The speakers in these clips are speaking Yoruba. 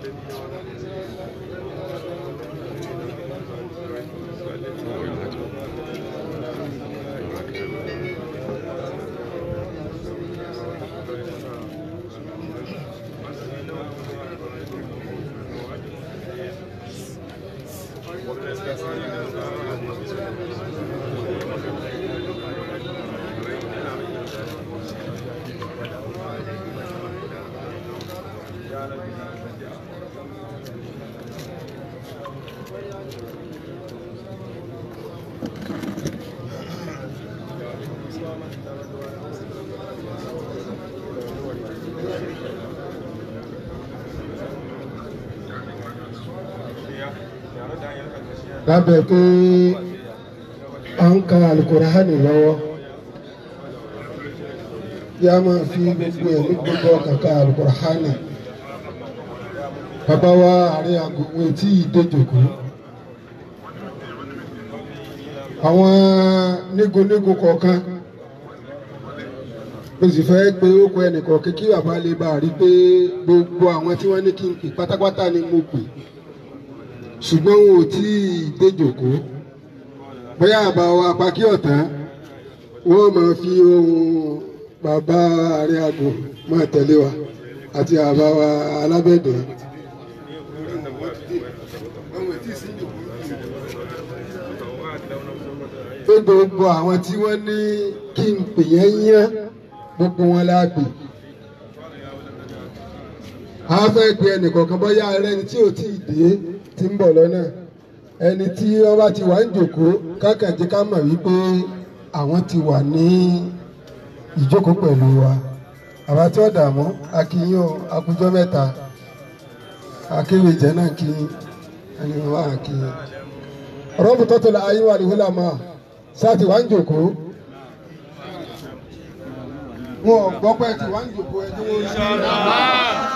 まで。lábẹ́ pé a ń ka alukurahani lọ́wọ́ yá máa fi gbogbo ẹ̀mí gbogbo kàkà alukurahani bàbá wa ari agogo etí ìdójòkó àwọn nígonígo kọ̀ọ̀kan mo sì fẹ́ pé ó kọ ẹnìkan kí bàbá lè bá rí pé gbogbo àwọn tí wọ́n ní kí n pè pátápátá ni mo pè. ṣùgbọ́n wọn ò tí ì déjòkó bóyá àbá wa pàkí ọ̀tá wọ́n máa fi ohun bàbá ààrẹ àgùn máa tẹ̀lé wa àti àbá wa alábẹ́dẹ̀. pé gbogbo àwọn tí wọ́n ní kí n pè yẹn yán gbogbo wọn la pè a fẹ́ pe ẹnìkọ̀ọ̀kan bóyá ẹrẹ́ni tí ò tí ì dé tí ń bọ̀ lọ́nà ẹni tí ọba ti wà ń jókòó kákàndé ká mọ̀ wípé àwọn ti wà ní ìjókòó pẹ̀lú wa àbá tí ó dààmú akínyó akújọ́ mẹ́ta akéwì jẹ́ náà kí ẹni wá akínyó. rọ́bù tọ́tò la ayé wa ní wúlà máa sáàtì wá ń jókòó wọn gbọ́ pé ti wá ń jókòó ẹni wọ́n ń ṣe é.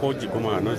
工事5万の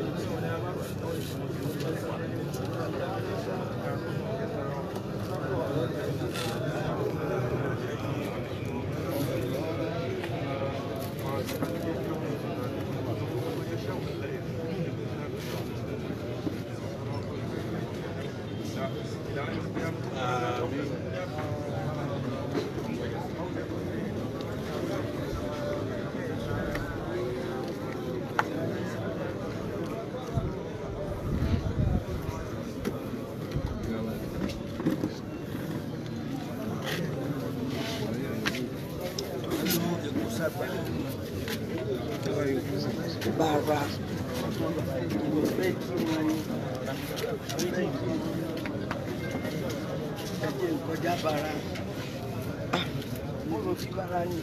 everybody. bàrà ah, mo rò sí bàrà ni.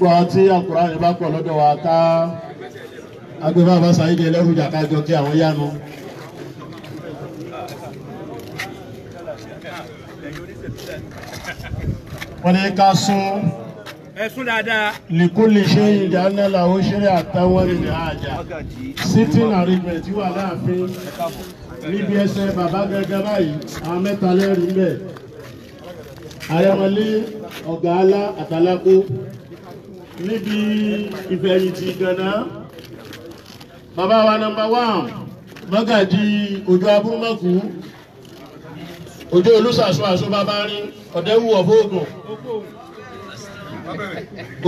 gbọ́ tí àkùránì bá pọ̀ lọ́dọ̀ wa ká agbèfà àbáṣà yìí di ẹlẹ́rùjà ká jọ kí àwọn yánu. wọ́n ní ká sún ẹ̀sùn dáadáa. lìkúlì ṣe ìdáná làwọn ṣẹlẹ̀ àtàwọn ènìyàn àjà sitting arrangement wà láàfin níbi ẹsẹ̀ bàbá gẹ́gẹ́ báyìí àwọn mẹ́ta lẹ́rìí bẹ́ẹ̀ ayọ̀mọlé ọ̀gá alá àtàlákó níbi ìfẹ̀yìntì Ìgànná bàbá wa nọ́mbà wán mọ́gàjì òjò abúmọ́kù òjò olùsàṣọ àṣọ bàbá rí ọ̀dẹ́wù ọ̀bọ ògùn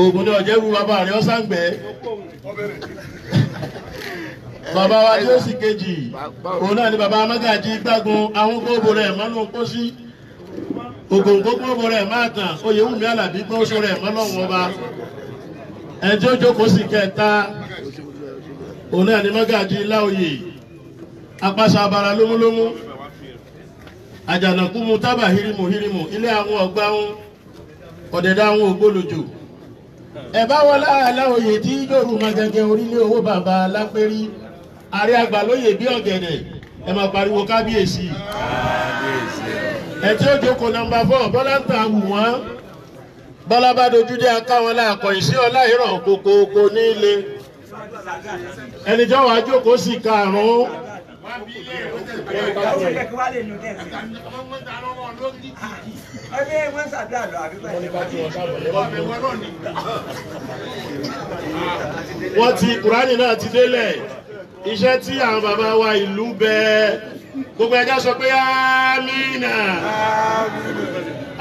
ògùn ni ọ̀jẹ̀wù bàbá rí ọ̀sàǹgbẹ́ bàbá wa tí ó sì kejì òun náà ni bàbá mọ́gàjì gbágun àwọn gbogbo rẹ̀ mọ́nú pósí ògùn gbogbo rẹ̀ máa tàn oyè wùmí àlàbí gbọ́ sọ rẹ̀ mọ́nú ọ̀wọ́n ẹjọ́ jókòó sí kẹta òun náà ni mọ́gàjì láòyè apáṣà abara lómúlómú àjànàkú tábà hírímù ilé àwọn ọgbà ń ọ̀dẹ̀dá àwọn ògbólójò ẹ̀bá wọn láàlá tí yorùbá gẹ́gẹ́ orílẹ̀ owó bàbá lápẹ́rí àrí àgbà bí pariwo kábíyèsí ẹ̀ tí ó jókòó fọ́ bọ́lá ń ta bọ́lá bá dojú jẹ́ akáwọn láàkọ̀ ìṣe ọlá ìràn kòkòkò ní ilé ẹnìjọ́ wàá jókòó wọ́n ti kùránì náà ti délẹ̀ iṣẹ́ tí àwọn bàbá wa ìlú bẹ́ẹ̀. gbogbo ẹja sọ pé Amina,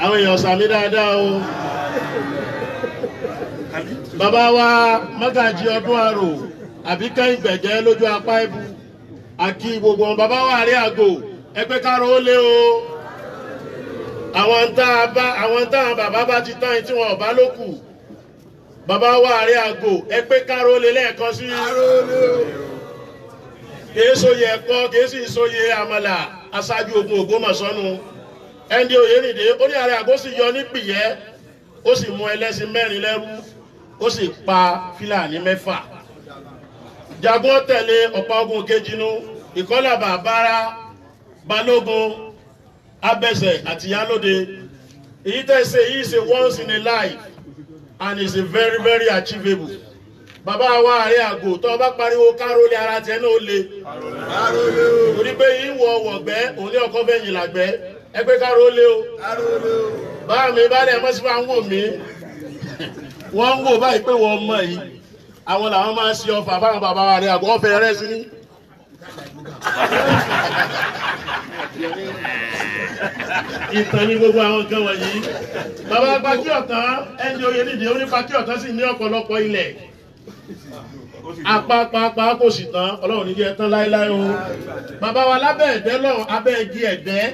àwọn èèyàn sàmì dáadáa o bàbá wa mọ́gàjì ọdún àrò àbí kẹ́hìn gbẹ̀jẹ́ lójú apá ibu àkí gbogbo wọn bàbá wa rí àgò ẹgbẹ́ kárò ó lé o àwọn táwọn bàbá bá ti tán tí wọn ò ló kù bàbá wa rí àgò ẹgbẹ́ kárò ó lé lẹ́ẹ̀kan sí i. kìí sóye ẹ̀kọ́ kìí sì sóye àmàlà aṣáájú ogun Ògbómọ̀ṣọ́nu ẹni òye nìde ó ní ààrẹ àgó sì yọ ní pìyẹ́ ó sì mú ẹlẹ́sìn mẹ́rin lẹ́rú ó sì pa Fúlàní mẹ́fà jagun tẹ̀lé ọ̀pá ogun kejìnú ìkọ́làbà bára balógun abẹ́sẹ̀ àti yálóde èyí tẹ́ yìí ṣe once in a life and it's a very very achievable bàbá wa àárín àgò tó bá pariwo kárólé ara tiẹ̀ náà le kárólé o torí pé yín wọ wọ̀gbẹ́ òun ní ọkọ fẹ̀yìn làgbẹ́ ẹ pé kárólé o kárólé o báà mi bá dẹ̀ mọ́sí máa ń wò mí wọ́n ń wò báyìí pé wọ́n mọ̀ yìí àwọn làwọn máa ń ṣe ọfà fáwọn bàbá wa àárín àgò ọ̀fẹ́ rẹ̀ sí ní ìtàn ní gbogbo àwọn nǹkan wọ̀nyí bàbá pàkíọ̀tàn ẹni oyè e nídìí ó ní pàkíọ̀tàn sì ní ọ̀pọ̀lọpọ̀ ilẹ̀ apapapa kò sì tán ọlọ́run ní jẹ́ tán láéláé o bàbá wa lábẹ́ ẹ̀dẹ́ lọ́run abẹ́ ẹ̀dí ẹ̀dẹ́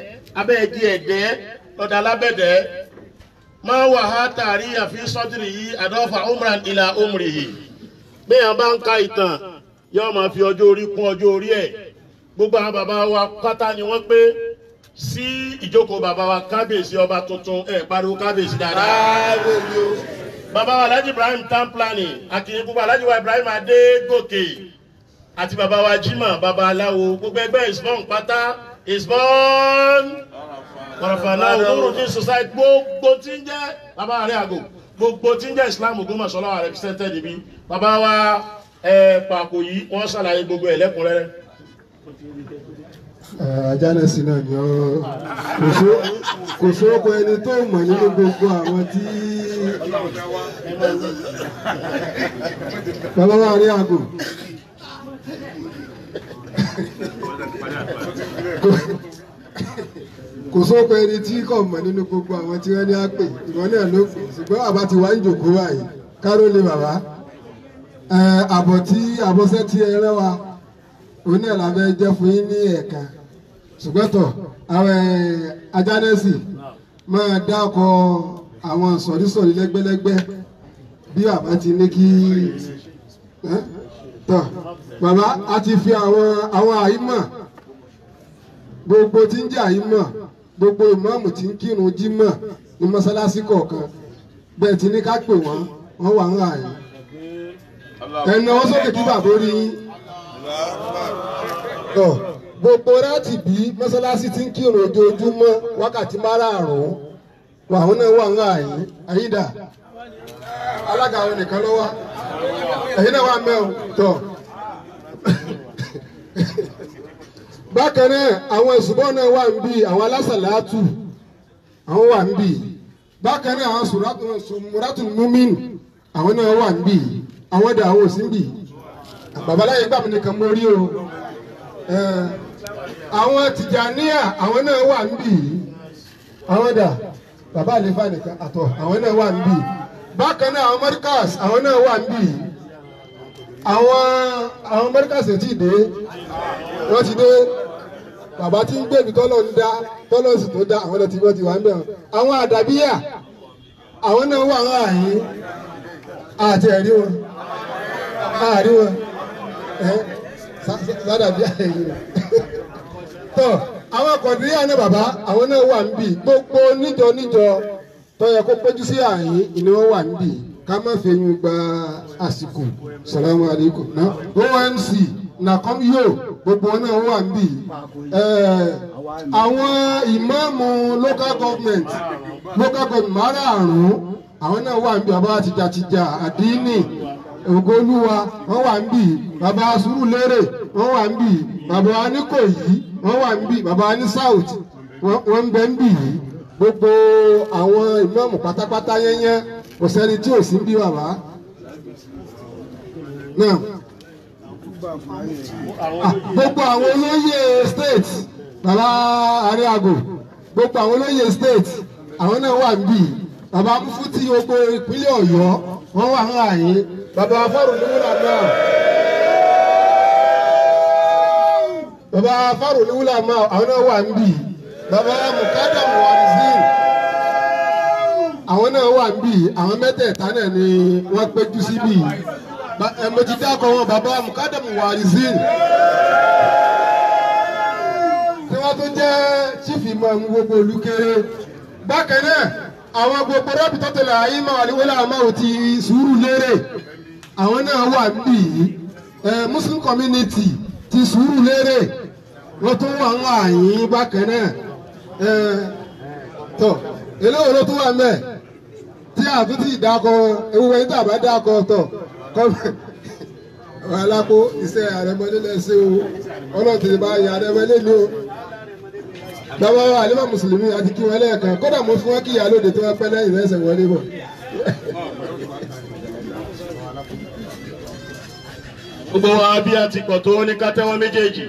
abẹ́ ẹ̀dí ẹ̀dẹ́ ọ̀dà lábẹ́dẹ́ máa wà á tààrí àfin sọ́jìrì yìí àdọ́fà umran ìlà umri yìí bí wọn bá ń ka ìtàn yóò máa fi ọjọ́ orí kún ọjọ́ orí ẹ̀ gbogbo àwọn bàbá wa pátá ni wọ́n pé sí ìjókòó bàbá wa kábíyèsí ọba tuntun ẹ̀ pariwo kábíyèsí dáadáa. Baba wa alhaji ibrahim town planning akínyìn gbogbo alhaji wa ibrahim adégòkè àti baba wa jimoh bàbá aláwo gbogbo ẹgbẹ́ isbon pátá isbon kọ̀rọ̀fàlà olórúkín society gbogbo tí ń jẹ́ bàbá àrẹ àgò gbogbo tí ń jẹ́ islam Ògbómọ̀ṣọ́ ló represented ibi bàbá wa ẹ̀ pàkó yìí wọ́n ṣàlàyé gbogbo ẹ̀lẹ́kùnrẹ́rẹ́ ajánasi náà ni ọ kò sóko ẹni tó mọ̀ nínú gbogbo àwọn tí lọ́lọ́wọ́ rí àgò kò sóko ẹni tí kò mọ̀ nínú gbogbo àwọn tí wọ́n ní àpè ìwọ́n náà ló pè ṣùgbọ́n bàbá ti wá ìjòkó báyìí káró lè bàbá àbọ̀ tí àbọ̀sẹ́ tí ẹ rẹ́ wa oní ẹ̀ la jẹ́ fún yín ní ẹ̀ka. ṣùgbọ́tọ̀ àwẹ̀ ajánẹ́sì máa dá ọkọ àwọn sọ̀rísọ̀rí lẹ́gbẹ́lẹ́gbẹ́ bí bàbá ti ní kí tọ̀ bàbá a ti fi àwọn àwọn àyímọ̀ gbogbo tí ń jẹ́ àyímọ̀ gbogbo ìmáàmù tí ń kírun jímọ̀ ní mọ́sálásí kọ̀ọ̀kan bẹ́ẹ̀ ti ní ká pè wọ́n wọ́n wà ń rà yín ẹnu ọwọ́ sókè kí bàbá ó yín. gbogbo ráàtì ti ń kírun ojoojúmọ́ wákàtí náà wà ń rà yín àyídà alága àwọn nìkan lọ́wọ́ ẹ̀yin náà wà mẹ́ọ̀ bákan náà àwọn ìṣùbọ̀ náà wà ń bì àwọn alásàlátù àwọn wà ń bì bákan náà àwọn àwọn náà wà ń àwọn àwọn o. àwọn tìjàníà àwọn náà wà níbí àwọn dà bàbá àlefa nìkan àtọ àwọn náà wà níbí bákan náà àwọn mọ́ríkàs àwọn náà wà níbí àwọn àwọn mọ́ríkàs ètí dé wọ́n ti dé bàbá tí ń gbèbí tọ́lọ̀ ń dá tọ́lọ̀ sì tó dá àwọn wọ́n ti wà ń àwọn àdàbíyà àwọn náà wà àti sádàbí àyẹ̀yìn rẹ̀ tọ́ àwọn akọ̀dìríyà náà bàbá àwọn náà wà níbí gbogbo níjọ níjọ tó yẹ kó péjú sí àyín ni wọ́n wà níbí ká má fi yín gba àsìkò salamu alaykum ná omc nàkọ́m yóò gbogbo wọn náà wà níbí àwọn ìmáàmù local government local government márààrún àwọn náà wà níbí àbá àtijàtijà àdínì ògolúwa wọ́n wà níbí bàbá Surulere wọ́n wà níbí bàbá wa ní bàbá wa South ń bẹ níbí yìí gbogbo àwọn pátápátá yẹ́nyẹ́ kò sẹ́ni tí bàbá. Ah, gbogbo àwọn olóyè state bàbá Ariago gbogbo àwọn olóyè state àwọn náà wà bàbá Ọ̀yọ́ wà ń baba Afaru afárùnúwúlà náà baba afárùnúwúlà máa àwọn náà wà níbí baba mukada muhammed àwọn náà wà níbí àwọn mẹ́tẹ̀ẹ̀ta náà ni wọ́n péjú síbí eh, mo ti dákọ̀ wọn baba mukada muhammed tí wọ́n tún jẹ́ chief imam gbogbo olùkéré bákan náà àwọn gbogbo rẹ́pítọ́tẹ̀lẹ̀ ayé máa wà ní wọlé àmọ́ òtí sùúrù lérè àwọn náà wà níbí yìí muslim community ti sùúrù lérè wọ́n tún wà ń àyín bákan náà tọ́ eléwòó ló tún wà mẹ́ tí àtúntì dákọ ewúwẹ́ yìí tàbá dákọ tọ̀ alákó iṣẹ́ àrẹ̀mọ́lé lẹ́sẹ̀ o ọlọ́run ti bá yà àrẹ̀mọ́lé ni o bàbá wa àlébà mùsùlùmí àti kí wọn lẹ́ẹ̀kan kódà mo fún wọn kí ìyá lóde tí wọ́n pẹ́ lẹ́yìn lẹ́sẹ̀ wọlé bọ̀. gbogbo wa bí a ti pọ̀ tó ní ká tẹ́wọ́ méjèèjì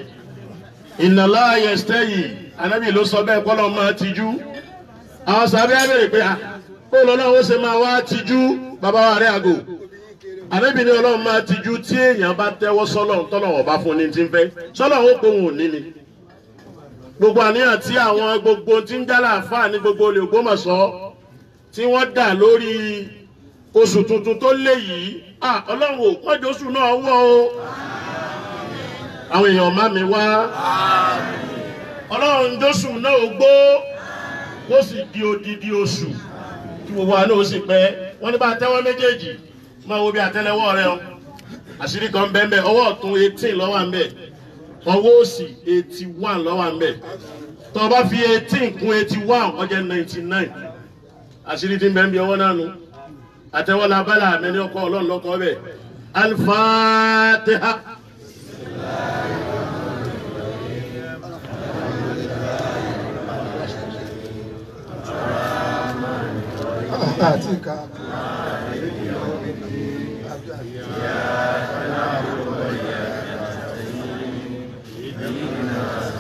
ìnàlá ayẹ̀sítẹ́ yìí anábì ló sọ bẹ́ẹ̀ kọ́lọ́ máa tijú àwọn sábẹ́ abẹ́rẹ́ pé kó lọ́nà ó ṣe máa wá tijú bàbá wa rẹ̀ àgò anábì ní ọlọ́run máa tijú tí èèyàn bá tẹ́wọ́ sọ́lọ̀ tọ́lọ̀ ọ̀bá fún ni ti ń fẹ́ sọ́lọ̀ ó kó òun ò ní ni gbogbo àníyàn tí àwọn gbogbo tí ń jálà àfáà ní gbogbo olè Ògbómọ̀ṣọ́ tí wọ́n dà lórí oṣù tuntun tó lé yìí ọlọ́run ò kọ́jọ́ oṣù náà wọ́ o àwọn èèyàn má mi wá ọlọ́run jọ́sùn náà ó gbó ó sì di odidi oṣù tí gbogbo àná ó sì pẹ́ wọ́n ní bá tẹ́wọ́ méjèèjì máa wo bí àtẹ́lẹwọ́ rẹ o àṣírí kan bẹ́ẹ̀ ọwọ́ ọ̀tún eighteen ló wà ń ọwọ́ òsì eighty one ló wà ń bẹ̀ fi eighteen kún eighty one ó jẹ́ ninety nine àṣírí ti ń bẹ́ẹ̀ ọwọ́ náà nù. اتولى بلا من يقول لكم الفاتحه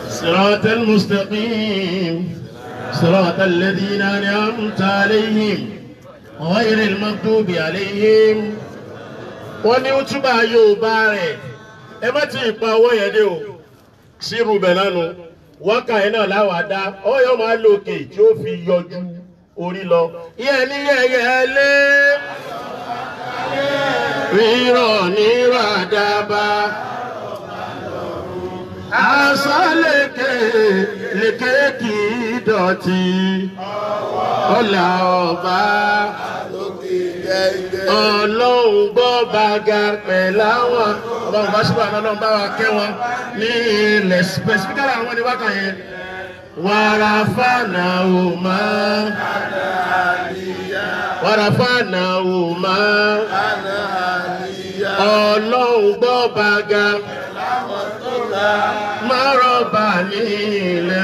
صراط المستقيم صراط الذين انعمت عليهم غير المغضوب عليهم wọ́n ní útúbà yorùbá rẹ̀ ẹ má ti pa owó yẹn dé o sírù bẹ̀ nánu wákà yẹn náà láwàá dá ọyọ máa lo òkè tí ó fi yọjú orí lọ. yẹ ní yẹyẹ lé rírọ̀ ní ràdábà. Asaleke leke lékè kì í dọ̀tí ọ̀là ọba ọlọ́run bọ́ bàgà pẹ̀láwọn ọlọ́run bá ṣùgbọ́n àwọn ọlọ́run bá wa kẹ́ wọn ní ilẹ̀ spẹ̀sìfíkàlà àwọn ẹni wákà yẹn wàràfànà òmà wàràfànà òmà ọlọ́run bọ́ bàgà mọ́rọ̀bà nílẹ̀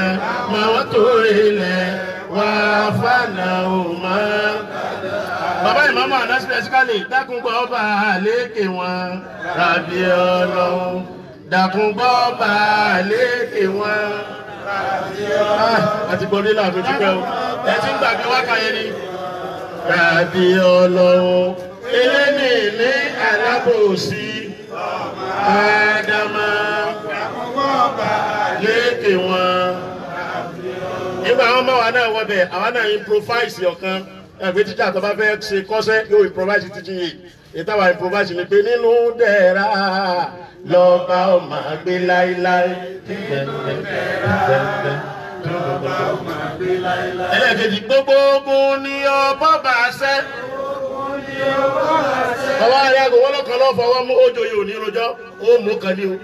mọ́tò ilẹ̀ wà fànà òmà. Bàbá ìmọ̀mọ́ àdásílẹ̀ síkàlè dákun gbọ́ ọba àlékè wọn ràbí ọlọ́run. Dákun gbọ́ ọba àlékè wọn ràbí ọlọ́run. Àti gbọ́dé làbí ti pẹ́ o. Ẹ ti ń gbàgbé wákàyẹ ni. Ràbí ọlọ́run. Eléni ní alábòsí ádámà léèkè wọn. nígbà àwọn máa wà náà wọbẹ̀ àwa náà improvise ọ̀kan ẹgbẹ́ tíjà tó bá fẹ́ ṣe kọ́ṣẹ́ yóò improvise títí yìí ìtawà ìfowópamọ́sí ni pé nínú dẹ̀ra lọ́ba ọmọ gbé láéláé. nínú dẹ̀ra lọ́ba ọmọ gbé láéláé. ẹlẹ́kejì gbogbogbò ni ọbọ̀ bá ṣẹ́ ọwọ́ ayágo wọ́n lọ́kàn lọ́ fọwọ́ mú ojo yìí ò ní rojọ́ ó mú kan ní o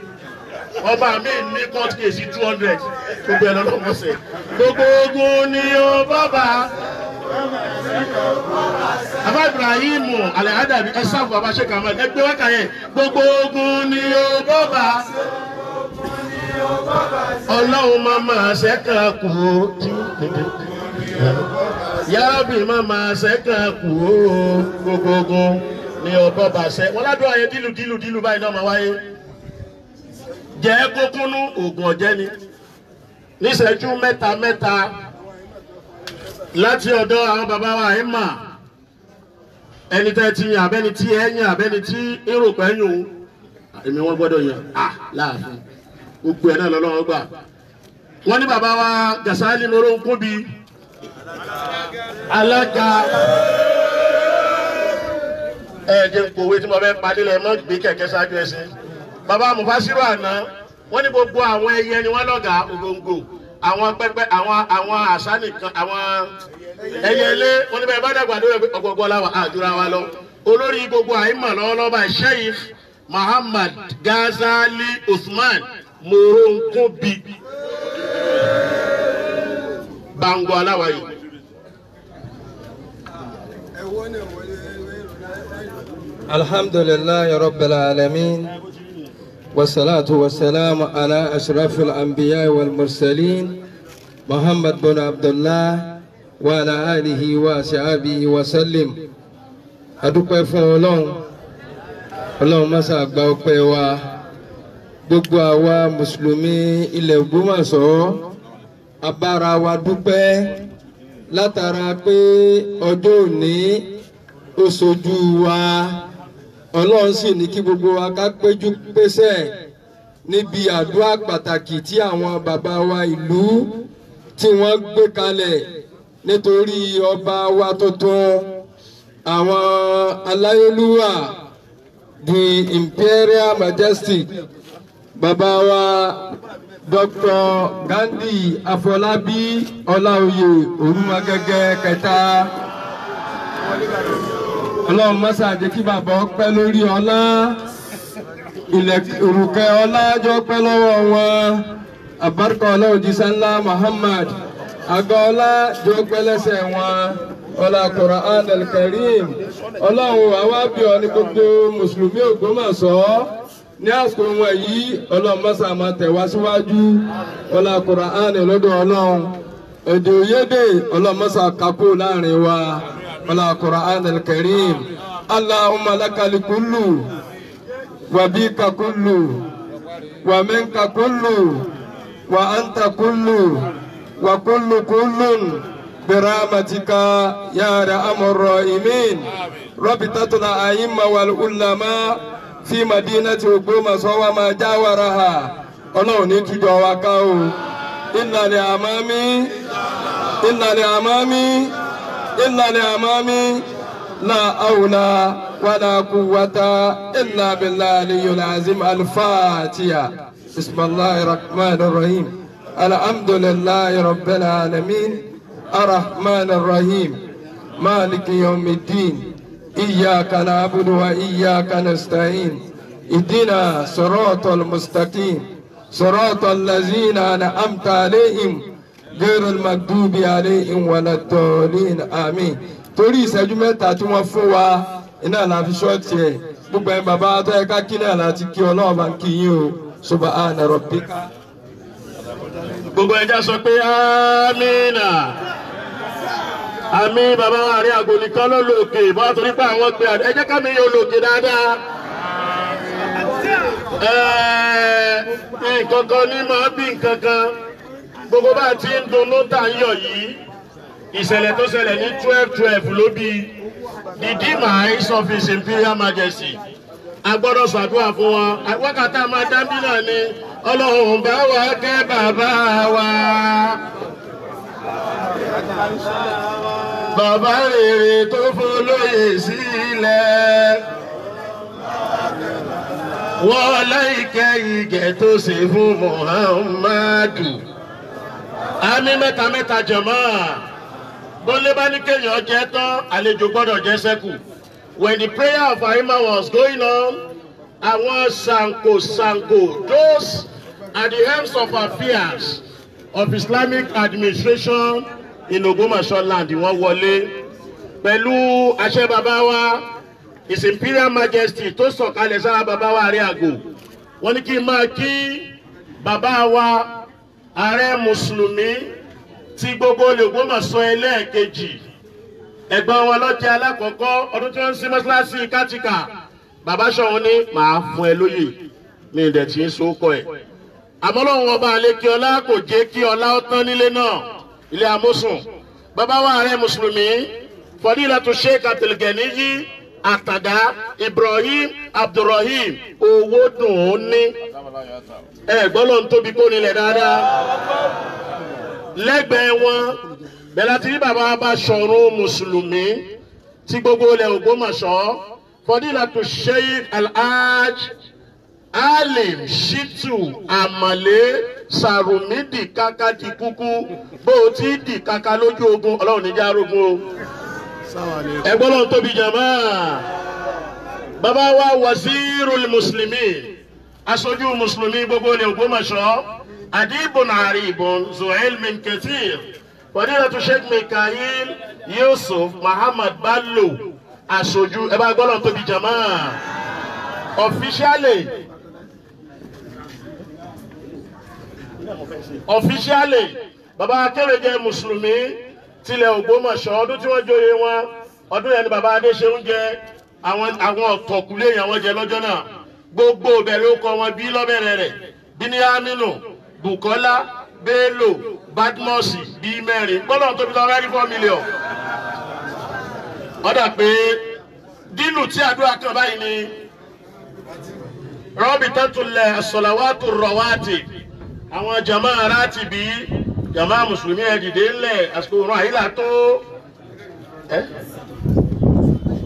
ọba mi ní court case two hundred gbogbo ẹ̀ lọ́nà wọ́n sẹ̀. gbogbo ogun ni o bàbá. bàbá Ibrahim alihadabi ẹ sáfù bàbá Sheikh Ahmed ẹ gbé wákà yẹn gbogbo ogun ni o bàbá. ọlọ́run máa máa ṣẹ́kàn kù ó. yàbí màmá sẹ́kàn kù ó gbogbogbò ní ọ̀bọ bàṣẹ wọn ládùn àyè dìlù dìlù dìlù báyìí náà máa wáyé jẹ́ kókúnú oògùn ọ̀jẹ́ ni níṣẹ́jú mẹ́ta láti ọ̀dọ̀ àwọn bàbá wa ẹ̀ eni ẹni ti yàn abẹ́ni tí ẹ yàn abẹ́ni tí èrò pẹ́ yùn wa alága ẹ̀ẹ́dẹ̀ kòwé tí mo fẹ́ padì lẹ̀ mọ́ gbé kẹ̀kẹ́ ṣáájú ẹsẹ̀ bàbá mufasiru àná wọ́n ní gbogbo àwọn ẹyẹ ni wọ́n lọ́gà ògòǹgò àwọn pẹ́pẹ́ àwọn àwọn àṣà nìkan àwọn ẹyẹ ilé wọ́n ní bẹ́ẹ̀ bá dàgbà lórí ọgbọgbọ làwà àdúrà wa lọ olórí gbogbo àìmọ̀ lọ́wọ́lọ́wọ́ sheikh muhammad Gazali usman moronkobi bango aláwa yìí. الحمد لله رب العالمين والصلاة والسلام على أشرف الأنبياء والمرسلين محمد بن عبد الله وعلى آله وصحبه وسلم adúpẹ́ fún ọlọ́run ọlọ́run má ṣe àgbà ọpẹ́ wa gbogbo àwa mùsùlùmí ilẹ̀ Ògbómọ̀ṣọ́ abára wa dúpẹ́ látara pé ọjọ́ òní ó wa ọlọ́run sì ní kí gbogbo wa ká péjú pésẹ̀ níbi àdúrà pàtàkì tí àwọn bàbá wa ìlú tí wọ́n gbé kalẹ̀ nítorí ọba wa tuntun àwọn aláyélúwà the imperial majestic bàbá wa Dr. Gandhi Afọlábí Ọláoyè Olúmọgẹgẹ kẹta Ọlọ́run mọsà jẹ kí bàbá ọpẹ́ lórí ọlá ìrùkẹ ọlá jọ pẹ́ lọ́wọ́ wọn àbárkọ Ọlọ́run jísà ńlá Muhammad àga ọlá jọ pẹ́ lẹ́sẹ̀ wọn ọlá Quran al-Karim Ọlọ́run àwa bí ọ ní gbogbo mùsùlùmí Ògbómọ̀ṣọ́ ní àsìkò wọn yìí ọlọ́run mọ́sá máa tẹ̀ wá síwájú ọlá Kùránì lọ́dọ̀ ọlọ́run èdè òyédè ọlọ́run mọ́sá kakó láàrin wa ọlá Kùránì al-Karim Allahumma lakal kullu wa bika kullu wa minka kullu wa anta kullu wa kullu kullun sí madinati Ògbómọ̀ṣọ́ wa máa já wàrà hà ọlọ́run ní tújọ wa ká o inna li amami inna li amami inna li amami la hawla wala quwwata illa billahi aliyyil azim al-fatiha bismillahir rahmanir rahim alhamdulillahi rabbil alamin arrahmanir rahim maliki yawmiddin. إياك نعبد وإياك نستعين اهدنا صراط المستقيم صراط الذين أنعمت عليهم غير المغضوب عليهم ولا الضالين آمين torí ìṣẹ́jú mẹ́ta tí wọ́n fún wa iná la fi ṣọ́ọ̀tì ẹ̀ gbogbo ẹ̀ bàbá tó yẹ ká kí náà láti kí ọlọ́run bá ń kí yín o subhana rabbika. gbogbo ẹja sọ pé amina àmì bàbá wa àrí àgò nìkan ló lo òkè bá a torí pé àwọn gbé àdé ẹ jẹ́ ká mi yọ lòkè dáadáa. nǹkan kan ní máa bí nǹkan kan gbogbo bá a ti ń dunnú tà ń yọ̀ yìí ìṣẹ̀lẹ̀ tó ṣẹlẹ̀ ní twelve twelve ló bí the demise of his imperial majesty a gbọ́dọ̀ ṣàdúrà fún wọn wákàtí a máa dábí náà ni ọlọ́run bá wa kẹ́ bàbá wa bàbá rere tó folóyè sílẹ̀ wọ́n láìkẹ́ ìgẹ̀ tó ṣe fún Muhammadu àmì mẹ́ta mẹ́ta jọ̀mọ́ bọ́lé bá ní kéèyàn jẹ́ tán àlejò gbọ́dọ̀ jẹ́ sẹ́kù when the prayer of Ahima was going on àwọn sanko sanko those at the helms of affairs of Islamic Administration in Ogbomoso land wọ́n wọlé pẹ̀lú àṣẹ bàbá His Imperial Majesty tó sọ̀kalẹ̀ sára bàbá wa àrẹ àgò wọ́n ní kí n máa kí bàbá wa ààrẹ mùsùlùmí ti gbogbo Ògbómọ̀ṣọ́ ẹlẹ́ẹ̀kejì ẹ̀gbọ́n wọn lọ́jẹ́ alákọ̀ọ́kọ́ ọdún tí wọ́n ń sin mọ́ṣáláṣí kátìkà bàbá Ṣọ̀ún ní màá fún ẹ lóyè ní ìdẹ̀tí ń so kọ́ ẹ̀ àmọ́ lọ́wọ́ ọba àlékí ọlá kò jẹ́ kí ọlá ó tán nílé náà ilé amúsùn bàbá wa ààrẹ mùsùlùmí fadilatu sheikh abdulganiyi àtàdá ibrahim abdulrahim owó dùn ó ní ẹ gbọ́dọ̀ ń tóbi kó nílẹ̀ dáadáa lẹ́gbẹ̀ẹ́ wọn bẹ́ẹ̀ láti rí bàbá bá sọ̀rọ̀ mùsùlùmí tí gbogbo ilẹ̀ Ògbómọ̀ṣọ́ fadilatu sheikh alhaj alim shitu amale sarumi dìkaka di kúkú bó o ti dìkaka lójú ogun ọlọ́run níjà arógun o ẹgbọ́n lọ́n tóbi jàmá bàbá wa wazirul mùsùlùmí aṣojú mùsùlùmí gbogbo ní Ògbómọ̀ṣọ́ adibun aribun zuhail min kathir fadilatu sheikh mikael yusuf muhammad Ballo, aṣojú ẹ bá gbọ́dọ̀ tóbi jàmá officially. officially bàbá Akérèjẹ mùsùlùmí tilẹ̀ Ògbómọ̀ṣọ́ ọdún tí wọ́n joyè wọn ọdún yẹn ni bàbá Adéṣeun jẹ àwọn ọ̀tọ̀kùlé yẹn wọ́n jẹ lọ́jọ́ náà gbogbo bẹ̀rẹ̀ okọ̀ wọn bí lọ́bẹ̀rẹ̀ rẹ̀ Bíníyámínù Bùkọ́lá Bello Badmus bíi mẹ́rin gbọ́dọ̀ tóbi lọ rẹ́rí four million ọ̀dà pé dínú tí àdúrà kan báyìí ni rọ́bì tó tún lẹ̀ sọ̀làwátù rọ̀wátì àwọn jama Ratibi jama mùsùlùmí ẹ dìde ńlẹ̀ àsìkò òun àyílà tó ẹ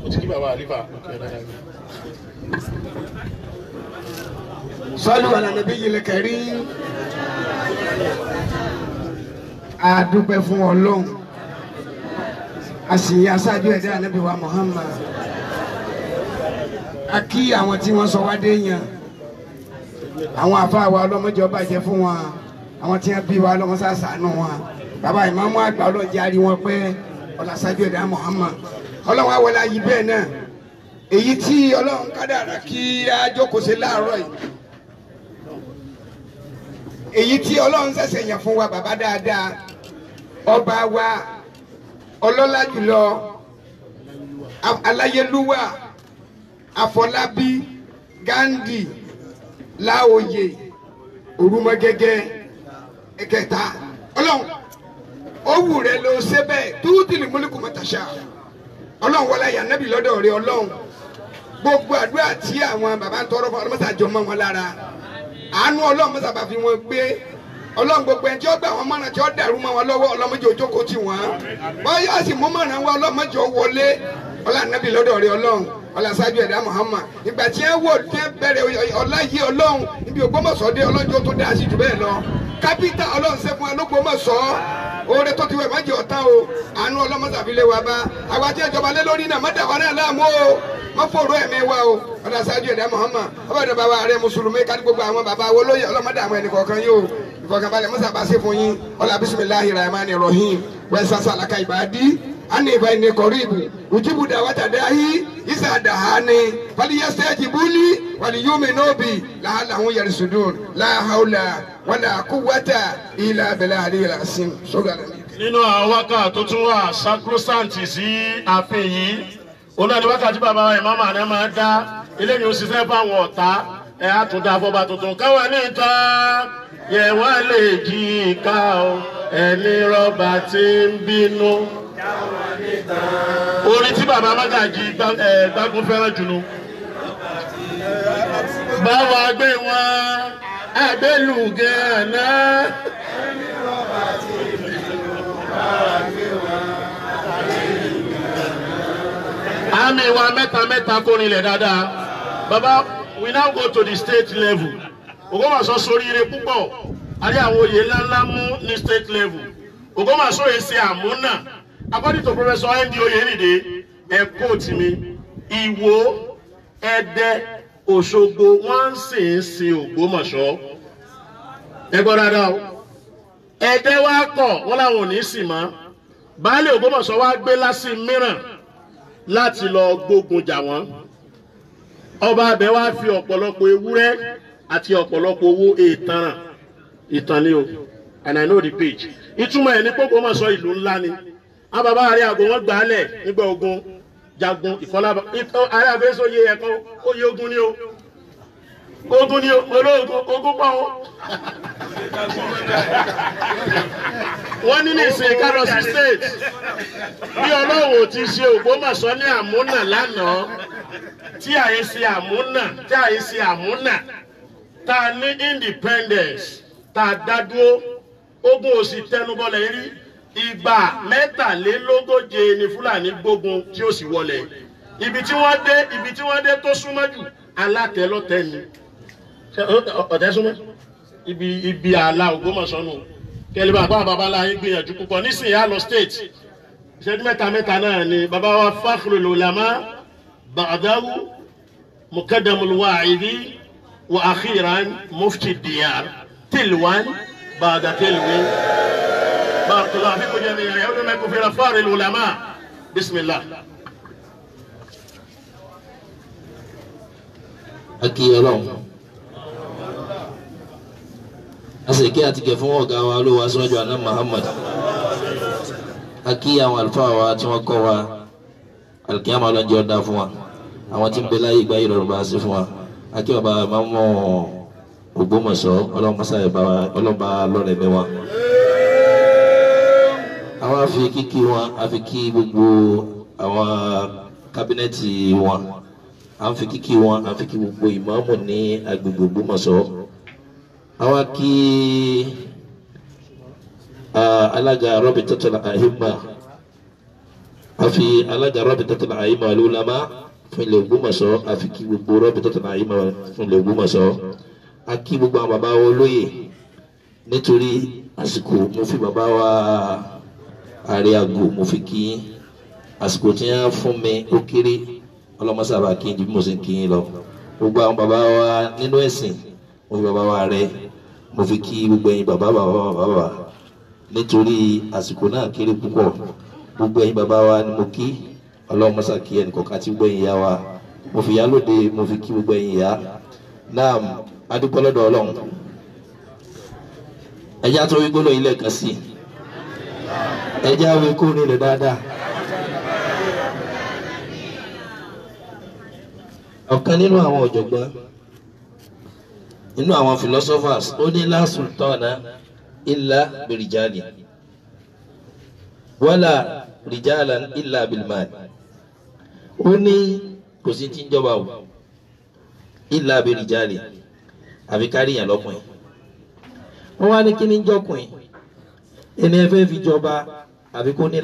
O ti kí bàbá àlífà sọlù alàlẹbí yìí lẹkẹrí àdúpẹ́ fún Ọlọ́run a sì yí aṣáájú ẹ̀dá ànábì wa Muhammad a kí àwọn tí wọ́n sọ wá dé yàn àwọn àfáà wa ọlọ́mọdé ọba jẹ́ fún wa àwọn tí wọ́n bí wa ọlọ́mọsá sànú wa bàbá ìmáàmù àgbà ọlọ́jà rí wọn pé ọ̀làṣájú ẹ̀dá Muhammad ọlọ́wọ́ àwọlá yìí bẹ́ẹ̀ náà èyí tí ọlọ́run kádàrà kí á jókòó sí láàárọ̀ yìí èyí tí ọlọ́run ṣẹ̀ṣẹ̀ yàn fún wa bàbá dáadáa ọba wa ọlọ́lá jùlọ aláyélúwà àfọlábí Gandhi láòyè òrùmọgẹgẹ ẹ̀kẹta Ọlọ́run owó rẹ ló ṣe bẹ́ẹ̀ túwútìlì múlùkù mọtàṣà Ọlọ́run wọlé àyà nẹbì lọ́dọ̀ rẹ Ọlọ́run gbogbo àdúrà tí àwọn bàbá ń tọrọ fún ọlọmọsà jọ mọ wọn lára àánú Ọlọ́run mọsàbà fi wọn gbé Ọlọ́run gbogbo ẹni tí ó gbà wọn mọ̀ràn tí ó dàrú mọ́ wọn lọ́wọ́ ọlọmọdé ojókòó tì wọn sì mú mọ̀ràn wọn ọlọmọdé ó wọlé ọlọ́run nẹbì lọ́dọ̀ rẹ Ọlọ́run ọlọ́sájú ẹ̀dá Muhammad ìgbà tí wọ́n wò ní bẹ̀rẹ̀ ọlá yìí ọlọ́run níbi Ògbómọ̀ṣọ́ dé ọlọ́jọ́ tó dá sí jù bẹ́ẹ̀ lọ kápítà ọlọ́run sẹ́fún alógbòmọ̀ṣọ́ oore tó ti wẹ̀ má jẹ́ ọ̀tá o àánú ọlọ́mọsàfilẹ̀ wa bá àwa tí ìjọba lé lórí náà má dà wá náà láàmú o má fòrò ẹ̀mí wa o ọ̀dà sáájú ẹ̀dá Muhammad ọba ìdọ̀ bàbá rẹ̀ mùsùlùmí kárí gbogbo àwọn bàbá wo lóye ọlọ́mọdé àwọn ẹnì kọ̀ọ̀kan yìí o ìfọ̀kànbalẹ̀ mọ́sàbásí fún yín ọlá bismillahir rahmanir rahim wẹ́ẹ́sásá làkà ìbàdí ani faini koribu ujibu dawata dahi isa dahani falyastajibuli waliyuminobi laalahum yarisudun la haula wala quwwata ila bilali alasim sọgbàlá. nínú àwọn wákà tó wà sacrosanct sí ààfin yìí olóòdì wákàtí bàbá ìmáàmù àná máa dá eléyìí ó sì fẹ́ bá àwọn ọ̀tá ẹ̀ á tún dá afọ́ba tuntun káwa ní ìta yẹ̀ wá lè jí ìka ẹni rọ́bà tí ń bínú orin tí bàbá Mágàjí gbágun fẹ́ràn jùlọ. báwa gbé wọn agbélùgẹ àná. àmì wa mẹ́ta mẹ́ta kórin lẹ̀ dáadáa bàbá we now go to the state level Ògbómọ̀ṣọ́ ṣoríire púpọ̀ àrí àwọn oyè ńláńlá mú ní state level Ògbómọ̀ṣọ́ èsì àmúnà according to professor nd oyeride ẹkọ tìmí ìwò ẹdẹ òṣogbo wọn ń sè sin ògbómọ̀ṣọ́ ẹ gbọ́ dáadáa o ẹdẹ wa kọ wọn làwọn ò ní sì mọ baálé ògbómọ̀ṣọ́ wa gbé lásì mìíràn láti lọ gbógun jà wọn ọba abẹ wa fi ọ̀pọ̀lọpọ̀ ewúrẹ́ àti ọ̀pọ̀lọpọ̀ owó èètàn ìtàn ni o and i know the page ìtumọ̀ ẹ̀ ní pé Ògbómọ̀ṣọ́ ìlú ńlá ni a bàbá àárẹ̀ àgọ́ wọn gbà á lẹ̀ nígbà ogun jagun ìfọlábà àárẹ̀ àfẹ́sọ yẹ ẹ̀kọ́ ó yẹ ogun ni o ogun ni o olóògùn ogun pọ̀ o. wọ́n ní lè ṣe kárọ̀sì state bí ọlọ́wọ́ ti ṣe Ògbómọ̀ṣọ́ ní àmúnà lánàá tí àyè ṣe àmúnà tí àyè ṣe àmúnà tá a ní independence tá a dá dúró ogun ò sì tẹnubọlẹ̀ rí ìgbà mẹ́tàlélógóje ni fúlàní gbógun tí ó sì wọlẹ̀ ibi tí wọ́n dé ibi tí wọ́n dé tó súnmọ́ jù alátẹ̀lọ́tẹ̀ ni ọ̀tẹ̀ súnmọ́ ibi ibi ààlà Ògbómọ̀ṣọ́ nù kẹlẹ́bà bá bàbá la yín gbìyànjú púpọ̀ nísìnyí àlọ́ state ìṣẹ́jú mẹ́ta mẹ́ta náà ni bàbá wa fakhrul ulama ba'dahu muqaddamul wa'idi wa akhiran mufti diyar tilwan ba'da tilwin. بارك الله فيكم جميعا يعلمكم في رفار العلماء بسم الله akí ọlọ́run asèké àti gẹ̀ fún ọ̀gá wa ló wá síwájú àná Muhammad akí àwọn àlùfáà wa tí wọ́n kọ́ wa alìkíyàmá ọlọ́njẹ́ ọ̀dá fún wa àwọn tí ń bẹ láyé ìgbà ìrọ̀rùn bá sí fún wa akí bàbá máa ń mọ̀ Ògbómọ̀ṣọ́ ọlọ́mọṣáyé bá wa lọ́rẹ̀ẹ́ mẹ́wàá àwa fi kíkí wọn àfi kí gbogbo àwọn kábínẹ́ẹ̀tì wọn à ń fi kíkí wọn à ń fi kí gbogbo ìmáàmù ní agbègbè Ògbómọ̀ṣọ́ àwa kí alága Rabitatul A'imma àfi alága Rabitatul A'imma al-Ulama fún ilẹ̀ Ògbómọ̀ṣọ́ àfi kí gbogbo Rabitatul A'imma fún ilẹ̀ Ògbómọ̀ṣọ́ a kí gbogbo àwọn bàbá wa olóyè nítorí àsìkò mo fi bàbá wa ariago mo fi kí yín àsìkò tí wọ́n fún mi ó kéré ọlọ́mọsábà kí n ju bí mo ṣe ń kí yín lọ gbogbo àwọn bàbá wa nínú ẹ̀sìn mo fi bàbá wa rẹ mo fi kí gbogbo ẹ̀yin bàbá bàbá bàbá nítorí àsìkò náà kéré púpọ̀ gbogbo ẹ̀yin bàbá wa ni mo kí ọlọ́mọsá kí ẹnìkọ̀ọ̀kan tí gbogbo ẹ̀yin ìyá wa mo fi yá lóde mo fi kí gbogbo ẹ̀yin ìyá náà adúpẹ́ ọlọ́run ẹ̀yà tó wí gbólóyìn lẹ́ẹ̀kan sí i ẹjẹ́ àwọn ikú ní rẹ̀ dáadáa. ọ̀kan nínú àwọn ọ̀jọ̀gbọ́n nínú àwọn philosophers ó ní la sultana illa birijali wala rijalan illa bilmal ó ní kò sí tí ń jọba o illa birijali àbí káríyàn lọ́kùnrin wọ́n wá ní kí ni ń jọkùnrin. ẹni ẹ fi jọba àbí kó ní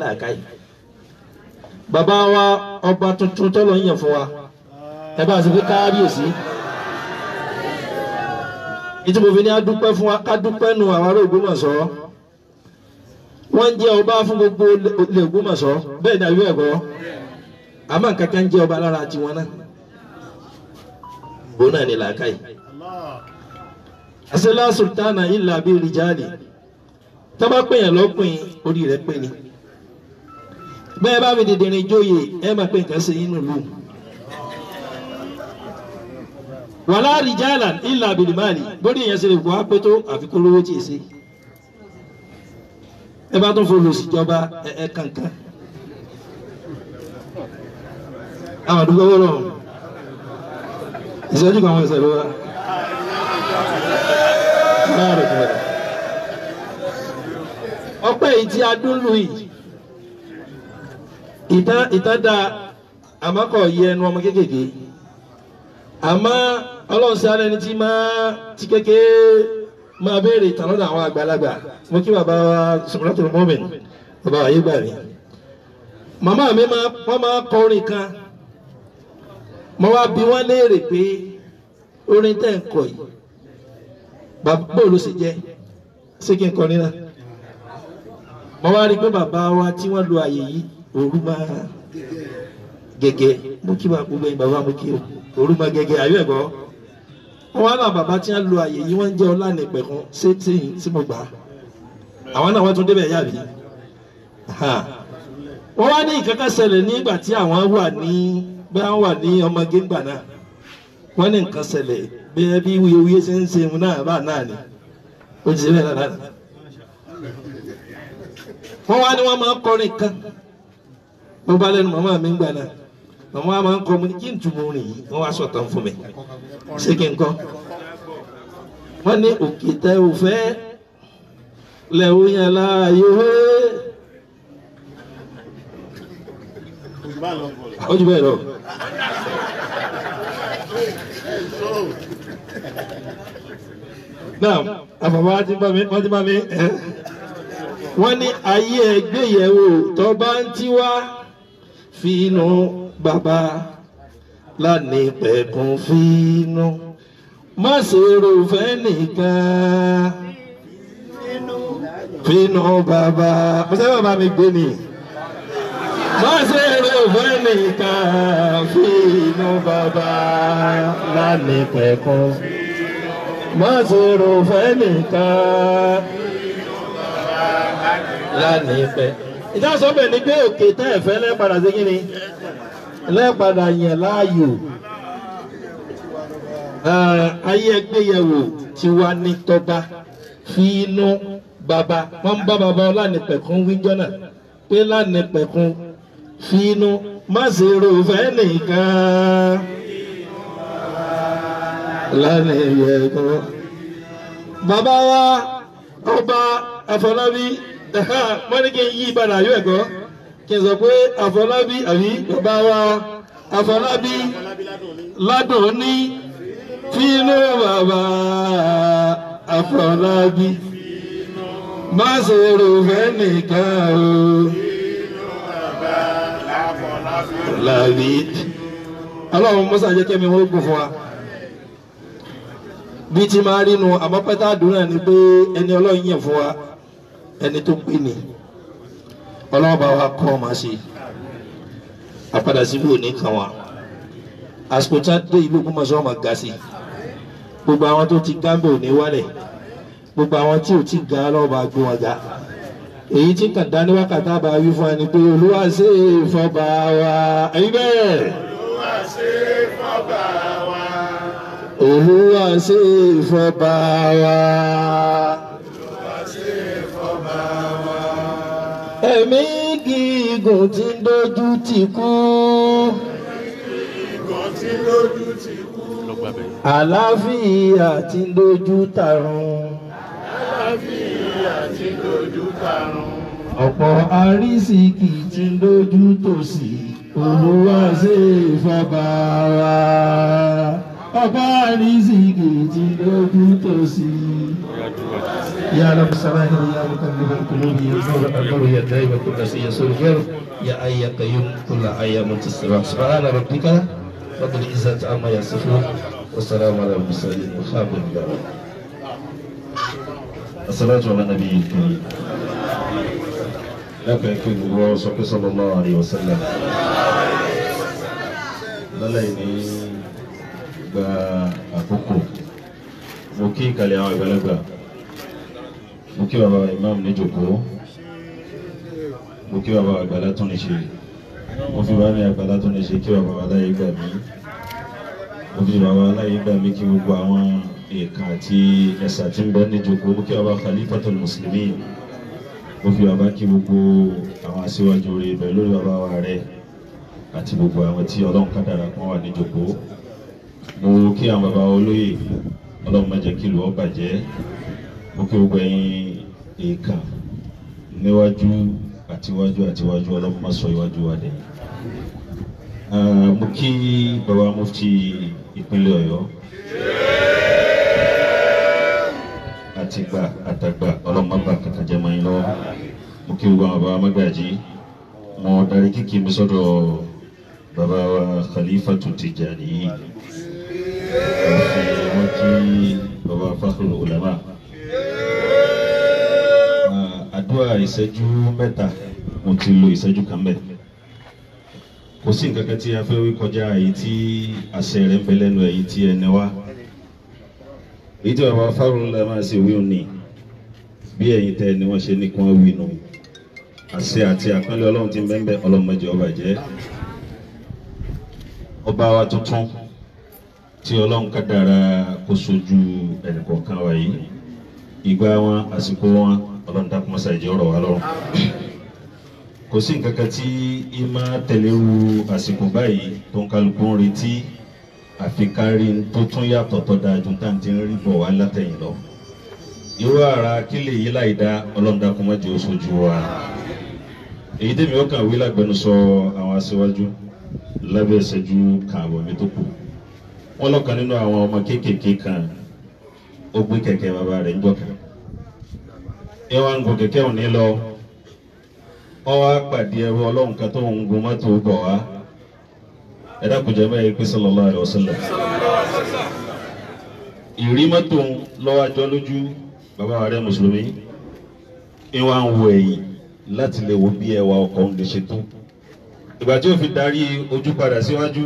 wa ọba tuntun tọ́lọ̀ ń yàn fún a sì fi kábíyèsí ìtumọ̀ fi adúpẹ́ fún wa kádúpẹ́ nu àwọn ará Ògbómọ̀ṣọ́ wọ́n jẹ́ ọba fún gbogbo ilé bẹ́ẹ̀ ni ẹ̀kọ́ àmọ́ jẹ́ ọba lára tiwọn náà òun náà ni làákàyè. asela sultana bi tó bá pè yàn lọ́kùnrin orí rẹ̀ pè ní. bẹ́ẹ̀ bá mi dìde rìn jóye ẹ máa pè nǹkan sí inú ìlú. wàlá rìjálà ìlà àbìlìmáàlì bóde yẹn ṣe lè wá pé tó àfikún lówó tì í sí. ẹ bá tún fọlọ síjọba ẹ ẹ kankan. àwọn àdúgbò wọ́rọ̀ ìṣẹ́jú kan wọ́n ṣẹlẹ̀ wá ọpẹ́ yìí tí a dún lù yìí ìtàn ìtàn da àmọkọ yẹ ẹnu ọmọ kéékèèké àmọ́ Ọlọ́run sí alẹ ní tí máa ti kéékèé máa béèrè ìtàn lọ́dọ̀ àwọn àgbàlagbà mo kí bàbá wa Sùmọ́tò mọ́mìn bàbá wa yé gbà mí màmá mi wọ́n máa kọ orin kan mo wá bi wọ́n léèrè pé orin tẹ́ ń kọ yìí bàbá bóòlù sì jẹ́ ṣé kí n kọ ní náà mo wá rí i pé bàbá wa tí wọ́n lo àyè yìí òru máa gẹ́gẹ́ mo kí wa gbogbo ẹ̀yin bàbá mo kí o òru máa gẹ́gẹ́ àyọ̀ ẹ̀gbọ́ wọ́n wá náà bàbá tí wọ́n lo àyè yìí wọ́n ń jẹ́ ọlá nìpẹ̀kún ṣé tí tí mo gbà á àwọn náà wọ́n tún débẹ̀ yàbí wọ́n wá ní ìkankan ṣẹlẹ̀ nígbà tí àwọn wà ní bí wọ́n wà ní ọmọge ńgbà náà wọ́n ní nǹkan ṣẹlẹ̀ bí wíwíyé ṣe ń ṣe náà bá náà ni ó ti ṣe bẹ́ẹ̀ náà náà wọ́n wá ní wọ́n máa ń kọrin kan wọ́n bá lẹ́nu màmá mi ń gbà náà màmá máa ń kọ́ mu ní kí n túmọ̀ rìn yìí wọ́n wá sọ̀tàn fún mi ṣé kí n kọ́ wọ́n ní òkè tẹ òfẹ́ lẹ́wọ́ yẹn láàyò hẹ́. ó bẹ́ẹ̀ lọ. náà àbàbà wọ́n ti bá mi wọ́n ní ayé ẹgbẹ́ yẹn o tó bá ń tí wá fínú bàbá lánìí pẹ̀kún fínú má ṣe rò fẹ́ nìkan fínú bàbá mo bàbá mi gbé ni má ṣe fẹ́ nìkan fínú bàbá lánìí pẹ̀kún má ṣe fẹ́ nìkan lánìí pẹ́. ìdásọ́bẹ̀ ni pé òkè tẹ́ ẹ̀ fẹ́ lẹ́ẹ̀padà sí kí ni lẹ́ẹ̀padà yẹn láàyò ayé ẹgbẹ́yẹ̀wò ti wá ní tọ́ba fi inú bàbá wọ́n ń bá bàbá ọlánìpẹ̀kún wíjọ́ náà pé lánìpẹ̀kún fi inú má ṣe ro fẹ́ nìkan lánìyẹ̀kún bàbá wa ọba Afọlábí wọ́n ní kí n yí padà yóò ẹ̀kọ́ kí n sọ pé àfọlábí àbí bàbá wa àfọlábí ládùn ní fínú bàbá àfọlábí má ṣòro fẹ́nìkan o lábí ọlọ́run mọ́sá jẹ́ kẹ́mi wọ́n gbò fún wa bí ti máa rí nu àmọ́ àdúrà ni pé ẹni ọlọ́run yàn fún wa ẹni tó pè ní ọlọ́ọ̀bá wa kọ́ ọmọ sí àpadà síbí òní kan wa àsìkò tí a dé ìlú Ògbómọ̀ṣọ́ ọmọ ga sí gbogbo àwọn tó ti gán bẹ̀ òní wálẹ̀ gbogbo àwọn tí ò ti gan ọlọ́ọ̀bá gbé wọn ga èyí tí kàn dání wákàtí àbá wí fún ẹni pé olúwa ṣe é fọba wa ẹyin bẹ́ẹ̀. olúwa ṣe é fọba wa. olúwa ṣe é fọba wa. ẹ̀mí gígùn tí ń dojú ti kú. àlàáfíà tí ń dojú tarun. àlàáfíà tí ń dojú tarun. ọ̀pọ̀ arísìkì tí ń dojú tòsí olúwa ṣe يا àríṣìkì سلام يا tó سلام يا رب سلام يا مقلب سلام يا نور سلام يا دائم سلام شيء يسير يا أي سلام كل أيام سلام سبحان ربك رب سلام عما يصفون سلام على المرسلين سلام لله الصلاة سلام النبي الكريم سلام يكون الله سلام الله عليه سلام lálẹ́ ìní gba àkókò mo kí ìkàlẹ̀ àwọn àgbàlagbà mo kí bàbá imam níjòkó mo kí bàbá àgbàlá tún ní ṣe mo fi bàbá mi àgbàlá tún ní ṣe kí Baba aláyé gbà mí mo fi bàbá aláyé gbà mí kí gbogbo àwọn èèkàn àti ẹ̀sà tí ń bẹ níjòkó mo kí bàbá khalifatul muslimin mo fi bàbá kí gbogbo àwọn aṣíwájú rẹ̀ bẹ̀ lórí bàbá wa rẹ̀ àti gbogbo àwọn tí ọlọ́run kádàrá kan wà níjòkó mo kí àwọn bàbá olóyè ọlọ́run má jẹ́ kí ìlú ó bàjẹ́ mo kí gbogbo ẹ̀yin èèkà níwájú àtiwájú àtiwájú ọlọ́run má sọ iwájú wa dẹ̀. mo kí bàbá mufti ìpínlẹ̀ ọ̀yọ́ àtìgbà àtàgbà ọlọ́run má bà mọ́ yín lọ́wọ́ mo kí gbogbo àwọn bàbá Mágàjí mo darí kíkì mi sọ́dọ̀ bàbá wa Khalifatu Tijani yìí wọ́n jí bàbá fákòrò ulama. Ah, àdúrà ìṣẹ́jú mẹ́ta mo ti lo ìṣẹ́jú kan mẹ́ta kò sí nǹkan kan tí a fẹ́ wí kọjá èyí tí àṣẹ rẹ̀ ń bẹ lẹ́nu èyí tí ẹni wá èyí tí bàbá fáwọn ńlá máa ṣe wí òní bí ẹ̀yin tẹ́ ni wọ́n ṣe ní kí wọ́n wí nù àṣẹ àti àpẹ́lẹ́ ọlọ́run ti ń bẹ́ẹ̀ bẹ́ẹ̀ ọlọ́mọdé ọba jẹ́ ọba wa tuntun tí ọlọ́run ká dára kó sojú ẹnìkọ̀ọ̀kan wa yìí ìgbà wọn àsìkò wọn ọlọ́run dákun mọ́sá ìjẹ́ ọ̀rọ̀ wa lọ́rùn kò sí nǹkan kan tí í máa tẹ̀lé ru àsìkò báyìí tó ń kálukú ń retí àfi kárí tó tún yàtọ̀ tó dáa ju tá à ń ti rí bọ̀ wá látẹ̀yìn lọ irú ara kí lè yí láì dá ọlọ́run dákun má jẹ́ ó sojú wa èyí tèmi ó wí lágbẹnusọ àwọn aṣíwájú lábẹ́ ìṣẹ́jú kan mi tó kù wọ́n lọ́kàn nínú àwọn ọmọ kéékèèké kan ó gbé kẹ̀kẹ́ bàbá rẹ̀ ń jọ̀kan ẹ wá ń gun kẹ̀kẹ́ òní lọ ọ wá pàdé ẹrú ọlọ́run kan tó ń gun mọ́tò bọ̀ wá ẹ dákùjẹ́ báyìí pé sallallahu alaihi wasallam ìrí mọ́tò lọ́wọ́ àjọ lójú bàbá rẹ̀ mùsùlùmí ẹ wá ń wo ẹ̀yìn láti lè wo bí ẹwà ọkọ̀ ń lè ṣe tó ìgbà tí ó fi darí ojú padà síwájú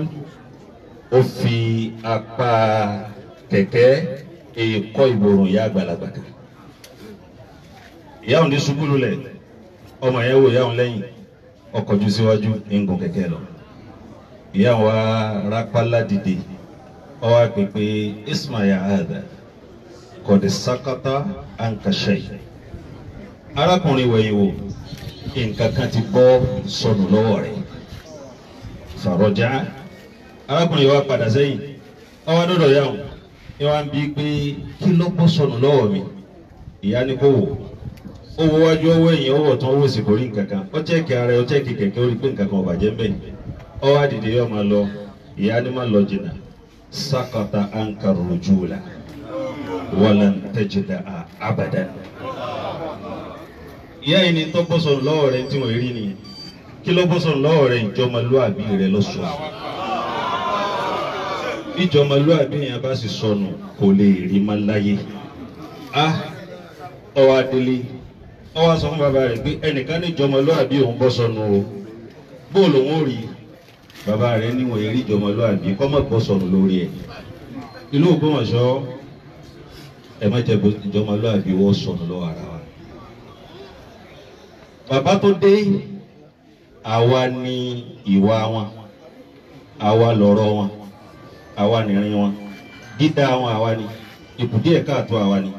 ó fi apá kẹ̀kẹ́ èèkọ́ ìbòrùn ìyá àgbàlagbà kan ìyá òun ní ṣubú lulẹ̀ ọmọ yẹn wò ìyá òun lẹ́yìn ọkọ̀ ju síwájú ń gun kẹ̀kẹ́ lọ ìyá òun wá rápálá dìde ọwọ́ àgbègbè ismail ahada kọ̀dé sakata ankashe arákùnrin wẹ̀yìn wò nǹkan kan ti bọ́ sọnù lọ́wọ́ rẹ̀ fàrọ̀já arákùnrin wa padà sẹ́yìn ọwọ́ dọ́dọ̀ yà wọ́n ni wọ́n á bí pé kí ló sọnù lọ́wọ́ mi ìyá ni kò wò ó wọ wájú ọwọ́ ẹ̀yìn ọwọ́ tán owó sì kò rí nǹkan kan ó chẹ́ẹ̀kì ara ẹ̀ ó chẹ́ẹ̀kì kẹ̀kẹ́ ó rí pé nǹkan kan ò bàjẹ́ mbẹ́ ọwọ́ àdìdì yóò máa lọ ìyá ni máa lọ jìnnà sakata ankaru rujula walan tajida abadan ìyá yìí ni tó bọ́ sọ̀rọ̀ lọ́wọ́ rẹ̀ tí wọ́n rí nìyẹn kí ló bọ́ sọ̀rọ̀ lọ́wọ́ rẹ̀ ìjọmọlúwàbí rẹ̀ lọ́sọ̀ọ́ níjọmọlúwàbí yẹn bá sì sọnù kò lè rí má láyé a ah, ọwọ adélé ọwọ sọ fún bàbá rẹ̀ pé ẹnìkan níjọmọlúwàbí òun bọ́ sọnù o bóòlù òun ò rí bàbá rẹ̀ níwọ̀n eré ìjọmọlúwàbí kọ́ mọ̀ bọ́ sọnù lórí ẹ̀ ìlú Ògbómọ̀ṣọ́ ẹ má jẹ́ ìjọmọlúwàbí wọ́n sọnù lọ́wọ́ ara wa bàbá tó dé àwa ni ìwà wọn àwa lọ̀rọ̀ wọn àwa nìrìn wọn dídá wọn àwa ni ìbùdí ẹ̀ka àtọ́ àwa ni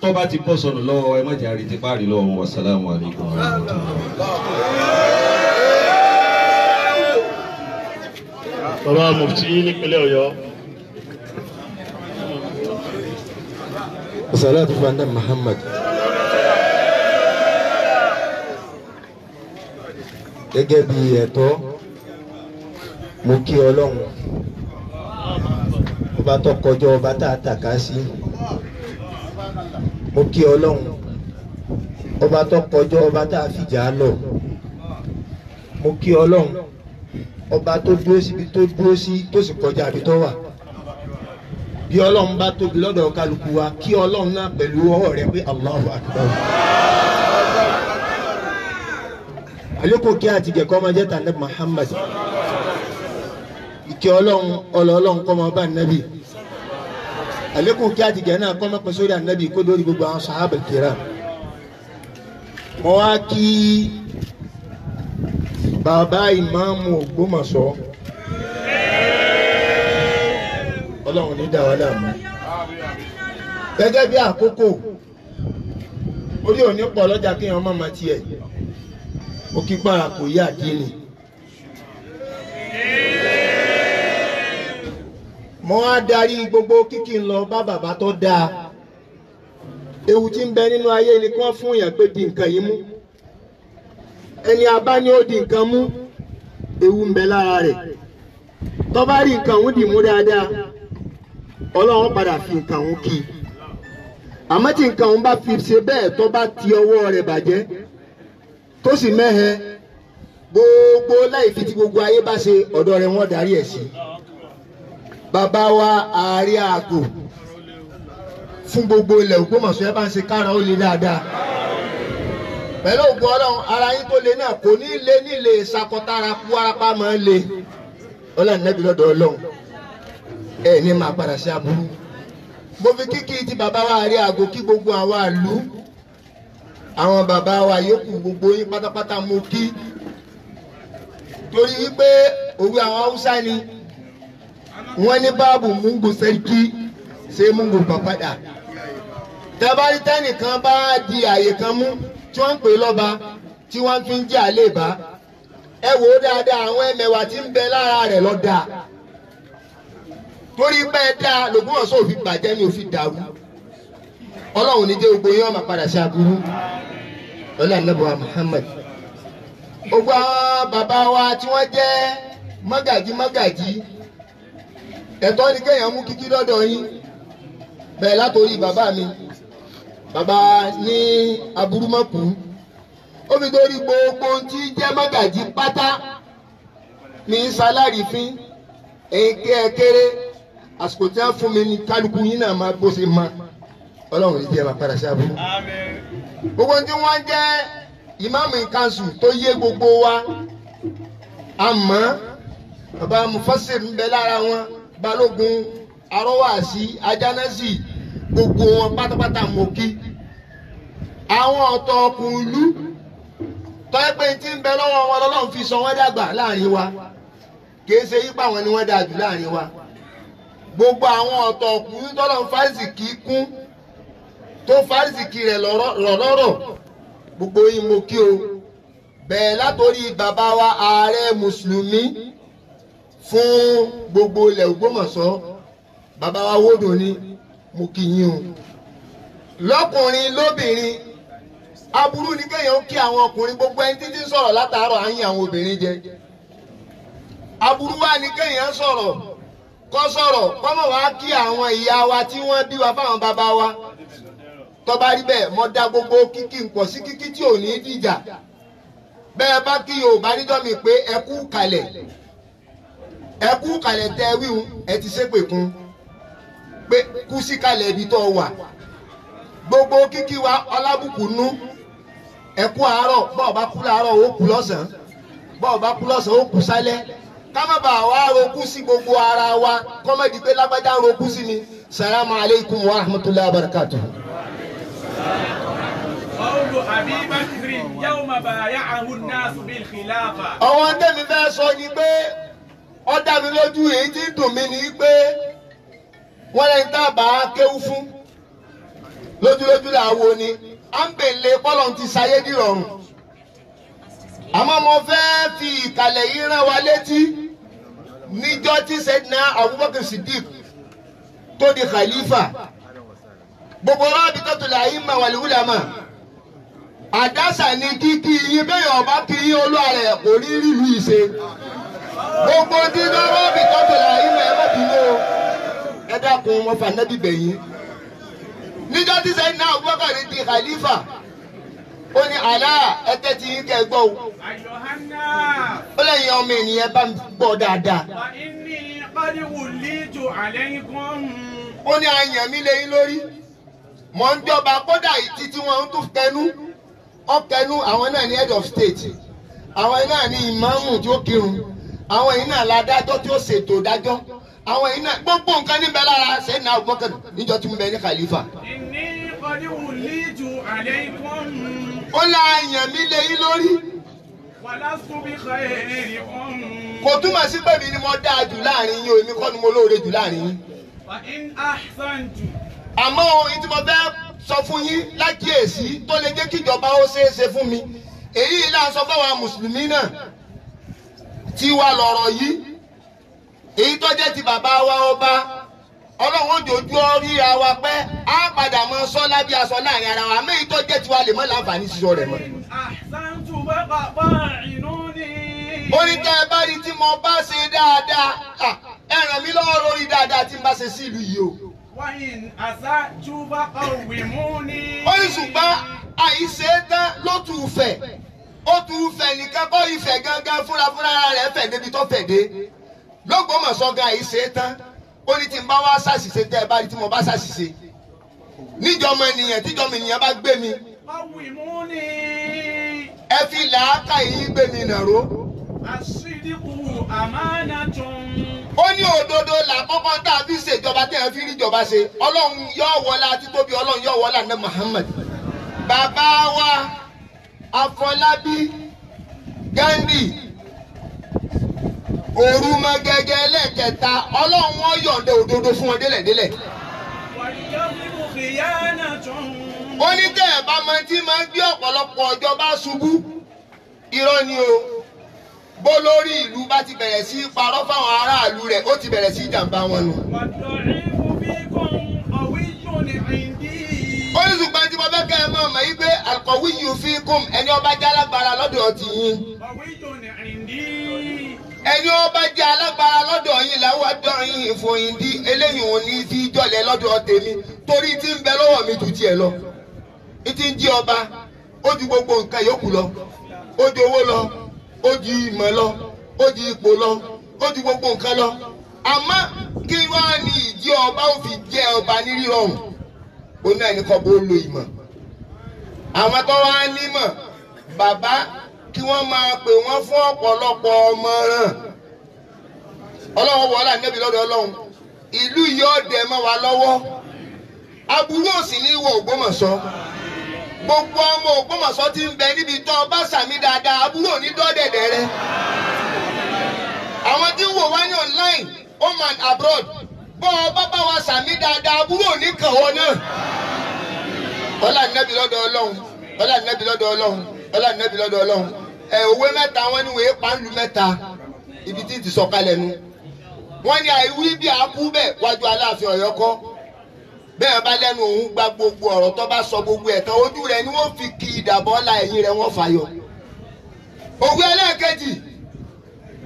tó bá ti bọ́ sọnù lọ́wọ́ ẹ má jẹ́ àrètí páàrí lọ́wọ́ wọn wàsálàmù alaykum wa rahmatulahi. bàbá mufti nípínlẹ̀ ọ̀yọ́. salatu fanda muhammad. gẹ́gẹ́ bí ẹ̀tọ́ mo kí ọlọ́run. ọba tó kọjọ ọba tá a tàka sí mo kí ọlọ́run ọba tó kọjọ ọba tá a fìjà lọ mo kí ọlọ́run ọba tó dúró síbi tó dúró sí tó sì kọjá àbí tó wà bí ọlọ́run bá tóbi lọ́dọ̀ kálukú wa kí ọlọ́run náà pẹ̀lú ọwọ́ rẹ pé Allahu Akbar. Muhammad. ìkẹ́ ọlọ́run ọlọ́ọ̀lọ́run kó máa bá nàbì àlékún kí àtìgẹ́ náà kó máa pín sórí ànábì kó lórí gbogbo àwọn sàhábà kíra mo wá kí bàbá ìmáàmù Ògbómọ̀ṣọ́ ọlọ́run ní dàwa láàmú gẹ́gẹ́ bí àkókò orí òní pọ̀ lọ́jà kí èèyàn má máa tiẹ̀ òkè pààrà kò yá àdínì. mo á darí gbogbo kíkì ń lọ bá bàbá tó dáa ewu tí ń bẹ nínú ayé ni kí fún yàn pé di nǹkan yìí mú ẹni abá ni ó di nǹkan mú ewu ń bẹ lára rẹ. tó bá rí nǹkan òun dì mú dáadáa ọlọ́run padà fi nǹkan òun kì í àmọ́ tí nǹkan òun bá fi ṣe bẹ́ẹ̀ tó ti ọwọ́ rẹ̀ bàjẹ́ tó sì mẹ́hẹ gbogbo láì fi ti gbogbo ayé bá ṣe ọ̀dọ̀ rẹ̀ wọ́n darí ẹ̀ sí i. bàbá wa ààrẹ àgò fún gbogbo ilẹ̀ Ògbómọ̀ṣọ́ ẹ bá ń ṣe kára ó le dáadáa pẹ̀lú ògùn ọlọ́run ara yín tó le náà kò ní le nílé sakọtara kú arapa máa ń le ọlọ́run nẹ́bí lọ́dọ̀ ọlọ́run ẹ ní máa padà sí aburú mo fi kíkí ti bàbá wa ààrẹ àgò kí gbogbo àwọn àlú àwọn bàbá wa yòókù gbogbo yín pátápátá mo kí torí wípé òwe àwọn haúsá ni. wani babu mungu sarki sai mungu fafaɗa tabari tẹ́nìkan di àyè kan mú tí wọn ń pè lọ́ba tí wọ́n fi ń jẹ́ àléèbá ẹ wò ó dáadáa àwọn ẹmẹ̀wà tí ń bẹ lára rẹ̀ lọ daa. torí pé dáa lògùn ọ̀sán òfin bàjẹ́ ni òfin dàrú ọlọ́run ní dé gbogbo yín ọmọ padà ṣe aburú lọ́lá nàbọ̀wá Muhammad gbogbo àwọn bàbá wa tí wọn jẹ́ mọ́gàjí mọ́gàjí ẹ̀tọ́ ni kéèyàn mú kíkí lọ́dọ̀ yín bẹ́ẹ̀ látòrí bàbá mi bàbá ní aburúmọ̀kú ó fi dórí gbogbo tí jẹ́ mọ́gàjí pátá ní sálárì fín èké kéré àsìkò tí wọ́n fún mi ní kálukú yín náà máa bó ṣe mọ ọlọ́run ní jẹ́ máa padà sí gbogbo tí wọ́n jẹ́ ìmáàmù kanṣu tó yé gbogbo wa àmọ́ bàbá mufasir ń bẹ lára wọn balógun arọ́wàsí ajánásì gbogbo wọn pátápátá mo kí àwọn ọ̀tọ̀ kùlú tọ́yẹ́ pé tí ń bẹ lọ́wọ́ wọn lọ́lọ́run fi sọ wọ́n dàgbà láàrin wa kìí ṣe yípa wọn ni wọ́n dà jù láàrin wa gbogbo àwọn ọ̀tọ̀ ọkùnrin tọ́lọ́run fásitì kún tó fásitì rẹ̀ lọ́rọ̀ gbogbo yín mo o bẹ̀ẹ̀ látòrí bàbá wa ààrẹ mùsùlùmí fún gbogbo ilẹ̀ Ògbómọ̀ṣọ́ babawa wa wódò ni mo kì í yín o lọ́kùnrin lóbìnrin aburú ni kéèyàn kí àwọn ọkùnrin gbogbo ẹni títí sọ̀rọ̀ látàárọ̀ à àwọn obìnrin jẹ aburú wa ni kéèyàn sọ̀rọ̀ kọ́ sọ̀rọ̀ kọ́mọ̀ wá kí àwọn ìyá wa tí wọ́n bí wa fáwọn bàbá wa tó bá rí bẹ́ẹ̀ mo dá gbogbo kíkì nǹkan sí kíkì tí ò ní dìjà bẹ́ẹ̀ bá kí Yorùbá nídọ́ mi pé ẹ kú kalẹ̀ ẹ kú kalẹ̀ tẹ wíwù ẹ ti ṣépè kún pé kú sí kalẹ̀ ibi tó wà gbogbo kíkí wa ọlábùkún nú ẹ kú àárọ̀ bọ́ọ̀ bá kú láàárọ̀ ó kú lọ́sàn-án bọ́ọ̀ bá kú lọ́sàn-án ó kú sálẹ́ kámọ́bà wa rokú sí gbogbo ara wa kọ́mọ́dì pé lágbájá rokú sí mi salamu aleykum wa rahmatulahi wa barakatuhu. ọwọ́n tẹ̀mí fẹ́ sọ ni pé ó dá mi lójú èyí tí dùn mí ni pé wọ́n lẹ́ni tá a bá kéwú fún lójúlójú là wo ni à ń bèlè bọ́lọ̀ ti ṣayé dìrọ̀rùn àmọ́ mo fẹ́ fi ìkàlẹ̀ yìí rán wa létí níjọ́ tí Sayyidina Abubakar Siddiq tó di khalifa gbogbo rọ́ọ̀bì tó tó láyé mà wal ulama àdásà ni kíkí yín bẹ́ẹ̀ ọba kí yín olú ààrẹ kò rí rí gbogbo tí lọ́wọ́ bí tọ́bìlà ilẹ̀ ẹ̀rọ bínú ẹ dákun wọn fà nábì bẹ̀yìn. níjọ́ tí sẹ́yìn náà Abubakar di khalifa ó ní àlá ẹtẹ́ ti yín kẹ́ gbọ́ o. ó lẹ́yìn ọmọ ènìyàn bá ń gbọ́ dáadáa. ó ní àyàn mi lẹ́yìn lórí mọ̀ ń jọba kódà ìtì tí ń tún tẹnu ọ̀kẹ́nu àwọn náà ní head of state àwọn náà ní ìmáàmù tí ó kírun àwọn yìí náà ládájọ́ tí ó ṣètò dájọ́ àwọn yìí náà gbogbo nǹkan níbẹ̀ lára ṣe ní Abubakar níjọ́ tí mo bẹ ní Khalifa. ìní kọ́ni wùlí ju àlẹ́ ikọ́ mi. ó la àyàn mi lé yín lórí. wàlá súnbí ka èrè kọ́ mi. kò túmọ̀ sí pé mi ni mo dáa jù láàrin yín o èmi kọ́ ni mo lóore jù láàrin yín. wà á ń àṣàn jù. àmọ́ ohun tí mo fẹ́ sọ fún yín lákìyèsí tó lè jẹ́ kíjọba ó ṣeé ṣe fún mi èyí là ń sọ fáwọn mùsùlùmí náà tí wà lọ́rọ̀ yìí èyí tó jẹ́ ti bàbá wa ọba ọlọ́run òjòjú ọrí àwa pẹ́ á padà mọ sọ lábí aṣọ láàrin ara wa àmì tó jẹ́ tiwa lè mọ́ láǹfààní sísọ rẹ̀ mọ́. orí tẹ́ ẹ bá rí tí mo bá ṣe dáadáa ẹ ràn mí lọ́wọ́ lórí dáadáa tí n bá ṣe sí yìí o. wáyìn àṣà júbà ọ̀wìmú ni. ó ní ṣùgbọ́n àìṣe tán ló tù fẹ̀. ó tún fẹ́ nìkan bọ́ ìfẹ́ gángan fúnra fúnra rẹ̀ fẹ́ débi tó fẹ́ dé lọ́gbọ́mọ̀sọ gan yìí ṣe é tán ó ní tí n bá wá ṣàṣìṣe tẹ́ ẹ bá rí tí mo bá ṣàṣìṣe níjọmọ ènìyàn tíjọmọ ènìyàn bá gbé mi. ẹ fi làákà yìí gbé mi nàró. àṣìdìkù àmàna tún. ó ní òdodo làkọ́kọ́ tá a fi ṣèjọba tẹ́ ẹ fi rí ìjọba ṣe ọlọ́run yóò wọlá títóbi ọlọ́run yóò wọlá ní Muhammad bàbá wa. Afọlábí Gandhi òru mọ́gẹ́gẹ́ ẹlẹ́kẹta ọlọ́run wọn yọ̀ǹda òdodo fún wọn délẹ̀ délẹ̀. ó ní tẹ́ ẹ̀ bá mọ tí máa ń gbé ọ̀pọ̀lọpọ̀ ọjọ́ bá ṣubú irọ́ ni o bó lórí ìlú bá ti bẹ̀rẹ̀ sí parọ́ fáwọn aráàlú rẹ̀ ó ti bẹ̀rẹ̀ sí jàǹbá wọn nù. orí ṣùgbọ́n tí mo fẹ́ kẹ́ ẹ mọ̀ mọ̀ yí pé àkọ̀wé yìí fi kùn ẹni ọba jẹ́ alágbára lọ́dọ̀ ọtí yín. ẹni ọba jẹ́ alágbára lọ́dọ̀ yín làwọn àdán yín ìfòyín dí eléyìí òun ní sí jọ̀lẹ̀ lọ́dọ̀ tèmi torí tí ń bẹ lọ́wọ́ mi jù tiẹ̀ lọ. ìtí ń jí ọba ó ju gbogbo nǹkan yòókù lọ ó ju owó lọ ó ju ìmọ̀ lọ ó ju ipò lọ ó ju gbogbo nǹkan lọ àmọ́ kí wọ́n ní ìjí ọba ó fi jẹ́ ọba ó náà ní kọ́bó lo àwọn tó wá nímọ̀ bàbá kí wọ́n máa pè wọ́n fún ọ̀pọ̀lọpọ̀ ọmọràn ọlọ́wọ́ wọlá níbi ìlú yìí wa lọ́wọ́ aburú òsì ní ìwọ gbogbo ọmọ Ògbómọ̀ṣọ́ ti ń bẹ níbi ọba sàmì dáadáa aburú rẹ àwọn tí ń wò wá ní ọlá nẹ́bí lọ́dọ̀ ọlọ́run ọlá nẹ́bí lọ́dọ̀ ọlọ́run ọlá nẹ́bí lọ́dọ̀ ọlọ́run ẹ òwe mẹ́ta wọ́n ní wòye pàǹlù mẹ́ta ibi tí ti sọ̀kalẹ̀ nu wọ́n ní àìwí bí àákú bẹ́ẹ̀ wájú aláàfin ọ̀yọ́ kọ́ bẹ́ẹ̀ bá lẹ́nu òun gba gbogbo ọ̀rọ̀ tó bá sọ gbogbo ẹ̀ tán ojú rẹ̀ ni wọ́n fi kí ìdàbọ̀ ọ̀la ẹ̀yìn rẹ̀ wọ́n fàyọ. òwe ẹlẹ́ẹ̀kejì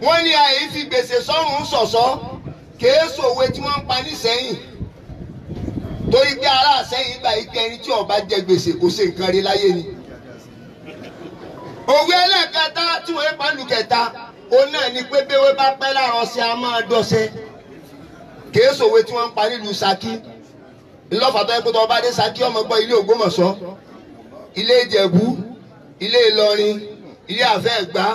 wọ́n ní àìfi gbèsè sọ́run sọ̀sọ́ kèé sòwe tí wọ́n ń pa nísẹ́yìn torí pé ará àsẹ́yìn gba ike ẹni tí ọba jẹ gbèsè kò ṣe nǹkan rí láyé ni. òwe ẹlẹ́ẹ̀kẹta tí wọ́n pa lù kẹta òun náà ni pé bẹ́wẹ́ bá pẹ́ láàrọ̀ ṣe a máa dọ̀ṣẹ́ kìí sòwe tí wọ́n ń pa nílùú Ṣakí ńlọ́fàtọ́ ẹ̀kọ́ tó ọba dé Ṣakí ọmọ gbọ́ ilé Ògbómọ̀ṣọ́ ilé Ìjẹ̀bú ilé Ìlọrin ilé Àfẹ́ẹ̀gbá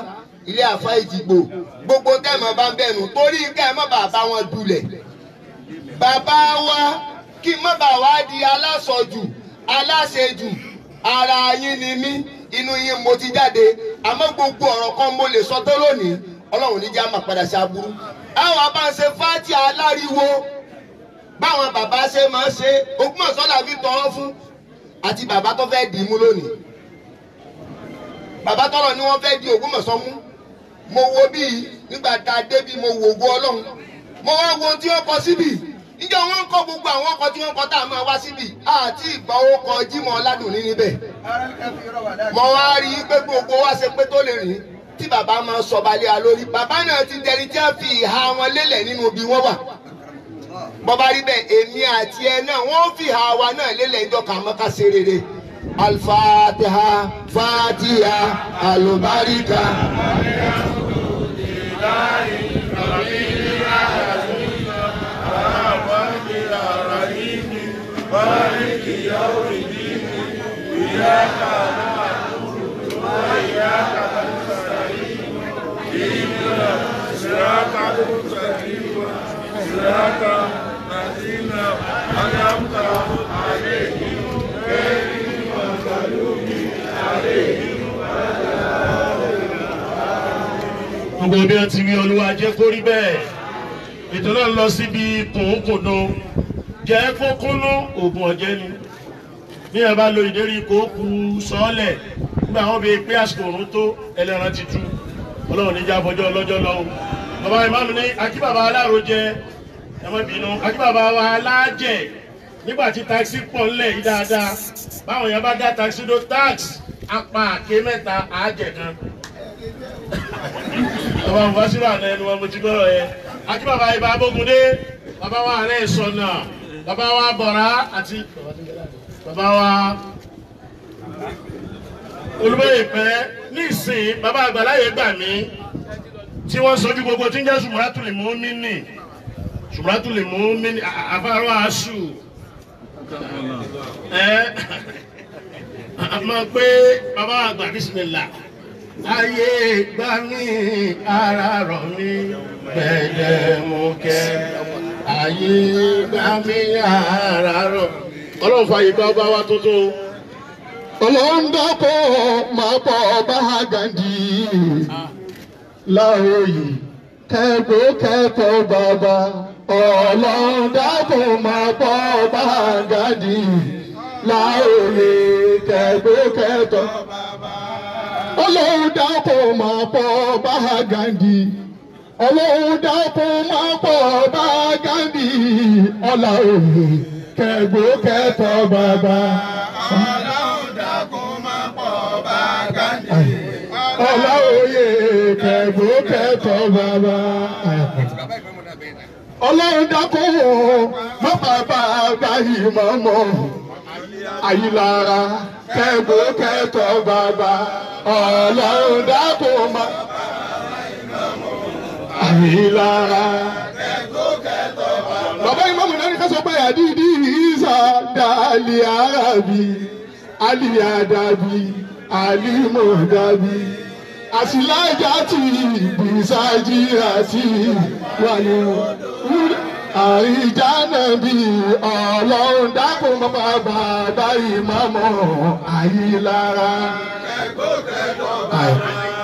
ilé Àfá Ìdìgbò gbogbo tẹ́ẹ̀mọ́ bá ń bẹ̀rù torí kẹ́ẹ̀mọ́ bàbá wọn dulẹ̀ bàbá wa kí n má bàa wá di alásọjù aláṣejù ara yín ni mí inú yín mo ti jáde àmọ́ gbogbo ọ̀rọ̀ kan mo lè sọ tó lónìí ọlọ́run ní já máa padà sí aburú. àwọn abáṣe fáti aláriwo báwọn bàbá ṣe máa ṣe Ògbómọ̀ṣọ́ la fi fún àti bàbá tó fẹ́ dì í mú lónìí bàbá tọ́lọ̀ ni wọ́n fẹ́ di Ògbómọ̀ṣọ́ mú mo wo bíi nígbà tá a dé bíi mo wò ó ọlọ́run mo wá wo ohun tí wọ́n kọ síbi. Si níjọ́ wọn ń kọ́ gbogbo àwọn ọkọ̀ tí wọ́n kọ́ tá a máa wá síbi àti ìgbà owó kọ Jímọ̀ Ọládùnní níbẹ̀. mo wá rí i pé gbogbo wa ṣe pé tó lè rìn tí bàbá máa ń sọba lé lórí bàbá náà ti dẹni tí wọ́n fi ìhà wọn lélẹ̀ nínú ibi wọ́n wà. bọ́bá rí bẹ́ẹ̀ èmi àti ẹ náà wọ́n fi ìhà wa náà lélẹ̀ ìjọ kàmọ́ká ṣe rere. alfatiha fatiha alubarika. مالك يوم الدين إياك نعبد وإياك نستعين اهدنا صراط المستقيم صراط الذين أنعمت عليهم غير المغضوب عليهم gbogbo bí wọn ti rí olúwa jẹ́ kó rí bẹ́ẹ̀ ètò náà lọ síbi kòókòdó jẹ́ kókónú oògùn ọ̀jẹ́ ni bí ẹ bá lo ìdérí kókù sọ́ọ̀lẹ̀ nígbà wọn bíi pé àsìkò òun tó ẹlẹ́ran ti tú ọlọ́run níjà fọjọ́ ọlọ́jọ́ lọ́hùn bàbá ìmáàlú ní akíbàbá aláàrò jẹ ẹmọ ìbínú akíbàbá wa aláàjẹ nígbà tí taxi pọ̀ ńlẹ̀ yìí dáadáa báwọn yẹn bá dá taxi do tax apá àké mẹ́ta àájẹ kan bàbá mufasiru àná ẹnu wọn mo ti gbọ́rọ̀ yẹ akíbàbá ibà abógundé bàbá wa àrẹ ìsọ̀nà bàbá wa bọ̀rá àti bàbá wa olùbẹ̀yẹ pẹ́ ní ìsìn bàbá àgbàláyé gbà mí tí wọ́n sọjú gbogbo tí ń jẹ́ sùmùràtúlì mú mí nì sùmùràtúlì mú mí nì àfárọ́ àṣù ẹ àmọ́ pé bàbá àgbà bísí ni là. ayé gbá ní ara rọ̀ mí gbẹ̀dẹ̀mukẹ́ ayé gbá ní ara rọ ọlọ́run fàyè bá ọba wa tuntun. ọlọ́run dọ́kọ̀ máa pọ̀ bá a láòyè kẹ́gbẹ́ kẹ́kọ̀ọ́ bàbá ọlọ́run máa pọ̀ bá a láòyè bàbá. ọlọ́run dákò máa pọ̀ bá Gandhi ọlọ́run dákò máa pọ̀ bá Gandhi ọlá òye kẹgbó kẹtọ bàbá. ọlọ́run dákò máa pọ̀ bá Gandhi ọlá òye kẹgbó kẹtọ bàbá. ọlọ́run dákò máa bàbá báyìí máa mọ̀ àyílára kẹ́gbó kẹ́tọ́ bàbá ọlọ́run dákun má. àyílára. bàbá ìmọ̀mù náà ní ká sọ pé àdídí ìsà dàlí àràbí àlìyàdàbí àlìmọ̀dàbí àsìlájà tì bìsájì àti wàlúù àìjánẹ̀bí ọlọ́run dákun bàbá bá ìmọ̀mọ́ àyílára.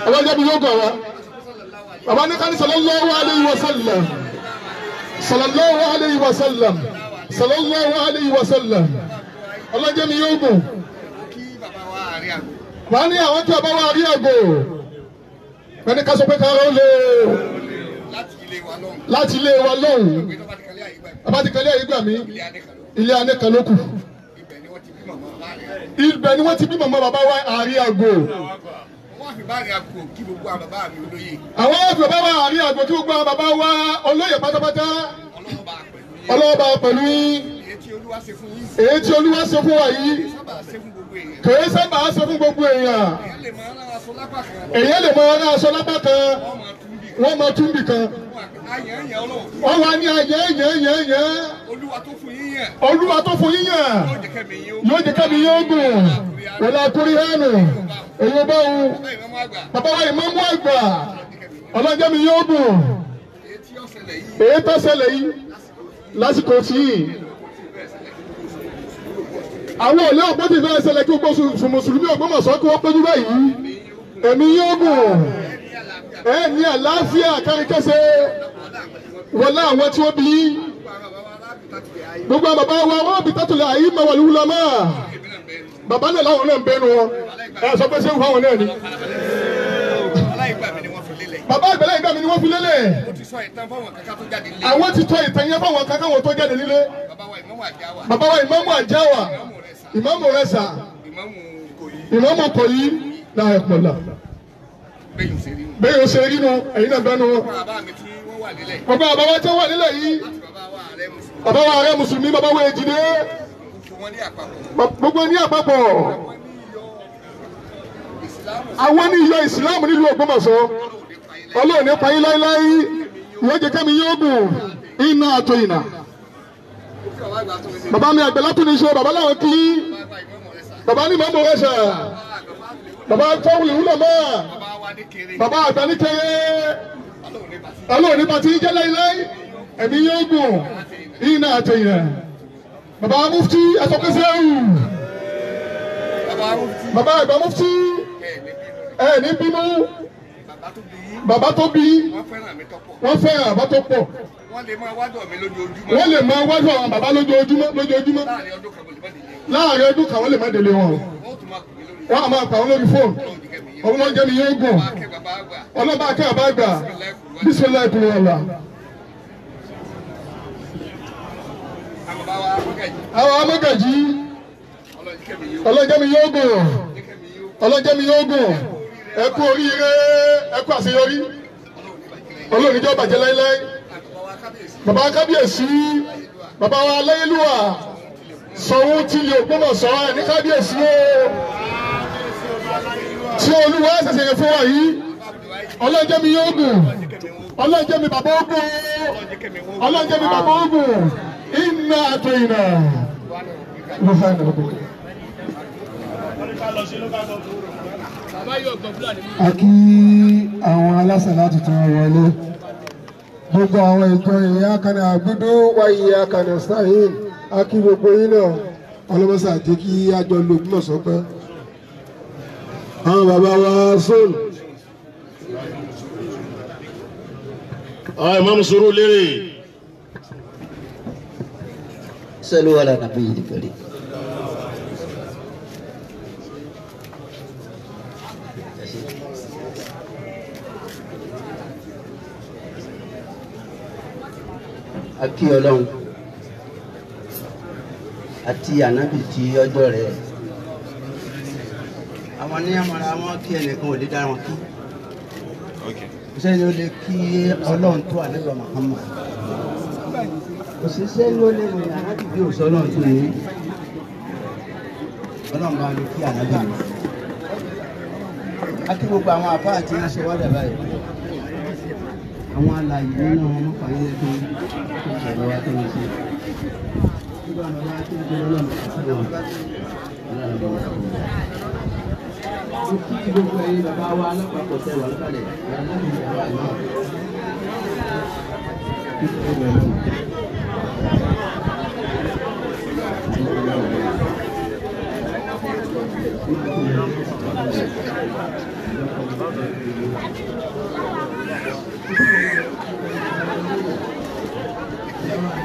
ọba jẹ́bi yóò gbọ̀ wá bàbá ní kání sallallahu alayhi wa sallam sallallahu alayhi wa sallam sallallahu alayhi wa sallam ọlọ́jẹ́mi yóò gùn. wọ́n ní àwọn tí ọba wa rí àgò wọ́n ní ká sọ pé ká ló láti ilé wa lọ́hùn bàbá ti kọ́lé àyígbà mi ilé adé kan ló kù ibẹ̀ ni wọ́n ti bí màmá bàbá wa àárín àgbo àwọn àgbẹ̀ bá wà àárín àgbẹ̀ kí gbogbo àwọn bàbá wa olóyè pátápátá ọlọ́ọ̀bà pẹ̀lú èyí tí olúwa ṣe fún wa yìí kèé sábà ṣe fún gbogbo èèyàn èyí lè mọ ara aṣọ lápá kan wọ́n máa tún bì kan. wọ́n wá ní ayé yẹn yẹn yẹn. olúwa tó fún yín yẹn. olúwa tó fún yín yẹn. yóò jẹ́ kẹ́mi yóò gùn. wòlá kúrí hánù. èyí bá wù. bàbá wa ìmáàmù àgbà. ọlọ́jẹ́ mi yóò gùn. èyí tó ṣẹlẹ̀ yìí lásìkò tí àwọn òlé ọ̀gbọ́dì náà ṣẹlẹ̀ kí gbogbo mùsùlùmí Ògbómọ̀ṣọ́ kí wọ́n péjú báyìí èmi yóò gùn. E ni àlàáfíà kárìkẹsẹ wọlé àwọn tí wọn bí gbogbo baba wa wọn bí tátùlẹ ayi mọwà lùwúlọ mọ bàbá náà làwọn náà ń bẹnu wọn ẹ sọ pé sẹwọn fáwọn náà ni. bàbá ìgbẹ́lẹ̀ ìgbà mi ni wọ́n fi lélẹ̀. àwọn ti tọ ìtàn yẹn fáwọn kankan wa àjáwà rẹ̀ sà bẹ́ẹ̀ yóò ṣe rí nu ẹ̀yin náà bẹ́ẹ̀ nu. bàbá àbáwá tí wọ́n wà nílẹ̀ yìí bàbá wa ààrẹ mùsùlùmí bàbá wa èjìdé gbogbo ní àpapọ̀ àwọn ní iyọ̀ ìsìláàmù nílùú Ògbómọ̀ṣọ́ Ọlọ́run ní payín láíláí ìwọ́n jẹ kẹ́mi yóò gùn iná àtò ìnà bàbá mi àgbẹ̀ látún ní iṣẹ́ bàbá làwọn kí bàbá ní mọ́mọ́ rẹ̀ ṣà bàbá fọ́wùlì wúlọ̀ mọ́ bàbá àgbà níkẹyẹ ọlọ́run nípa tí jẹ́ láíláí ẹ̀mí yóò gùn yìí náà àtẹ̀yìn bàbá mufti ẹ̀sọ́kẹsẹ̀ ẹ̀hù bàbá àgbà mufti ẹ̀ ní bínú bàbá tó bí wọ́n fẹ́ràn àbá tó pọ̀ wọ́n lè máa wádùn mi lójoojúmọ́ wọ́n lè àwọn bàbá lójoojúmọ́ lójoojúmọ́ ọdún kan wọ́n lè má délé wọn wọ́n á máa pa wọn lórí fóònù ọmọ oúnjẹ mi yóò gùn ọlọ́ba akẹ́ bàbá àgbà bísímilá ìpínlẹ̀ ọ̀la. àwọn amọ́gàjì ọlọ́jẹ́ mi yóò gùn ọlọ́jẹ́ mi yóò gùn ẹ kú oríire ẹ kú àṣeyọrí olórí jọba jẹ láéláé bàbá kábíyèsí bàbá wa aláyélúwà. Ṣòun ti lè Ògbómọ̀ṣọ́ ẹ̀ ní kábíyèsí o tí olúwa ṣẹ̀ṣẹ̀ fún wa yìí ọlọ́jẹ́mi yóò gùn ọlọ́jẹ́mi bàbá ogun ọlọ́jẹ́mi bàbá ogun iná àtọ̀ iná ló fẹ́ nà ọdún. a kí àwọn aláṣẹ láti tún wọlé gbogbo àwọn ìjọ ìyá kan àgbúdú wáyé ìyá sáyìn a kí gbogbo yín náà ọlọ́mọsà jẹ́ kí àjọ lògùn náà sọpẹ́ àwọn bàbá wa sóòlù. àwọn ìmáàmù sọ̀rọ̀ lérè. sẹ́lú wà lánàá bí yìí kẹ́lẹ́. a kí ọlọ́run àti ànábì tí ọjọ́ rẹ̀ àwọn ní àmọ́ra wọn kí ẹnìkan ò lè dá wọn kí sẹ́ni ó lè kí ọlọ́run tó ànábì Muhammad kò sí sẹ́ni ó lè rìn ànábì bí òsọ ọlọ́run tó yẹn ọlọ́run bá lè kí ànábì mi a kí gbogbo àwọn àpá àti ẹ̀ṣẹ̀ wá dàbà yìí àwọn alàyè nínú ọmọ fàyẹ̀lẹ́ tó ń jẹ̀lọ́wọ́ tó ń ṣe. a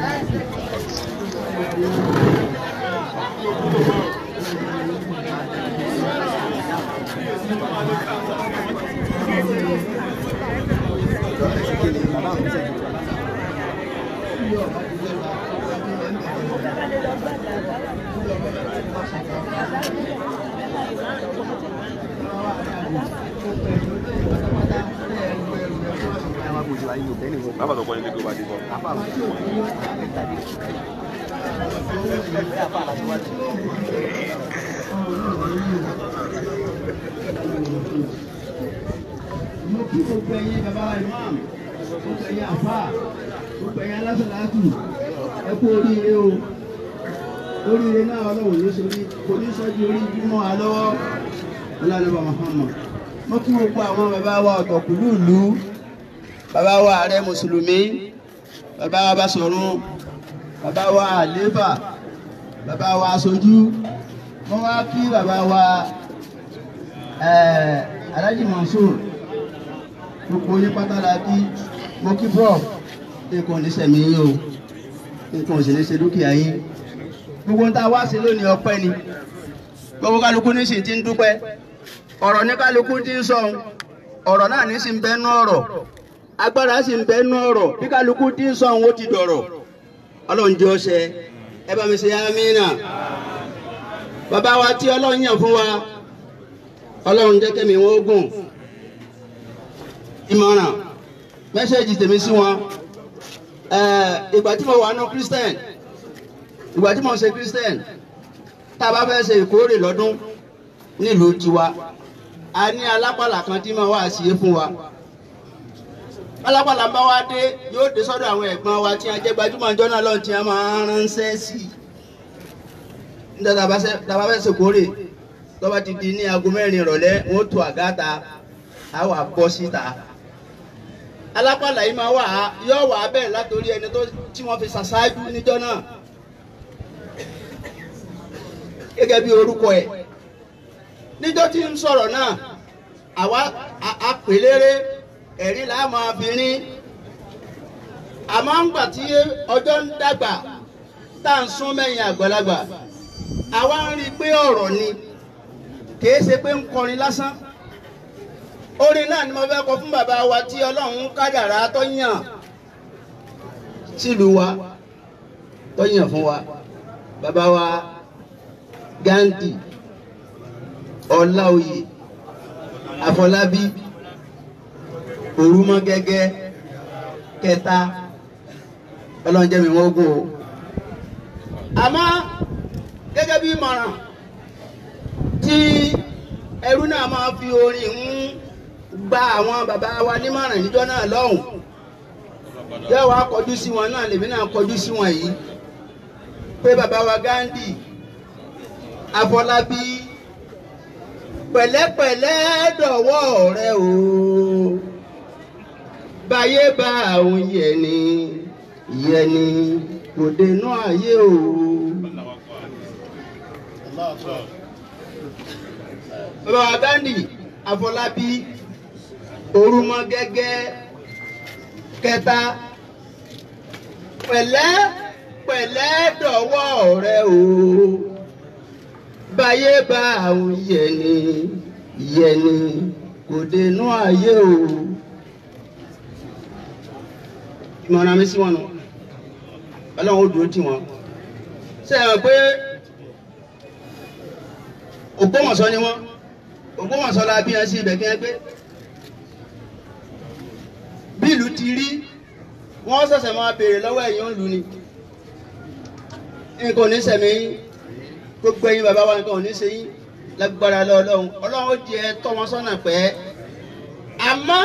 Thank you. Apa tu kau yang kedua tadi? Apa? mo kí gbogbo ẹ̀yin bàbá imam gbogbo ẹ̀yin àfà gbogbo ẹ̀yin alásàlátù ẹ kú oríire o oríire náà ọlọ́wọ́ ló ṣe kò ní sọ́jú orí bímọ Muhammad mo kí gbogbo àwọn bàbá wa ọ̀tọ̀kùlú ìlú bàbá wa ààrẹ mùsùlùmí bàbá wa Basọ̀rún. bàbá wa àléfà bàbá wa aṣojú wọ́n wá kí wa Alhaji Mansour gbogbo yín pátá kí mo kí bọ́ọ̀ nǹkan ò yín o gbogbo ń ta wá sí lónìí ni gbogbo kálukú ní sì ti ń dúpẹ́ ọ̀rọ̀ ní kálukú ti ń sọ náà ní sì ń agbára sì ń bí kálukú ti ń ọlọ́run jẹ́ ẹ bá mi ṣe amínà bàbá wa tí ọlọ́run fún wa ọlọ́run jẹ́ kẹ́mi wọn gùn ìmọ̀ràn mẹ́sẹ̀gì tèmi sí wọn ìgbà tí mo wà nù Christian ìgbà tí mo ṣe Christian tá a bá fẹ́ ṣe ìkórè lọ́dún nílùú tiwa a ní alápàlà kan tí mo wá sí fún wa pálápàlà bá wá dé yóò dé sọ́dọ̀ àwọn ẹ̀gbọ́n wa tí a jẹ́ gbajúmọ̀ ọjọ́ náà lọ́n tí a máa ránṣẹ́ sí i níta tàbá fẹ́ ṣèkórè tọ́ba ti di ní aago mẹ́rin ìrọ̀lẹ́ wọ́n tó àgáta á wà bọ́ síta alápàlà yìí máa wà á yóò wà á bẹ́ẹ̀ látòrí ẹni tí wọ́n fi ṣàṣáájú níjọ́ náà gẹ́gẹ́ bí orúkọ ẹ̀ níjọ́ tí ń sọ̀rọ̀ náà àwa àpèlérè ẹ̀rí la máa fi rín àmọ́ ńgbà tí ọjọ́ ń dàgbà tá à ń sún mẹ́yìn àgbàlagbà àwa ń rí i pé ọ̀rọ̀ ni kìí ṣe pé ń kọrin lásán orin náà ni mo fẹ́ kọ fún bàbá wa tí ọlọ́run kádàrá tó sílùú wa tó fún wa bàbá wa Ghandi Ọláoyè Àfọlábí. òrùmọ gẹgẹ kẹta ọlọ́njẹ́ mi wọ́n gùn o. àmọ́ gẹ́gẹ́ bí ìmọ̀ràn tí ẹrú náà máa fi orin ń gba àwọn bàbá wa nímọ̀ràn níjọ́ náà lọ́hùn yóò kọjú sí wọn náà lèmi náà kọjú sí wọn yìí pé bàbá wa Ghandi Afọlábí pẹ̀lẹ́pẹ̀lẹ́ dọ̀wọ́ rẹ o. báyé bá òun yẹni yẹni kò dénú ayé o. bàbá Ghandi Afọlábí orúmọ gẹ́gẹ́ kẹta pẹ̀lẹ́ pẹ̀lẹ́ dọ̀wọ́ rẹ o báyé bá òun yẹni yẹni kò dénú ayé o ìmọ̀ràn mi sí wọn nù ọlọ́run ó dúró tì wọ́n ṣe é hàn pé Ògbómọ̀ṣọ́ ni wọ́n Ògbómọ̀ṣọ́ la bí wọn sí ibẹ̀ kí wọ́n gbé bí ìlú ti rí wọ́n ṣẹ̀ṣẹ̀ máa béèrè lọ́wọ́ ẹ̀yin òǹlù ni nǹkan ò ní sẹ̀mí gbogbo ẹ̀yin bàbá wa nǹkan ò ní ṣe yín lágbára lọ́ọ̀lọ́hún ọlọ́run ó jẹ́ tọ́ wọn sọ́nà pẹ́ àmọ́.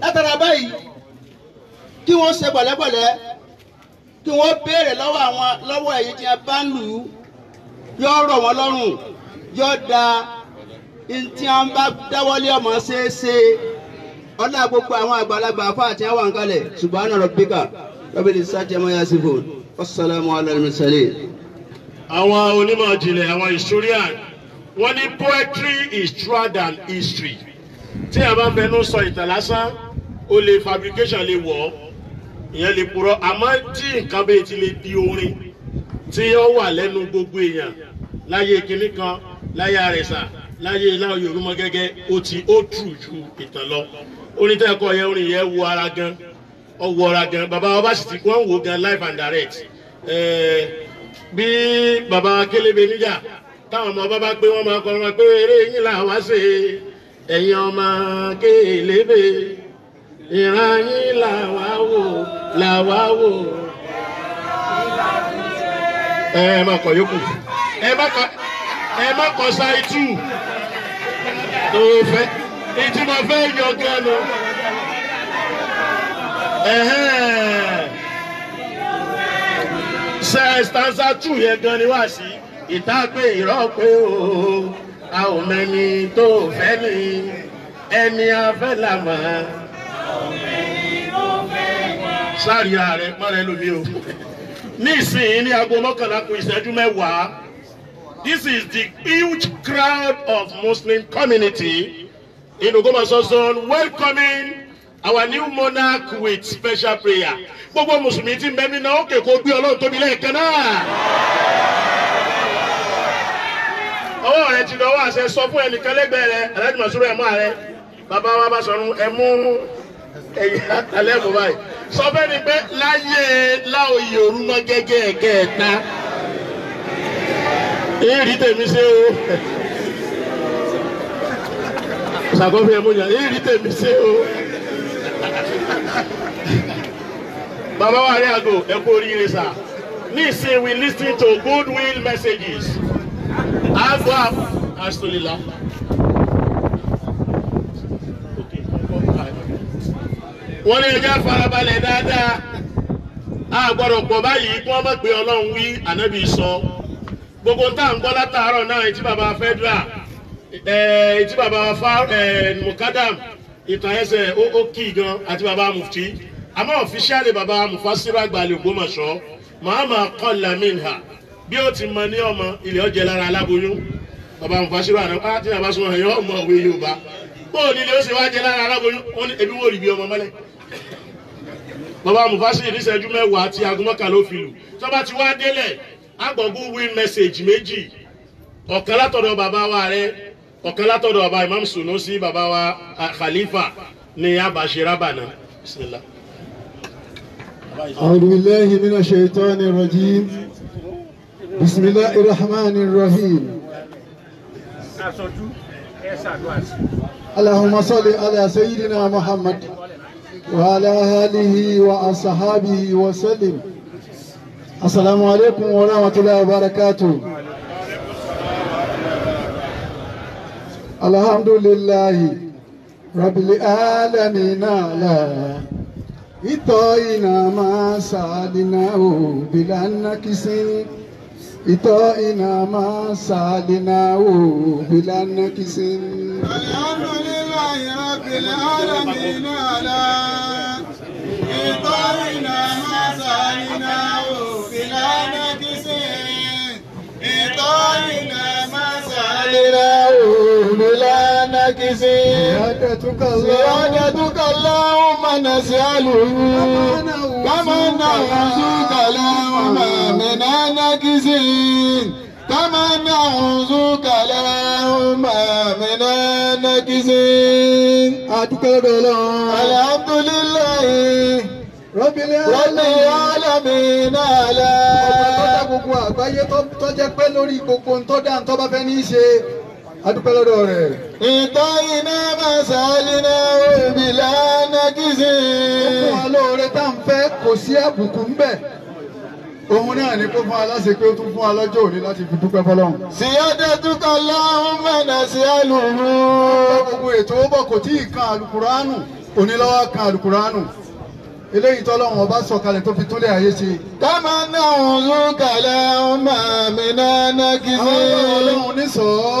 látara báyìí kí wọ́n ṣe pẹ̀lẹ́pẹ̀lẹ́ kí wọ́n béèrè lọ́wọ́ àwọn lọ́wọ́ èyí tí a bá ń lù ú yọ rọ̀ wọ́n lọ́rùn yọ da ntí a bá dáwọ́lé ọmọ ṣeéṣe ọ̀dà gbogbo àwọn àgbàlagbà afọ àti àwọn àǹkalẹ̀ subhana rabbika rabbil izzati amma yasifun wassalamu ala al-mursalin. àwọn onímọ̀ jìnlẹ̀ àwọn historian wọ́n ní poetry is rather than history tí a bá fẹnu sọ ìtàn lásán ó lè fabrication lè wọ̀ ọ́ ìyẹn lè purọ́ àmọ́ tí nǹkan bẹ́ẹ̀ ti lè di orin tí ó wà lẹ́nu gbogbo èèyàn láyé kinní kan láyé àrẹ̀sà láyé láwọn yorùbá gẹ́gẹ́ ó ti ó tù ju ìtàn lọ orin tẹ́ ẹ̀kọ́ yẹn orin yẹn wọ ara gan ọ wọ ara gan bàbá ọba sì ti wọ́n wò gan live and direct bí bàbá kélébé níjà táwọn ọmọ bàbá pé wọ́n máa kọ́ ọ́n pé eré yín làwọn á ṣe é ẹ̀yin ọmọ kélébé ìran yín làwa wò làwa wò. ẹ má kọ yókù ẹ má kọ ẹ má kọ sáì tù tó fẹ́ ìtumọ̀ fẹ́ yọ gánà. ṣe stanza two yẹn gan ni wá sí ìta pé o a ò mẹ́ni tó fẹ́ ni ẹni afẹ́ là mọ̀ sáré ààrẹ pọ́nrẹ́ lómi o nísìnyí ní aago mọ́kànlá kù ìṣẹ́jú mẹ́wàá this is the huge crowd of Muslim community in Ogbomoso zone welcoming our new monarch with special prayer gbogbo mùsùlùmí tí ń bẹ mí náà ó kè kó gbé ọlọ́run tóbi lẹ́ẹ̀kan náà ọwọ́ rẹ ti dọwọ́ àṣẹ sọ fún ẹnìkan lẹ́gbẹ̀ẹ́ rẹ aláàjì Màsúrù ẹ̀mú ààrẹ bàbá wa bá sọ̀rọ̀ ẹ̀mú ẹ̀yà alẹ́ mú báyìí sọ fẹ́ ni pé láyé láòyè òrùmọ gẹ́gẹ́ ẹ̀kẹ́ẹ̀ta èyí tèmi ṣe o ṣàkófin ẹ̀mú yàn èyí tèmi ṣe o bàbá wa rí àgò ẹ̀kú oríire sà ní ìsìn we listen to goodwill messages. Afọ afọ asụlila. Wọ́n ní ẹja farabalẹ̀ dáadáa. A gbọ́dọ̀ pọ̀ báyìí kí wọ́n mọ̀ pé Ọlọ́run wí ànábì sọ. Gbogbo tá à ń gbọ́ látàárọ̀ náà etí bàbá Fẹ́dúrà etí bàbá Mukadam ìtàn ẹsẹ̀ ó kì í gan àti bàbá Mufti. Àmọ́ ọ̀fíṣàlì bàbá Mufasira Ògbómọ̀ṣọ́. kọ́ lamin bí ó ti mọ ní ọmọ ilẹ̀ ọjẹ́ lára aláboyún bàbá mufasiru àná á ti nàbá súnmọ́ ẹ̀yọ́ ọmọ òwe yorùbá bóò ní ilé ó sì wá jẹ lára aláboyún wọn ni ebi wò rí bí ọmọ mọ́lẹ̀ bàbá mufasiru níṣẹ́jú mẹ́wàá àti agumọ́ka ló fi lù tọ́ba ti wá délẹ̀ agbọ̀gbọ́ win message méjì ọ̀kan látọ̀dọ̀ bàbá wa rẹ ọ̀kan látọ̀dọ̀ bàbá imam sunusi bàbá wa khalifa ní abashirabana bisimilah. أعوذ بالله من الشيطان الرجيم bisimilahi rahman rahim. اللهم صل على سيدنا محمد وعلى آله وأصحابه وسلم السلام عليكم ورحمة الله وبركاته الحمد لله رب العالمين على إطائنا ما سعدناه بلا نكسين Ito ina ma sadina wo bila nakisin. Alhamdulillahi rabbil alamin ala. Ito ina ma sadina wo bila nakisin. Ito ina ma sadina wo. الناكسين سيادتك اللهم نسأله كما نعوذك اللهم من الناكسين كما نعوذك اللهم من الناكسين الحمد لله rọ́bì alámìnà alẹ́. ọ̀pọ̀ tó dá gbogbo àgbáyé tó jẹ́ pé lórí gbogbo ń tó dá ń tó bá fẹ́ ní í ṣe adúpẹ́ lọ́dọ̀ rẹ̀. ìtọ́ iná máa ṣàlìná òbí lánà kìsì. ó fún wa lóore tá à ń fẹ́ kò sí àbùkù ń bẹ̀. òun náà ni kó fún wa láṣẹ pé ó tún fún wa lọ́jọ́ òní láti fi dúpẹ́ fọlọ́run. síyáde túkọ̀ láhùn mẹ́nà sí àlùmú. gbogbo ètò ó bọ̀ kò tí ì kan àlùkùránù òní lọ́wọ́ kan àlùkùránù eléyìí tọ́lọ́run ọba sọ̀kalẹ̀ tó fi túnlẹ̀ ayé ṣe. kámá náà ń lù kàlẹ́ ọmọ mi náà náà àwọn ọlọ́run ní sọ́ọ́.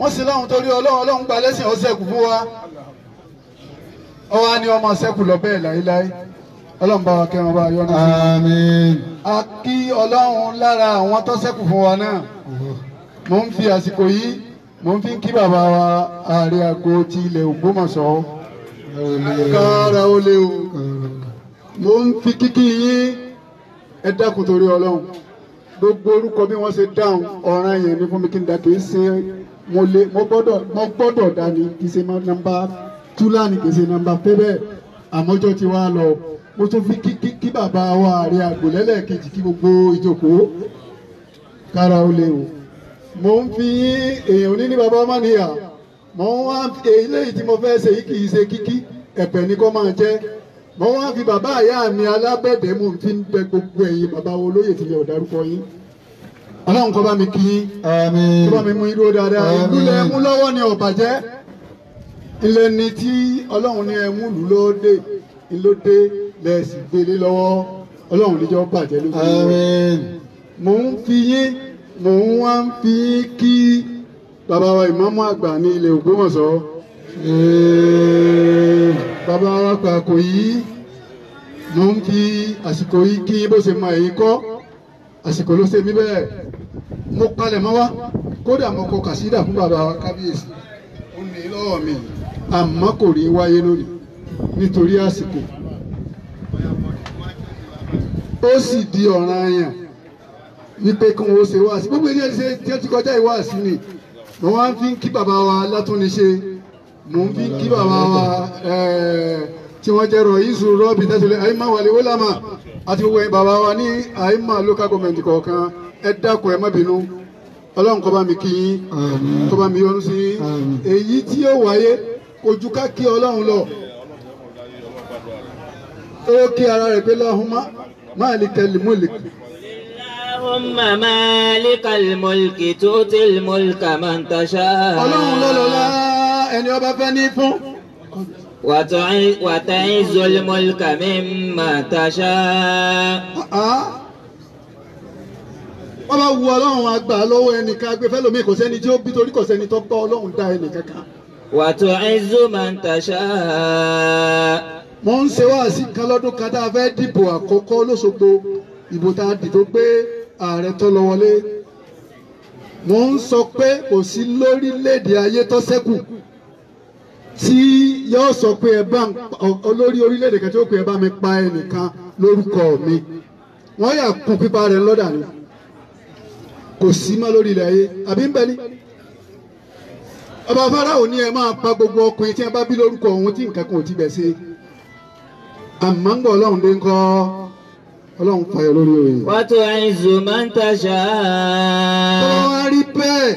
wọ́n sì lọ́hùn torí ọlọ́run ọlọ́run gba lẹ́sìn ọ̀sẹ̀kù fún wa ọwọ́ á ní ọmọ ọ̀sẹ̀kù lọ bẹ́ẹ̀ láéláé ọlọ́run bá wa kẹ́ wọn yọ náà. a kí ọlọ́run lára àwọn tó fún wa náà mò ń fi àsìkò yìí mò ń fi kí bàbá wa ààrẹ àgọ́ ti ilẹ̀ Ògbómọ̀ṣọ́ kára ó lé mò ń fi kíkí yín ẹ dákun torí ọlọ́run gbogbo orúkọ bí wọ́n ṣe dáhùn ọ̀ràn yẹn ni fún mi kí n dà kì í ṣe mo lè mo gbọ́dọ̀ mo gbọ́dọ̀ dání kì í ṣe nọ́mbà túlánì kì í ṣe nọ́mbà pébẹ̀ àmọ́jọ́ ti wá lọ mo tún fi kí kí bàbá wa àrẹ àgbòlẹ́lẹ̀ kejì kí gbogbo ìjókòó kára ó lè wò mo ń fi èèyàn ní ní bàbá má níyà mo ń wá eléyìí tí mo fẹ́ ṣe yìí kì í ṣe kíkí ẹ̀bẹ̀ ni kò máa jẹ́ mo wá fi bàbá àyá mi alábẹ́dẹ̀ mò ń fi ń bẹ gbogbo ẹ̀yin bàbá olóyè tìlẹ̀ ọ̀dàrúkọ yín ọlọ́run kọ́ bá mi kí kọ́ bá mi mú irú dáadáa ìlú lẹ mú lọ́wọ́ ni ọ̀bàjẹ́ ilẹ̀ ni tí ọlọ́run ní ẹmú lù ló dé lẹ́sìn gbélé lọ́wọ́ ọlọ́run níjọ́ bàjẹ́ ló mò ń fi yín mò ń wá ń fi yín kí bàbá wa ìmáàmù àgbà ní ilẹ̀ Ògbómọ̀ṣọ́. Eh, bàbá arákùnrin àkò yìí mo ń fi àsìkò yìí kí bó ṣe máa èyí kọ́ àsìkò ló ṣe mí bẹ́ẹ̀ mo palẹ̀ mọ́ wá kódà mo kọ kàsídà fún bàbá wa kábíyèsí ó ní lọ́wọ́ mi àmọ́ kò rí wáyé lónìí nítorí àsìkò ó sì di ọ̀ràn àyàn wípé kí wọ́n ṣe wáàsí gbogbo ẹni ẹ̀ ṣe tí ó ti kọjá ìwáàsí ni wọ́n wá ń fi kí bàbá wa látúnni ṣe mò ń bí kí bàbá wa tí wọ́n jẹ́ rọ̀yìísù rọ́ọ̀bì tẹ́sílẹ̀ àyímá wàlẹ̀ ọ̀làmà àti gbogbo ẹ̀yìn bàbá wa ní àyímá local government kọ̀ọ̀kan ẹ dákun ẹ má bínú ọlọ́run kó bá mi kí yín kó bá mi yọ́nú sí yín èyí tí yóò wáyé ojú ká kí ọlọ́run lọ ó kí ara rẹ̀ pé láhùnmá máa lè tẹ̀lé mọ́lẹ̀. Allahumma malikal mulki tutil mulka man tasha. Ọlọ́run lọ́lọ́lá ẹni ọba fẹ́ ní fún. wàtàí zolimolka mi máa taṣá. wọ́n bá wu ọlọ́run àgbà lọ́wọ́ ẹnìkan agbẹ́fẹ́ lómi kò sẹ́ni tí ó bí torí kò sẹ́ni tó gbọ́ ọlọ́run dá ẹnìkan kan. wàtàí zomantaṣá. mo ń ṣe wá sí kan lọ́dún kan tá a fẹ́ dìbò àkọ́kọ́ lóṣogbo ìbò tá a dìbò pé ààrẹ tó lọ wọlé mo ń sọ pé kò sí lórílẹ̀‐èdè ayé tó ṣẹ́kù tí yóò sọ pé ẹ bá olórí orílẹ̀-èdè kan tí ó pè ẹ bá mi pa ẹnìkan lórúkọ mi wọ́n yà kún pípa rẹ̀ lọ́dà ni kò sí mọ́ lórí ilẹ̀ ayé àbí ń bẹ ní. ọba Fáráò ní ẹ máa pa gbogbo ọkùnrin tí ẹ bá bí lórúkọ òun tí nǹkan kan ò ti bẹ̀ ṣe àmọ́ ń bọ̀ ọlọ́run dé ń kọ́ ọlọ́run fàyọ lórí òye. wàá tó àìsùn máa ń taṣà. tó wá rí bẹ́ẹ̀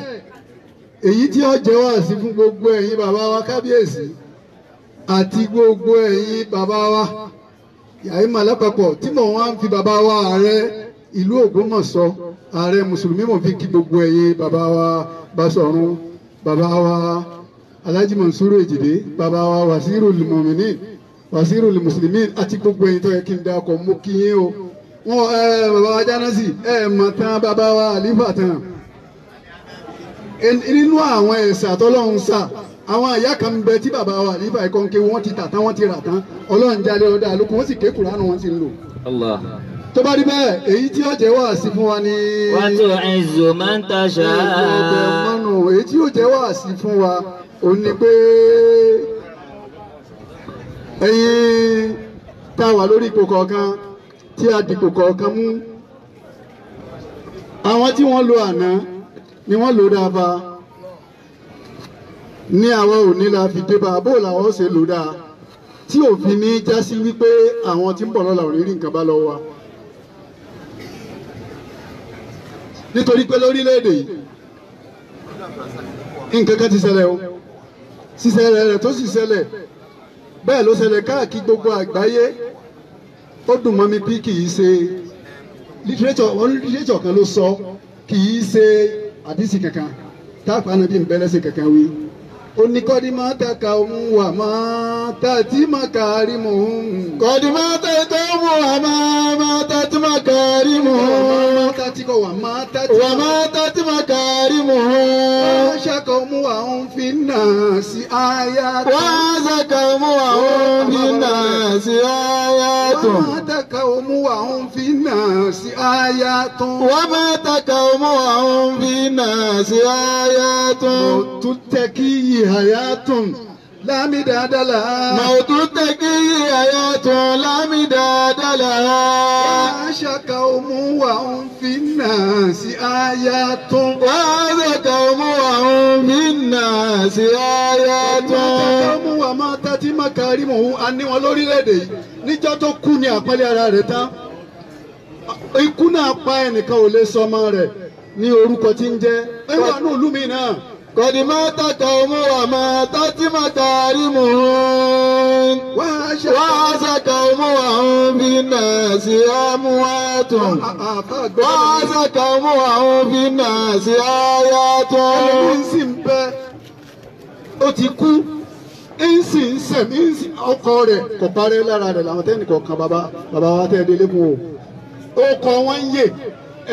èyí tí ó jẹ́ wá sí fún gbogbo ẹ̀yin bàbá wa kábíyèsí àti gbogbo ẹ̀yin bàbá wa yàrá màlápapọ̀ tí mò ń wá ń fi bàbá wa ààrẹ ìlú Ògbómọ̀ṣọ́ ààrẹ mùsùlùmí mò ń fi kí gbogbo ẹ̀yin bàbá wa Basọ̀run bàbá wa Alhaji Mansuru Ejide bàbá wa Wasiru Lumumini Wasiru Lumusulimi àti gbogbo ẹ̀yin tó yẹ kí n dákọ̀ mú kí yín o wọn ẹ bàbá wa Jánásì ẹ mọ̀ tán bàbá wa àlífà tán nínú àwọn ẹ̀sà tọ́lọ́run sà àwọn àyà kan bẹ tí bàbá wa àlífà ẹ̀kọ́ ń wọ́n ti tà tán wọ́n ti rà tán ọlọ́run jalè ọ̀dà àlùkò wọ́n sì ké kùránù wọ́n ti ń lò. Allah tó bá rí bẹ́ẹ̀ èyí tí ó jẹ́ wá sí fún wa ni. wá tó ẹ̀zù máa ń taṣà. èyí tí ó jẹ́ wá sí fún wa ò ní pé ẹ̀yin tá a wà lórí ipò kọ̀ọ̀kan tí a dìpò kọ̀ọ̀kan mú àwọn tí wọ́n lo àná ni wọ́n lò dáa bá ní àwọn òní la fi dé bá bó làwọn ó ṣe lò dáa tí òfin ní já sí wípé àwọn tí ń bọ̀ lọ́la ò rí nǹkan bá lọ́wọ́ wa. nítorí pé lórílẹ̀‐èdè nǹkan kan ti ṣẹlẹ̀ o ṣíṣẹlẹ̀ rẹ̀ tó sì ṣẹlẹ̀ bẹ́ẹ̀ ló ṣẹlẹ̀ káàkiri gbogbo àgbáyé ó dùn mọ́ mi bí kì í ṣe lítírẹ́tọ̀ kan ló sọ kì í ṣe hadisi kankan tá a pa anabi ń bẹ́lẹ́sẹ̀ kankan wí onikọdimata ka ohun wa ma tati ma kaari mu. kọdimata ka ohun wa ma ma tati ma kaari mu. wa ma tati ko wa ma tati. wa ma tati ma kaari mu. waasa ka ohun wa ohun fi na si aya tun. waasa ka ohun wa ohun fi na si aya tun. wa ta ka ohun wa ohun fi na si aya tun. wa ta ka ohun wa ohun fi na si aya tun. mo tẹ kí yìí hayatun lámìdádàlà. mautu tẹ́kí hayatun lámìdádàlà. aṣaka omu wa ń fi náà sí ayatun. aṣaka omu wa ń fi náà sí ayatun. aṣaka omu wa máa tẹ́tí makari mọ̀hún a ní wọn lórílẹ̀‐èdè yìí níjọ́ tó kú ni àpẹẹrẹ ara rẹ̀ tán ikú náà pa ẹnìkan ò lè sọmọ rẹ̀ ní orúkọ tí ẹ wà ní ìlú mi náà. قدماتك وما تاتي مكارمهم وعسى قوم وهم في الناس أموات وعسى قوم وهم في الناس آيات ó ti kú ìsì ń sẹ̀mí ìsì ọkọ rẹ̀ kò parẹ́ lára rẹ̀ làwọn tẹ́nì kọ̀ọ̀kan bàbá bàbá wa tẹ́ ẹ délé mu o ó kọ wọ́n ń yè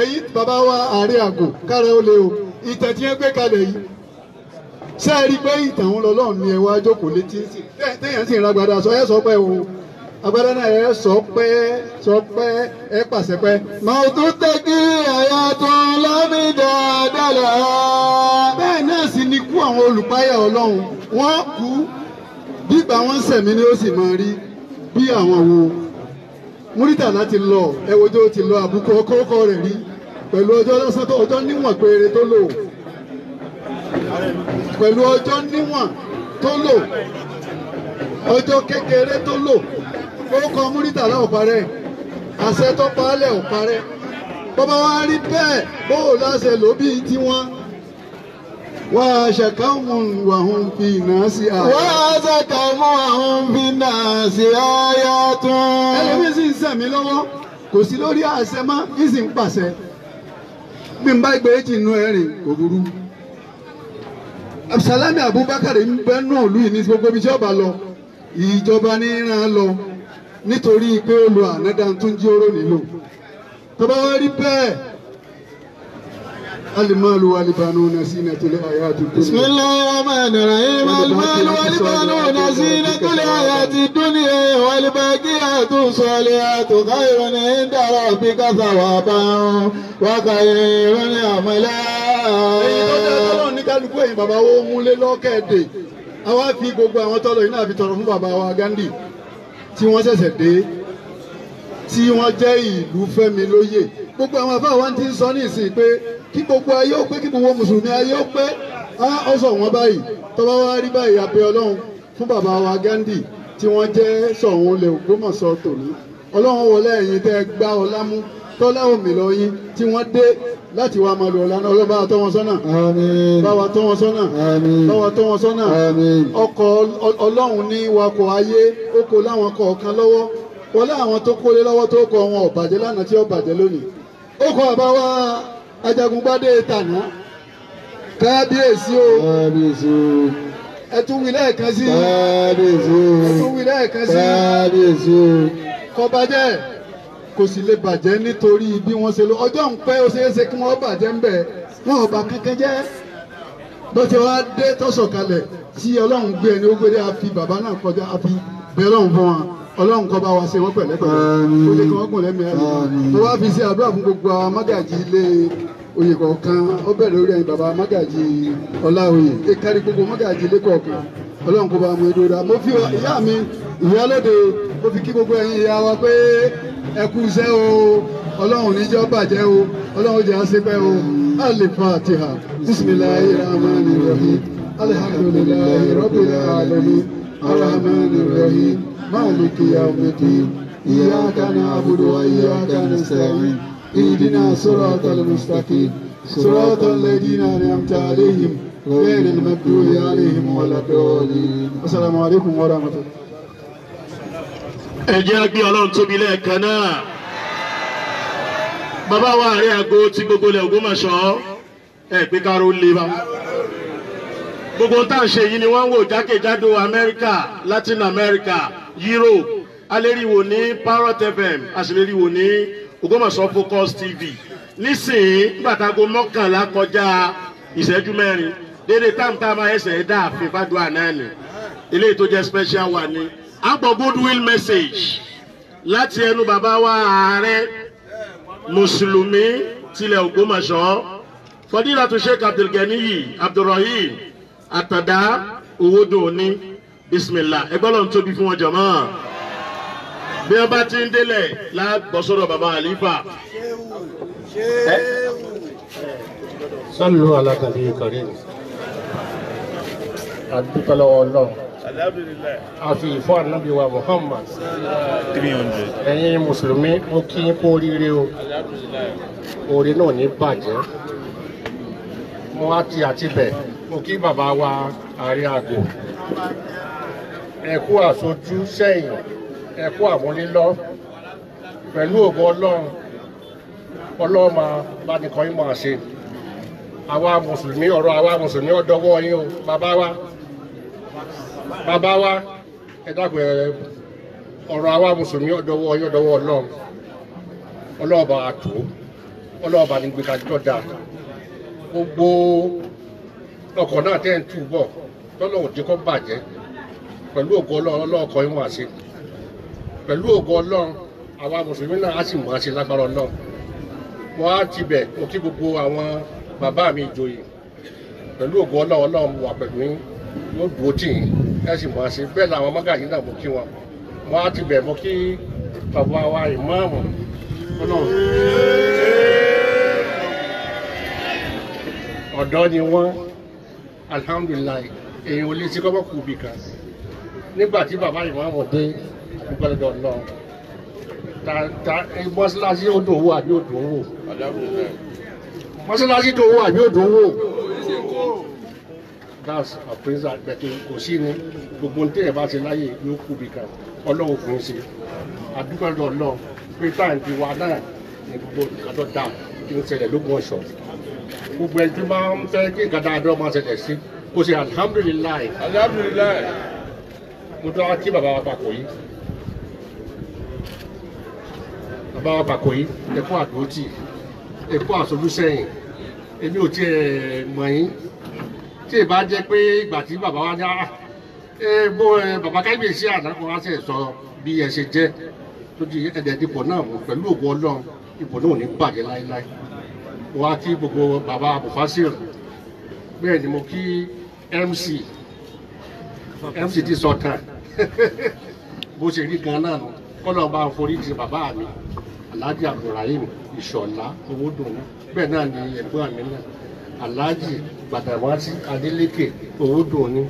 ẹ̀yìn bàbá wa àárẹ̀ àgò kára ó lé o ìtẹ̀tí ẹ gbé kalẹ̀ yìí ṣé ẹ rí i pé ìtàn òun lọ́lọ́run ni ẹ wá jókòó létí téèyàn sì ń ra gbadá sọ ẹ sọ pé o agbada náà ẹ sọ pé sọ pé ẹ pàṣẹ pé. màtó tẹ́kí àyà tó lámìdá dàlà. bẹ́ẹ̀ náà sì ni kú àwọn olùpáyà ọlọ́run wọ́n kú gbígbà wọn sẹ̀mí ni ó sì máa rí bí àwọn wo Muritala ti lọ ẹwọjọ ti lọ àbúkọ ọkọ rẹ̀ rí pẹ̀lú ọjọ́ lásán tó ọjọ́ níwọ̀n péré tó lò pẹ̀lú ọjọ́ níwọ̀n tó lò ọjọ́ kékeré tó lò orúkọ Múrítàlá ò parẹ́ àṣẹ tó paálẹ̀ ò bọ́bá wa rí bẹ́ẹ̀ bóò láṣẹ ló bí tiwọn. Wà á ṣàkàmùn wàhùn fi náà sí àyà. Wà á ṣàkàmùn wàhùn fi náà sí àyà tán. Ẹlẹ́mí sì ń sẹ̀mí lọ́wọ́, kò sí lórí àṣẹ mọ́, ìsìn pàṣẹ. Bí n bá gbé jìnnú ẹ̀rìn kò burú. Salami Abubakar ń bẹ́nu òlu yìí ní gbogbo ibi tí lọ ìjọba ní ràn lọ nítorí pé ó lo ànádà tó ń jí oró nílò tọ́ba wá rí bẹ́ẹ̀ alimaalu walibanu nasina tole ayati dunya. bisimilayi rahmani rahim alimaalu walibanu nasina tole ayati dunya walibakiyatu soliyatu khayrun inda rabbika sawaban wa khayrun amala èyí tó dé tọ́lọ̀ ní kálukú èyí bàbá wo múlé lọ́kẹ́ẹ̀dẹ̀ àwa fi gbogbo àwọn tọ́lọ̀ yìí náà fi tọrọ fún bàbá wa Gandhi tí wọ́n ṣẹ̀ṣẹ̀ dé tí wọ́n jẹ́ ìlú fẹ́mi lóyè gbogbo àwọn àfáà wa ti ń sọ ní ìsìn pé kí gbogbo ayé ó pé kí gbogbo mùsùlùmí ayé ó pé á ọ̀sọ̀ wọn báyìí tọ́ba wa rí báyìí àbẹ̀ ọlọ́run fún bàbá wa Gandhi tí wọ́n jẹ́ Ṣọ̀ún olè Ògbómọ̀ṣọ́ tòní ọlọ́run wọlé ẹ̀yin tẹ́ gbá ọlámú tọ́lá òmì lọ yín tí wọ́n dé láti wá máa lò ọ̀la náà ọlọ́ba tọ́ wọn sọ́nà báwa tọ́ wọn sọ́nà báwa tọ́ wọn sọ́nà ọkọ̀ ọlọ́run ní wakọ̀ ayé ó kó láwọn kọ̀ọ̀kan lọ́wọ́ wọlé àwọn tó kólé lọ́wọ́ tó kọ wọn ò bàjẹ́ lánàá tí ó bàjẹ́ lónìí ó kọ àbáwá ajagungbádé tàná kábíyèsí o ẹ tún wí lẹ́ẹ̀kan sí ẹ tún wí lẹ́ẹ̀kan sí kò bàjẹ́ kò sì lè bàjẹ́ nítorí bí wọ́n ṣe lọ ọjọ́ ń pẹ́ ó ṣeé ṣe kí wọ́n bàjẹ́ ń bẹ̀ wọ́n ò bà kankan jẹ́ bó ti wá dé tọ́sọ̀kalẹ̀ tí ọlọ́run gbé ẹni ó gbé dé àfi bàbá náà kọjá àfi bẹ́ẹ̀ lọ́run fún wọn ọlọ́run kọ́ bá wa ṣe wọ́n pẹ̀lẹ́pẹ̀lẹ́ ó lè kí wọ́n gùn lẹ́mìí ayé mo wá fi ṣe àdúrà fún gbogbo amágàjì ilé oyè kọ̀ọ̀kan ó bẹ̀rẹ̀ orí ẹ̀yìn bàbá amágàjì ọláoyè é kárí gbogbo amágàjì ilé kọ̀ọ̀kan ọlọ́run kọ́ bá wọn dúró dáa mo fi ìyá mi ìyálóde mo fi kí gbogbo ẹ̀yin ìyá wa pé ẹ kú iṣẹ́ o ọlọ́run níjọ́ bàjẹ́ o ọlọ́run jẹ́ àṣepẹ́ o al-Fatiha bisimilayi rahmani rahim alhamdulilayi rabbil alamin arahmani rahim maliki yawmiddin iyyaka na'budu wa iyyaka nasta'in ihdina siratal mustaqim siratal ladina an'amta alayhim غير المغضوب عليهم ولا الضالين السلام عليكم ورحمة الله ẹ jẹ́ gbé ọlọ́run tóbi lẹ́ẹ̀kan náà bàbá wa àárẹ̀ àgbo tí gbogbo ilẹ̀ Ògbómọ̀ṣọ́ ẹ pé ká ló lé wa gbogbo tá à ń ṣe yìí ni wọ́n ń wò jákèjádò Amẹ́ríkà Latin America Europe alẹ́rìíwò ní Parrot FM àṣìlérìíwò ní Ògbómọ̀ṣọ́ Focus TV nísìnyí gbàtàgò mọ́kànlá kọjá ìṣẹ́jú mẹ́rin déédéé táǹtà máa ẹsẹ̀ dá àfin fàdúrà náà ni eléyìí tó special wà ní abọ goodwill message láti ẹnu bàbá wa ààrẹ mùsùlùmí tilẹ̀ Ògbómọ̀ṣọ́ fọdílàtú Sheikh Abdulganiyi Abdulrahim Àtàdá Owódò òní bisimilah ẹgbẹ́ lọ́n tóbi fún wọn jọ̀mọ́ bí wọ́n bá ti ń délẹ̀ lágbọ́sọ̀rọ̀ bàbá àlífà. sọ́nù alákàlẹ́ ìkọ̀rẹ́ àdúgbò lọ́wọ́ ọlọ́run alhamdulilayi. àfi ìfọ́ ànábì wa muhammad. three hundred. ẹ̀yin mùsùlùmí mo kí yín kú oríire o. alhamdulilayi. oore náà ní bàjẹ́. mo wá ti àtibẹ̀ mo kí bàbá wa ààrẹ àgò. ẹ kú àsojú sẹ́yìn ẹ kú àmúlélọ́ pẹ̀lú ògo ọlọ́run ọlọ́run máa bá nìkan yín máa ṣe àwa mùsùlùmí ọ̀rọ̀ àwa mùsùlùmí ọ̀dọ́wọ́ yín o bàbá wa bàbá wa ẹ dàgbẹ́ ọ̀rọ̀ àwa mùsùlùmí ọ̀dọ́wọ́ ọyọ́ ọ̀dọ́wọ́ ọlọ́run ọlọ́ọ̀bà àtò ọlọ́ọ̀bà ní gbé kájọ́ dà gbogbo ọkọ̀ náà tẹ́ ń tù bọ̀ lọ́lọ́ òde kọ́ bàjẹ́ pẹ̀lú ògo ọlọ́run ọlọ́ọ̀kọ́ yín wà sí pẹ̀lú ògo ọlọ́run àwa mùsùlùmí náà á sì mọ̀ á sí lágbára ọlọ́run wọ́n á ti bẹ̀ mo gbogbo àwọn bàbá mi ìjòyè pẹ̀lú ògo ọlọ́run ọlọ́run wà pẹ̀lú yín yóò dúró tì yín ẹ sì mọ̀ sí bẹ́ẹ̀ làwọn mọ́gàjì náà mú kí wọn wọn á ti bẹ̀ mọ́ kí bàbá wa ìmáàmù ọlọ́run. ọ̀dọ́ ni wọ́n alihamudulilayi èèyàn ò lè ṣe kọ́kọ́ kù bì kan nígbà tí bàbá ìmáàmù dé àdúgbò lọ ta mọ́ṣáláṣí ó dùn wò àbí ó dùn wò mọ́ṣáláṣí dùn wò àbí ó dùn wò gas appraiser gbẹ̀tẹ̀ kò sí ni gbogbo ní tẹ̀yẹ̀ bá ṣe láyè ló kú bí kan ọlọ́run kò ń ṣe àdúgbò ọlọ́run pé táyà ti wá náà ní gbogbo ìkàtọ́ dà kí n ṣẹlẹ̀ lógún ọ̀ṣọ́ gbogbo ẹni tí máa ń fẹ́ kí nǹkan dáadọ́ máa ṣẹlẹ̀ sí kò sí alhamdulilayi. alhamdulilayi. mo tọ́ kí bàbá wa papọ̀ yìí bàbá wa papọ̀ yìí ẹ̀kọ́ àdótì ẹ̀kọ́ àsolúsẹ́yìn èmi ò tiẹ̀ mọ̀ yín tí ì bá jẹ́ pé ìgbà tí bàbá wa ní ara ah, bó bàbá kábíyèsí àdàkọ wa ṣe sọ bí ẹ ṣe jẹ́ tó di ẹ̀dẹ̀ dìbò náà wò pẹ̀lú ògbó ọlọ́run ìbò náà ò ní bàjẹ́ láéláé wa kí gbogbo bàbá Bùfásìrì bẹ́ẹ̀ ni mo kí MC MC ti sọ tán bó ṣe rí gan náà kọ́lọ́ bá forí ti bàbá mi Alhaji Abdulrahim Ìṣọ̀lá Owódùn bẹ́ẹ̀ náà ni ẹ̀gbọ́n mi náà aláàjì gbàdàwátì adélékè owódòní.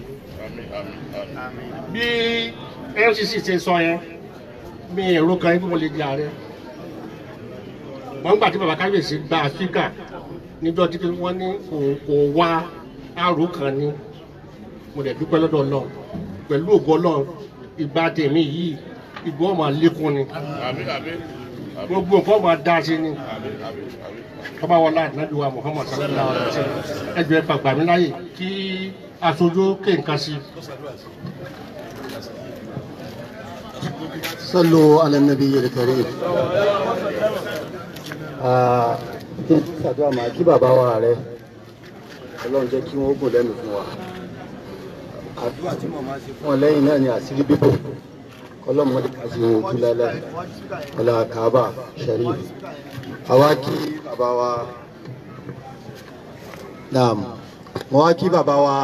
bí NCC ti sọ yẹn mi èrò kan yín kí wọ́n lè di ààrẹ wọ́n gbà tí bàbá kábíyèsí gba áfíríkà níjọ́ tí wọ́n ní kò wá àrò kan ni mo dẹ̀ dúpẹ́ lọ́dọ̀ Ọlọ́run pẹ̀lú ògo Ọlọ́run ìgbà tèmi yìí ìgbọ́ ọmọ àlékún ni gbogbo nǹkan máa dá sí ni tọ́ba wọlá àdínájúwa Muhammad sallallahu alayhi wa sallam ẹjọ́ ẹ gbàgbà mí láyè kí aṣojú ké nǹkan sí. sọlọ alẹ́ nàbí yẹlẹ kẹrẹ kí n ṣàdúrà máa kí bàbá wa rẹ ọlọ́run jẹ́ kí wọ́n gùn lẹ́nu fún wa àdúrà tí mo máa ṣe fún ọ lẹ́yìn náà ni àṣírí bíbò ọlọ́mọdé kàṣí wọn ojú lálẹ́ kaaba sharif àwa kí wa naam mo wá wa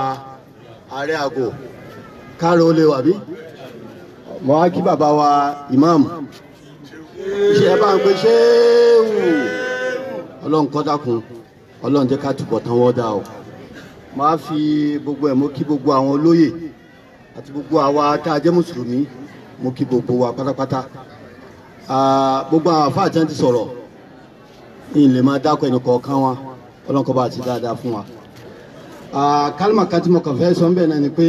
ààrẹ àgò káàró lè wà bí mo wá wa imam ṣe ẹ bá ń pe ṣéwù ọlọ́run kọ́ dákun ọlọ́run jẹ́ ká túbọ̀ tán wọ́n dá o máa fi gbogbo ẹ̀ mọ́ kí gbogbo àwọn olóyè àti gbogbo àwa tá a jẹ́ mùsùlùmí mo kí gbogbo wa pátápátá gbogbo àwọn àfáà tí wọ́n ti sọ̀rọ̀ yìí lè máa dákọ̀ ẹnì kọ̀ọ̀kan wa ọlọ́kọ̀ọ́ba àti dáadáa fún wa. kálmà kan tí mo kàn fẹ́ sọ ń bẹ̀ náà ni pé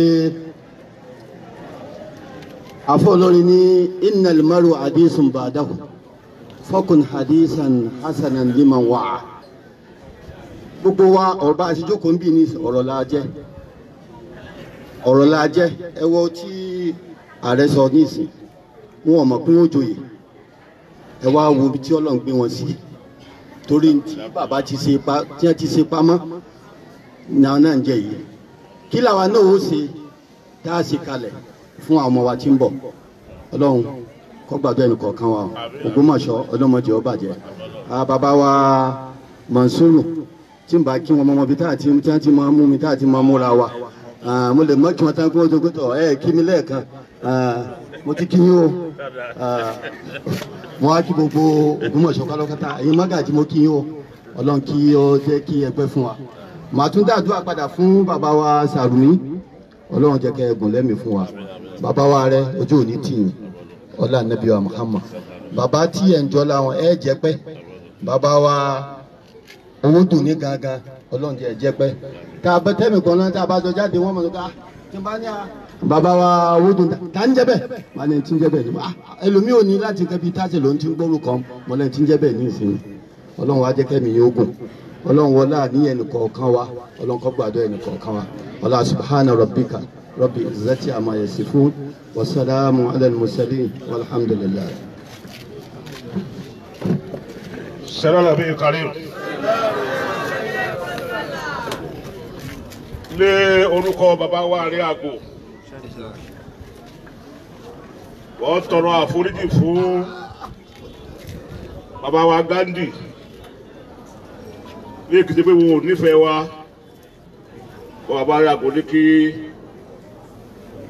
afọ olórin ní innal maru hadisun ba'dahu fakun hadisan hasanan liman wa'a gbogbo wa ọ̀rọ̀ bá a ṣe jókòó ń bì ní ọ̀rọ̀ la jẹ́ ọ̀rọ̀ la jẹ́ ẹ wọ tí ààrẹ sọ ní ìsìn wọn ò mọ̀ pé wọ́n joyè ẹ wá wo ibi tí ọlọ́run gbé wọn sí torí tí bàbá ti ṣe pa tí wọ́n ti ṣe pamọ́ náà náà ń jẹ yìí kí làwa náà ó ṣe tá a ṣe kalẹ̀ fún àwọn ọmọ wa tí ń bọ̀ ọlọ́run kó gbàdúrà ẹnì kọ̀ọ̀kan wa Ògbómọ̀ṣọ́ ọlọ́mọdé ó bàbá wa Mọ̀nsúrù tí n bá kí wọn mọ ibi tá a ti mú mi tá a ti máa múra wa mo lè mọ́ kí wọn tán kí wọ́n tó gbé tọ̀ ẹ kí mi lẹ́ẹ̀kan. Ah, mo ti kí yín o ah, mo wá kí gbogbo Ògbómọ̀ṣọ́ kálọ́kátà ẹ̀yin mágàjí mo kí yín o ọlọ́run kí ó jẹ́ kí ẹgbẹ́ fún wa màá tún dàdúrà padà fún bàbá wa Sàrùmí ọlọ́run jẹ́ kẹ́ ẹgùn lẹ́mìí fún wa bàbá wa rẹ ojú òní tì yín ọlá nàbí wa Muhammad bàbá tí ẹ̀ ń jọlá wọn ẹ̀ jẹ́ pẹ́ bàbá wa owó dùn ní gangan ọlọ́run jẹ́ jẹ́ pẹ́ tá kan náà tá a bá jọ jáde wọ́n mọ̀ nípa ah, tí n bá ní a bàbá wa wodun ta ń jẹ́ bẹ́ẹ̀ wọn lẹ́yìn tí ń jẹ́ bẹ́ẹ̀ ni ah, ẹlòmíì ò ní láti kẹ́bi táṣẹ̀ ló ń ti gbórúkọ wọn lẹ́yìn tí ń jẹ́ bẹ́ẹ̀ ní ìsinmi ọlọ́run wa jẹ́ kẹ́mi yóò gùn ọlọ́run wọlá ní ẹnìkọ̀ọ̀kan wa ọlọ́run kó gbàdọ̀ ẹnìkọ̀ọ̀kan wa ọlá subhana rabbika rabbi izzati amma yasifun wasalaamu ala al-mursalin walhamdulillah. sẹ́lá bí karim lé orúkọ bàbá wa rí àgbo wọ́n tọrọ àforíjì fún bàbá wa Gandhi ní èkìtì pé wọn ò nífẹ̀ẹ́ wa wọn bàbá rẹ̀ kò ní kí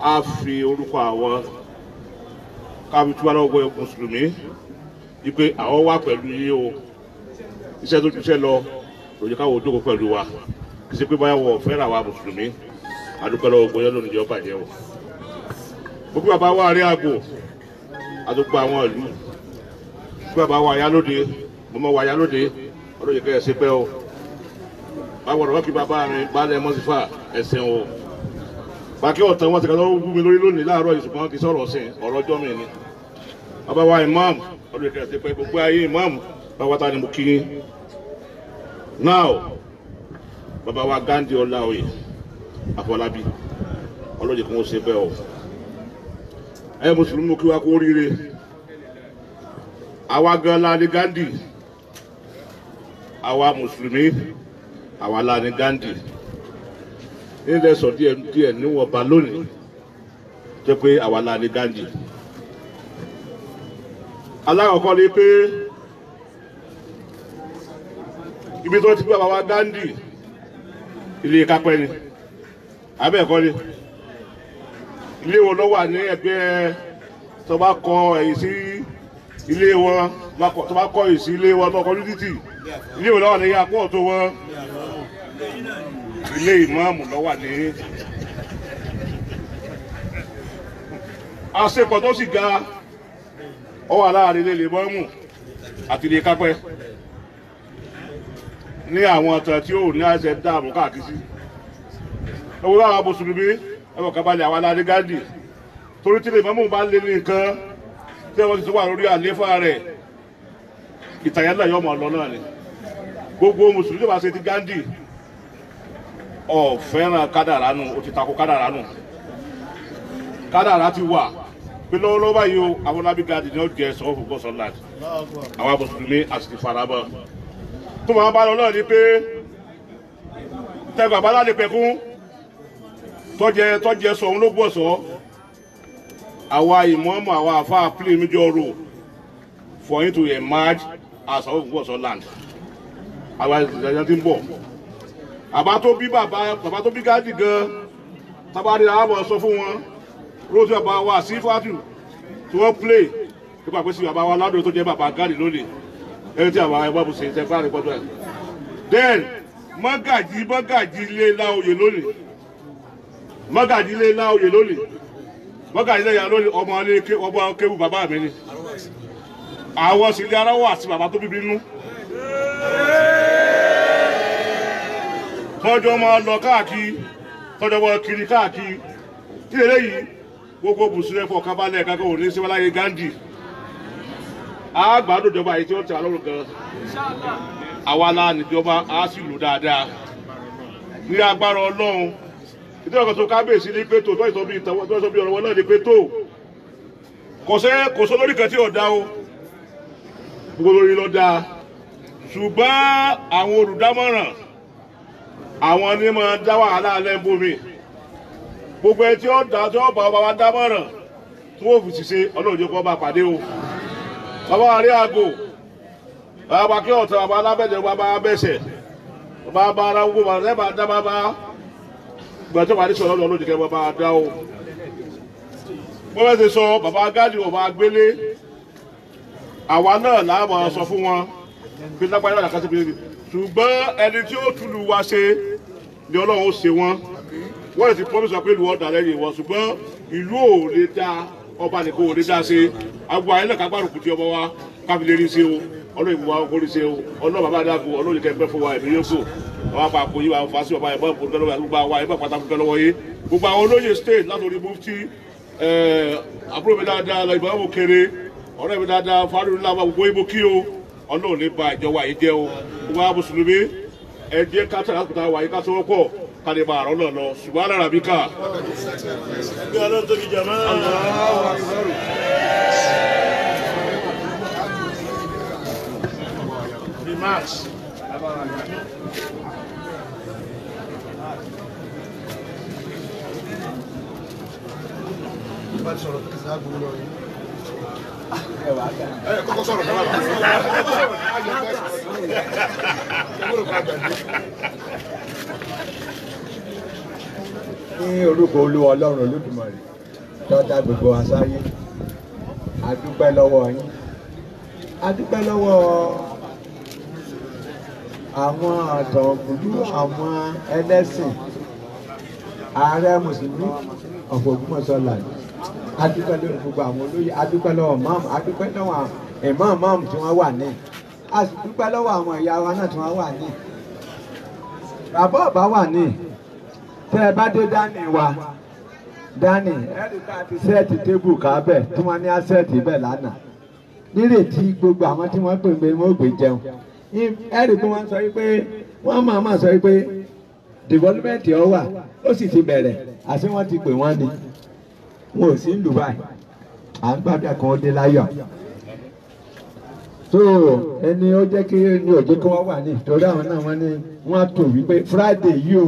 a fi orúkọ àwọn káfí tí wọn lọ wọ mùsùlùmí wípé àwọn wà pẹ̀lú yìí o iṣẹ́ tó ti ṣe lọ lòdì káwọn ò dókòó pẹ̀lú wa kì ṣe pé báyà wọ̀ fẹ́ràn àwa mùsùlùmí adúpẹ́ lọ́wọ́ gbọ́yọ́ lónìí jẹ́ bàjẹ́ wọ̀ gbogbo bàbá wa rí àgbò àdúgbò àwọn ìlú gbogbo bàbá wa yálóde mọ́mọ́ wa yálóde ọlọ́yẹ kẹ́ ẹ̀ sí pẹ́ o báwo ọ̀rọ̀ kí bàbá mi balẹ̀ mọ́sífà ẹ̀sìn o bàkí ọ̀tàn wọn ti kàtọ́ wú mi lórí lónìí láàárọ̀ yìí ṣùgbọ́n kì í sọ̀rọ̀ ọ̀sìn ọ̀rọ̀ ọjọ́ mi ni bàbá wa imam ọlọ́yẹ kẹ́ ẹ̀ sí pẹ́ gbogbo ayé imam bàbá ta ni mo kí yín now bàbá wa Ghandi Ọláoyè. Afọlábí ọlọ́dẹ kan ó ṣe bẹ́ẹ̀ o ẹ mùsùlùmí kí wá kó ríire àwa gan la ní Gandhi àwa mùsùlùmí àwa la ní Gandhi nílẹ̀ sọ díẹ̀ díẹ̀ níwọ̀nba lónìí jẹ́ pé àwa la ní Gandhi alákọ̀ọ́kọ́ ni pé ibi tó ti gbé bàbá Gandhi ilé kápẹ́ ni abẹ́ẹ̀kọ́ ni ilé wọn lọ́wọ́ ní ẹgbẹ́ tó bá kọ ẹ̀yìn sí ilé wọn tó bá kọ ẹ̀yìn sí ilé wọn tó kọ ní títì ilé wọn lọ́wọ́ ní apọ̀ tó wọn ilé ìmáàmù lọ́wọ́ ní. àṣepọ̀ tó sì ga ó wà láàrin ilé ilé mọ́mù àti ilé kápẹ́ ní àwọn ọ̀tàn tí ó ní àṣẹ dáàbò káàkiri sí ẹwọ àwọn mùsùlùmí ẹwọ kábàlẹ̀ àwọn aládé gádì torí tí lè mọ́mú bá lé ní nǹkan tí wọ́n ti wà lórí àléfà rẹ̀ ìtàyẹ́lẹ̀ yọmọ lọ náà ni gbogbo mùsùlùmí tó bá ṣe ti Gandhi ó fẹ́ràn kádàrá nù ó ti tako kádàrá nù kádàrá ti wà pé lọ́wọ́lọ́wọ́ báyìí o Afọlábí Gandhi ni ó jẹ sọ́wọ́ fún gọ́sọ̀ láti àwa mùsùlùmí àti farabọ́ tó máa bá lọ náà ni pé tẹgbàgbá láti pẹ̀kún tọ́jẹ tọ́jẹ sọ òun ló bọ̀ sọ àwa ìmọ̀ọ́mọ̀ àwa àfa play major role for him to emerge as our Ògbómọ̀ṣọ́ land àwa ìjàjà ti ń bọ̀ àbá tó bí bàbá bàbá tó bí gáàdì gan tábàdì àbọ̀ sọ fún wọn róòtù bàbá wa sí fàtù tí wọ́n play tó pàpẹ́ sí bàbá wa ládùn tó jẹ́ bàbá gáàdì lónìí ẹni tí àwọn ẹgbẹ́ bùsùn ìtẹ́fà rẹ̀ pọ̀jù ẹ̀ then mọ́gàjì mọ́gàjì lé láòyè lónìí mọ́gàdílé ńlá oyè lónìí mọ́gàdílé ìyá lónìí ọmọ ọmọ kéwù bàbá mi ni àwọn sì lé aráwọ̀ àti bàbá tó bíbí nú. tọ́jọ́ máa lọ káàkiri tọ́jọ́ máa kiri káàkiri tí eléyìí gbogbo bùsùlẹ̀ fọ̀ kábàlẹ̀ kankan òní sí Gandhi àgbàdo ìjọba yìí tí wọ́n ti wà lọ́rùn gan àwa la níjọba a sì lò dáadáa ní agbára Ọlọ́run ìdí ọkọ̀ tó kábíyèsí ní pé tó tó ìsọ bí ọ̀rọ̀ wọn náà ní pé tó kò sẹ́ kò sọ lórí kan tí ọ̀dà o gbogbo lórí lọ dáa ṣùgbọ́n àwọn olùdámọ̀ràn àwọn ni máa dá wàhálà alẹ́ bómi gbogbo ẹni tí ó dá tí ó bá ọba wa dámọ̀ràn tí wọ́n fi ṣiṣẹ́ ọlọ́run jẹ́ kó bá pàdé o bàbá wa rí aago bàbá kí ọ̀tọ̀ bàbá alábẹ́dẹ̀ bàbá abẹ́sẹ̀ bàbá ara bàbá gbàtọ́ wà ní sọ̀rọ̀ lọ́nà òdìkẹ́ bàbá dá o wọ́n bá ti sọ bàbá gáàdì ọ̀bà gbélé àwa náà láàmà sọ fún wọn bí lágbáyé náà kásìkò yìí ṣùgbọ́n ẹni tí ó túlù wá ṣe ni ọlọ́run ó ṣe wọn wọ́n ti promise pé ìlú ọ̀dà lẹ́yìn wọn ṣùgbọ́n ìlú ò lè dá ọba nìkan ò lè dá ṣe àgbo àyẹ̀lẹ̀ kágbárùkù ti ọba wa káfílẹ̀ rí ṣe o ọlọ́run ìbùwà oríṣi o ọlọ́run bàbá dàgò ọlọ́run ìkẹ́ pẹ́ fún wa ẹ̀mí yókù àwọn apá àpò yìí wà fún asíwọ̀n báyìí bọ́ọ̀bù dọ́lọ́wọ́ yà gbogbo àwa ẹgbẹ́ pàtàkì dọ́lọ́wọ́ yìí gbogbo àwọn olóyè state látòrí mufti àbúrò mi dáadáa ìbáwò kéré ọ̀rẹ́ mi dáadáa fáwọn ìlànà gbogbo ibo kí o ọlọ́run ní ba ìjọba yìí jẹ́ o gbogbo àwọn mùsùlùmí ẹ jẹ́ ká tẹ̀lé àkùtà wà yìí ká sọ́wọ́ pọ̀ ká lè bá àrọ́ náà lọ remarks. kọ́kọ́ sọ̀rọ̀ náà ní orúkọ olúwa ọlọ́run olódùmarè tó dá gbogbo wa sáyé a dúpẹ́ lọ́wọ́ yín a dúpẹ́ lọ́wọ́ ọ àwọn àtọ̀kùlú àwọn ẹlẹ́sìn ààrẹ mùsùlùmí ọ̀pọ̀ Ògbómọ̀ṣọ́ là ní adúpẹ́ lórí gbogbo àwọn olóyè adúpẹ́ lọ́wọ́ máàmù adúpẹ́ lọ́wọ́ ẹ̀mọ́ máàmù tí wọ́n wà ní a sì dúpẹ́ lọ́wọ́ àwọn ìyá wa náà tí wọ́n wà ní bàbá ọ̀bá wà ní tẹ́ ẹ bá dé dání wa dání ẹ̀rí ká ti sẹ́ẹ̀tì tébù kábẹ̀ tí wọ́n ní á sẹ́ẹ̀tì bẹ̀ lánàá nírètí gbogbo àwọn tí wọ́n pè mí wọ́n gbé jẹun ẹ̀rì tó wọ́n sọ pé wọ́n máa máa sọ pé development ọ̀ wà ó sì ti bẹ̀rẹ̀ àti wọ́n ti pè wọ́n ni wọn ò sí ń Dubai à ń gbàdúrà kan ó dé láyọ̀ so ẹni ó jẹ́ kí ni òjò kí wọ́n wà ní torí àwọn náà wọ́n ní wọ́n á wípé Friday yìí o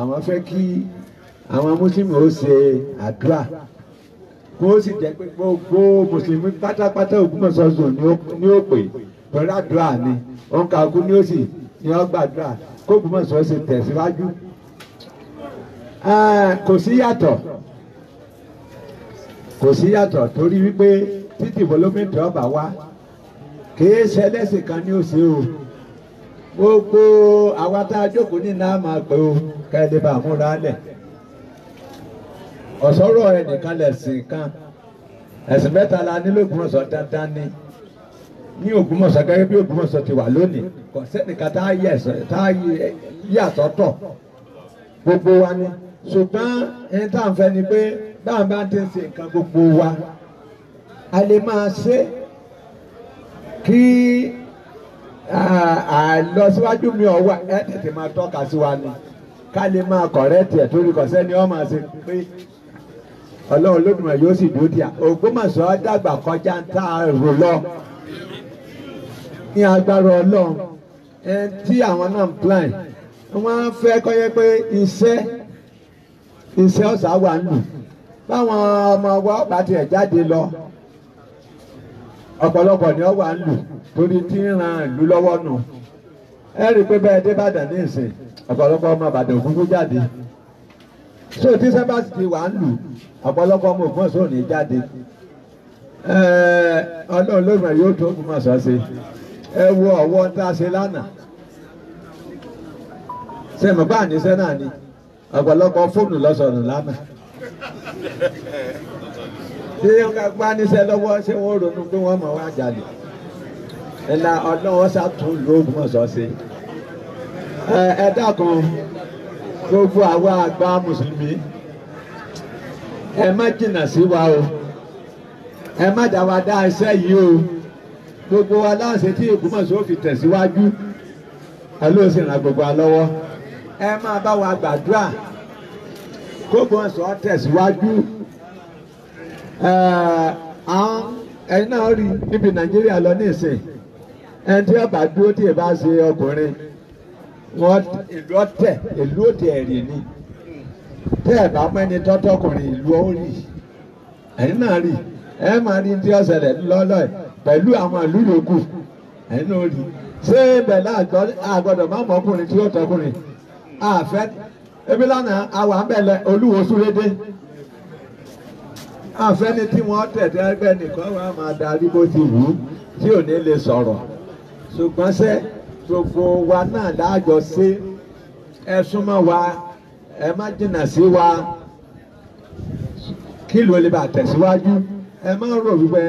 àwọn fẹ́ kí àwọn mùsùlùmí ó ṣe àdúrà kó o sì jẹ́ pé gbogbo mùsùlùmí pátápátá Ògbómọ̀ṣọ́ zone ni ó pè pẹ̀lú àdúrà ni òǹkàkú ní òsì ni wọ́n gbàdúrà kó Ògbómọ̀ṣọ́ ṣe tẹ̀síwájú kò sí yàtọ̀ kò sí yàtọ̀ torí wípé tí development ọba wa kìí ṣẹlẹ́sìn kan ní òsì o gbogbo àwa tá a jókòó ní náà máa pè o kẹ́lẹ́ bá múra lẹ̀ ọ̀sọ́rọ̀ ẹnìkan lẹ̀sìn kan ẹ̀sìn mẹ́ta la nílò Ògbómọ̀ṣọ́ dandan ni ní Ògbómọ̀ṣọ́ gẹ́gẹ́ bí Ògbómọ̀ṣọ́ ti wà lónìí kò sẹ́nìkan tá a yà sọ́tọ̀ gbogbo wa ni ṣùgbọ́n ẹni tá à ń fẹ́ ni pé báwọn bá ti ń ṣe nǹkan gbogbo wa a lè máa ṣe kí àlọsíwájú mi ọ̀ wà ẹ tètè máa tọ́ka sí wa ni ká lè máa kọ̀rẹ́tì ẹ̀ torí kò sẹ́ni ọ́ máa ṣe pé Ọlọ́run lódùmarè yóò sì dúró díà Ògbómọ̀ṣọ́ dàgbà kọjá ń tá a rò lọ ní agbára ọlọ́run ẹni tí àwọn náà ń plan wọ́n fẹ́ kó jẹ́ pé iṣẹ́ iṣẹ́ ọ̀sà wà nù báwọn ọmọ ọwọ́ bá tiẹ̀ jáde lọ ọ̀pọ̀lọpọ̀ ni ọ wà nù torí tí ń ran ìlú lọ́wọ́ nù ẹ rí i pé bẹ́ẹ̀ dé bàdàn ní ìsìn ọ̀pọ̀lọpọ̀ ọmọ àbàdàn òkúkú jáde so tí sẹ́bàsì ti wà nù ọ̀pọ̀lọpọ̀ ọmọ ògbọ́n sóò ní jáde ọlọ́run lóògùn yóò tó ògùn mọ̀ sọ́ọ́ ẹ ọwọ ọ̀wọ́ tá a ṣe lánàá ṣe mọ̀ bá àníṣe náà ni ọ̀pọ̀lọpọ̀ fóònù lọ́sọ̀nù lánàá tí wọ́n ká gbá níṣẹ́ lọ́wọ́ ṣé wọ́n ronú pé wọ́n mọ̀ wá jalè ẹ̀la ọlọ́wọ́ sàtún lóògùn ọ̀sọ̀ ṣe ẹ dákun gbogbo àwa àgbà mùsùlùmí ẹ má jìnnà sí wa o ẹ má dá wa dá iṣẹ́ yìí o. gbogbo wa láṣẹ tí Ògbómọ̀ṣọ́ fi tẹ̀síwájú Ọlọ́run sì ràn gbogbo wa lọ́wọ́ ẹ máa bá wa gbàdúrà kÓgbómọ̀ṣọ́ tẹ̀síwájú àwọn ẹ̀yin náà rí níbi Nàìjíríà lọ ní ìsìn ẹni tí ọba dúró tí ì bá ṣe ọkùnrin wọn ìlú ọ̀tẹ̀ ìlú òtẹ ẹ̀rì ni tẹ́ ẹ̀ bá mẹ́ni tọ́tọ́kùnrin ìlú ó rì ẹ̀yin náà rí ẹ máa rí ní tí ọ̀sẹ̀ rẹ̀ lọ́lọ́ yìí pẹ̀lú àwọn ìlú yòókù ẹnu rí ṣé bẹ̀lá àgbọ̀dọ̀ má mọ ọkùnrin tí ó tọkùnrin àfẹ́ ebi lánàá àwọn àbẹ̀lẹ̀ olúwo súrédé àfẹ́ni tí wọ́n tẹ̀tẹ̀ ẹgbẹ́ nìkan wà máa darí bó ti wù ú tí ò ní lè sọ̀rọ̀ ṣùgbọ́n ṣé gbogbo wa náà láàjọ sí ẹ súnmọ́ wa ẹ má jìnnà sí wa kí ló lè bá tẹ̀síwájú ẹ máa ń rò wípé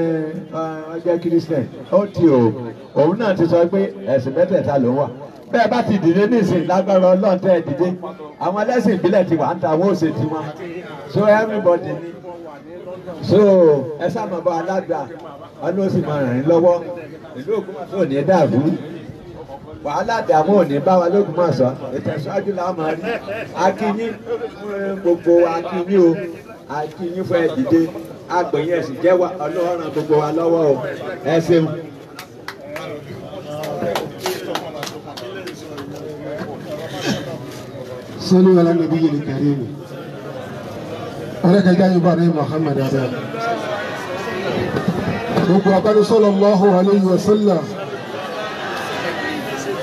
ọjọ́ kírísítẹ̀ ó ti o òun náà ti sọ pé ẹ̀sìn mẹ́tẹ̀ẹ̀ta ló wà bẹ́ẹ̀ bá ti dìde nísìnyí lágbára ọlọ́run tẹ́ ẹ dìde àwọn ẹlẹ́sìn ìbílẹ̀ ti wà ń ta àwọn òsè tiwọn so everybody so ẹ sábà bá alága ọdún ó sì máa ràn yín lọ́wọ́ ìlú Ògbómọ̀ṣọ́ ò ní dàrú wàhálà dààmú ò ní bá wa l'Ógbómọ̀ṣọ́ ìtẹ̀síwájú la máa rí akínyín gbogbo akínyín o akínyín fún ẹ dìde agbẹ̀yìn ẹ̀sìn jẹ́ wa ọlọ́run gbogbo wa lọ́wọ́ o ẹ ṣeun. sani wala nabi yeli karim ala ka jaabi ba ne muhammad ada gbogbo akadu sallallahu alayhi wa sallam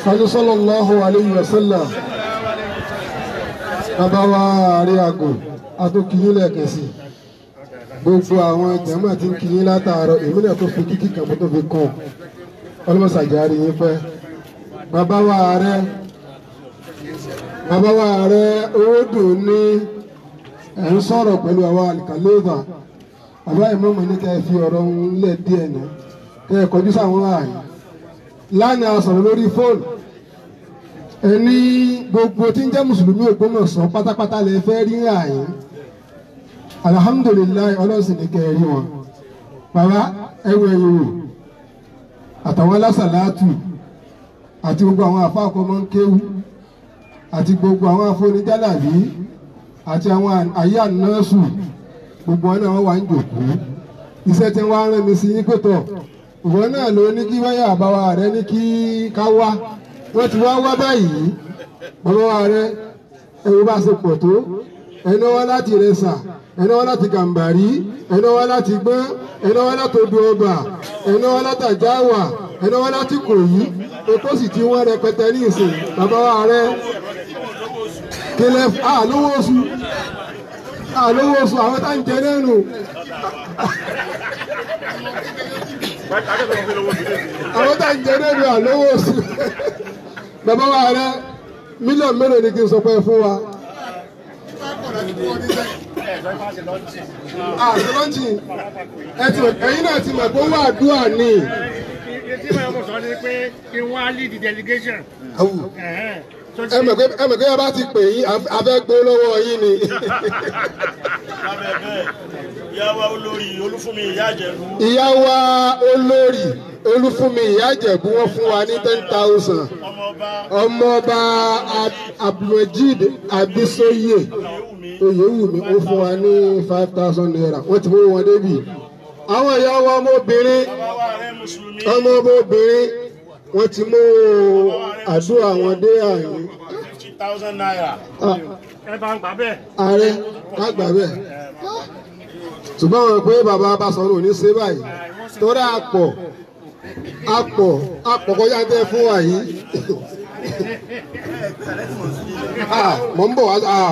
akadu sallallahu alayhi wa sallam abawa ari ago ato kiri lẹ́ẹ̀kan sí i gbogbo àwọn jàmáà tí ń kí yín látàárọ̀ èmi náà tó fi kíkì kan mo tó fi kàn ọlọ́mọsàjáre yín pẹ́ bàbá wa rẹ bàbá wa rẹ owó dùn ní ẹ̀ ń sọ̀rọ̀ pẹ̀lú àwa àlìkàlẹ́bà bàbá ìmọ̀mọ̀ ní kẹ́ ẹ fi ọ̀rọ̀ ń lẹ̀ díẹ̀ náà kẹ́ kọjú sáwọn ààyè lánàá a lórí fóònù ẹni gbogbo tí ń jẹ́ mùsùlùmí Ògbómọ̀ṣọ́ pátápátá lè fẹ́ rí ààyè. alihamudulilayi ọlọ́sìn ní kẹrin wọn bàbá ẹwọ ẹyin wò àtàwọn alásàlátù àti gbogbo àwọn àfáàkọmọ ń kéwú àti gbogbo àwọn afọnijálàbí àti àwọn ayé gbogbo wọn wà ń jòkó iṣẹ́ tí wọ́n á rán mi sí yín pẹ̀tọ̀ ìwọ náà ló ní kí wáyà àbáwá rẹ ní kí ká wá wọ́n ti wá wá báyìí ẹni wá láti rẹsà ẹni láti gàmbàrí ẹni láti gbọ́n ẹni láti odò ọgbà ẹni láti àjáwà ẹni wá láti kòyí epo sì ti wọ́n rẹpẹtẹ ní ìsìn bàbá wa rẹ kílẹ̀ àlówó oṣù àlówó oṣù àwọn tá ń jẹ àwọn tá wa rẹ mílíọ̀nù mélòó n àtọ́lọ́jì ah, ẹ̀yin náà ti mọ̀ pé owó àdúrà ni. etí mọ̀ ẹ́ mo sọ ni pé kí n wá lead the delegation ẹ mọ̀ pé ẹ mọ̀ pé ẹ bá ti pè yín abẹ́ gbó lọ́wọ́ yín ni. ìyáwá olórí olúfúnmi ìyá àjẹ̀bú. olórí olúfúnmi ìyá àjẹ̀bú wọ́n fún wa ní ten thousand. ọmọọba abdulmajid abisoye oyewumi ó fún wa ní five thousand naira wọ́n ti mú wọn débi. àwọn ìyáwá ọmọbìnrin ọmọbìnrin. wọ́n ti mú àdúrà wọn dé àyè ah. ṣùgbọ́n àwọn pé bàbá bá ò ní báyìí torí àpọ̀ àpọ̀ àpọ̀ kọjá fún wa yìí. Ah, mọ̀ ń bọ̀ ah,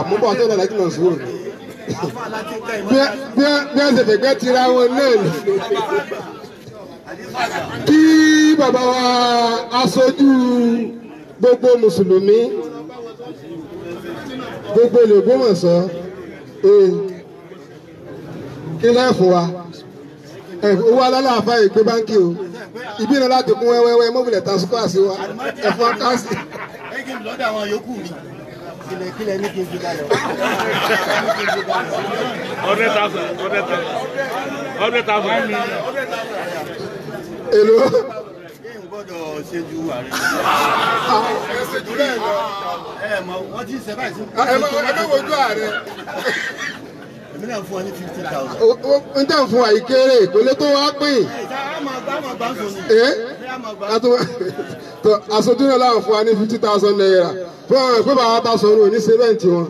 kí bàbá wa aṣojú gbogbo mùsùlùmí gbogbo l'Ògbómọ̀ṣọ́ ee kí lẹ́ fún wa owó alálàáfà yìí gbé báńkì o ìbí náà láti kún wẹ́wẹ́wẹ́ mọ́bìlẹ̀ tà sùkọ́ àṣì wa ẹ̀fọ́ àkáǹsì. ẹ kí n mi èlò. kéèyàn gbọ́dọ̀ ṣe ju ààrẹ. ẹ ṣe jù bẹ́ẹ̀ lọ. ẹ mọ wọ́n ti ṣe báyìí. ẹ mọ ẹ bẹ wojú ààrẹ. èmi náà fún ọ ní fifty thousand. n tẹ́ ń fún wa ìkéré ìpele tó wá pín. aṣojú náà láwọn fún wa ní fifty thousand naira fún àwọn ìpínpá wa bá sọ̀rọ̀ ní sẹ́fẹ̀ntì wọn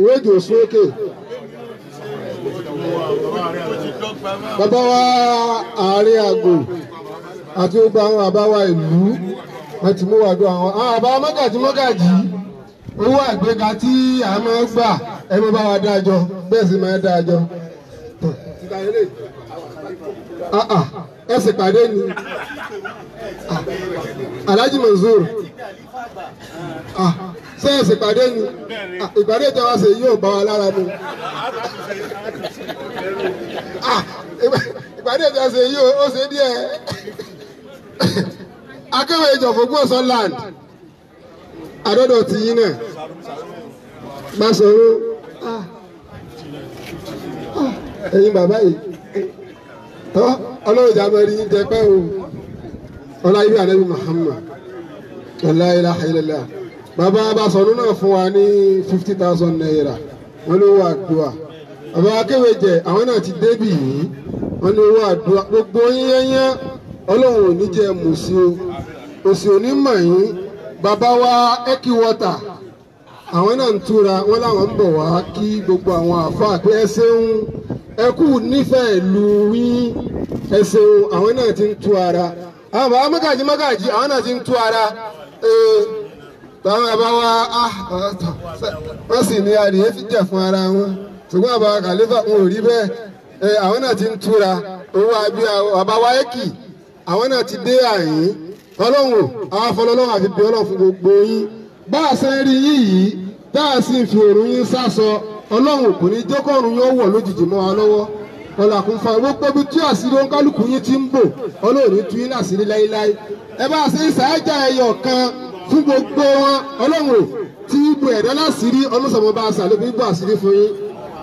ìwé ìdòsókè bàbá wa ààrẹ àgò àti gbogbo àwọn bàbá wa ìlú wọn ti mú wa dùn àwọn àwọn bàbá mọ́gàjì mọ́gàjì owó àgbéga tí a máa ń gbà ẹ mọ́ bá wa dájọ́ bẹ́ẹ̀ sì máa ń dájọ́ ah, ah, ẹ sì pàdé ni ah, Alhaji Mansoor ṣé ẹ sì pàdé ni ìpàdé ìjọba ṣe yóò bá wa lára mu ìpàdé ìjà ṣe yí o ṣe díẹ̀ akéwì ìjọ fún gbòòsàn land àdọ́dọ̀ ti yín náà gbàsòrò ẹ̀yin bàbá yìí tọ́ ọlọ́run ìjà máa rí yín jẹ pẹ́ o ọlá ibi ànábì Muhammad ọlá ilá ilẹ̀ bàbá bá sọ̀rọ̀ náà fún wa ní fifty thousand naira wọ́n ló wà gbọ́ wa. bàbá jẹ àwọn na ti débì yìí wọn ní owó àdúrà gbogbo yíyányá ò ní jẹ mùsí o òsì òní bàbá wa àwọn náà ń túra wọn làwọn ń bọ̀ wá kí gbogbo àwọn àáfàá pé ẹ ṣeun ẹ kú lu yín àwọn náà ti ń ara àwọn bàbá àwọn náà ti ń ara bàbá wa ṣùgbọ́n àbá kàlífà ń rí bẹ́ẹ̀ àwọn ti ń túra owó abí àbá àwọn náà ti dé àyín ọlọ́run àwọn afọlọ́lọ́run àfi bí ọlọ́run fún gbogbo yín bá a sẹ́ rí yín yìí tá a sì fi òrùn yín sásọ ọlọ́run kò ní wọ̀ lójijì mọ́ wa lọ́wọ́ pẹ́bí ti ń bò ọlọ́run yín láíláí a ń ẹyọ kan fún gbogbo wọn ọlọ́run tí ẹ̀dá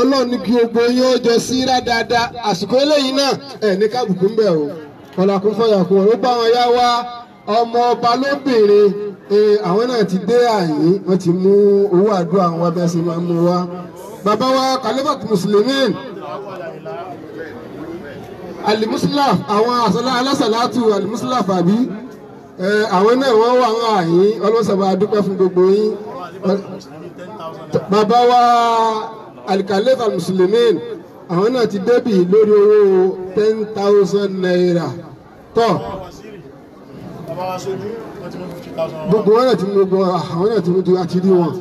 ọlọ́run ní kí gbogbo yín ó jọ sí rá dáadáa àsìkò eléyìí náà ẹ̀ ní kábùkù ń bẹ̀ o ọ̀làkùn fọyàkùn ó bá wọn yá wá ọmọ ọba lóbìnrin àwọn náà ti dé àyín wọ́n ti mú owó àdúrà wọn bí wọ́n ṣe máa mú wa bàbá wa kàlífàtì mùsùlùmí alimusilaf àwọn àṣàlá alásàlátù alimusilaf àbí àwọn náà wọ́n wà wọn àyín ọlọ́sàbà dúpẹ́ fún gbogbo yín bàbá wa alikalefa muslimin àwọn náà ti débì lórí owó ten thousand naira tọ́ gbogbo wọn náà ti mú gbogbo àwọn náà ti mú àti rí wọn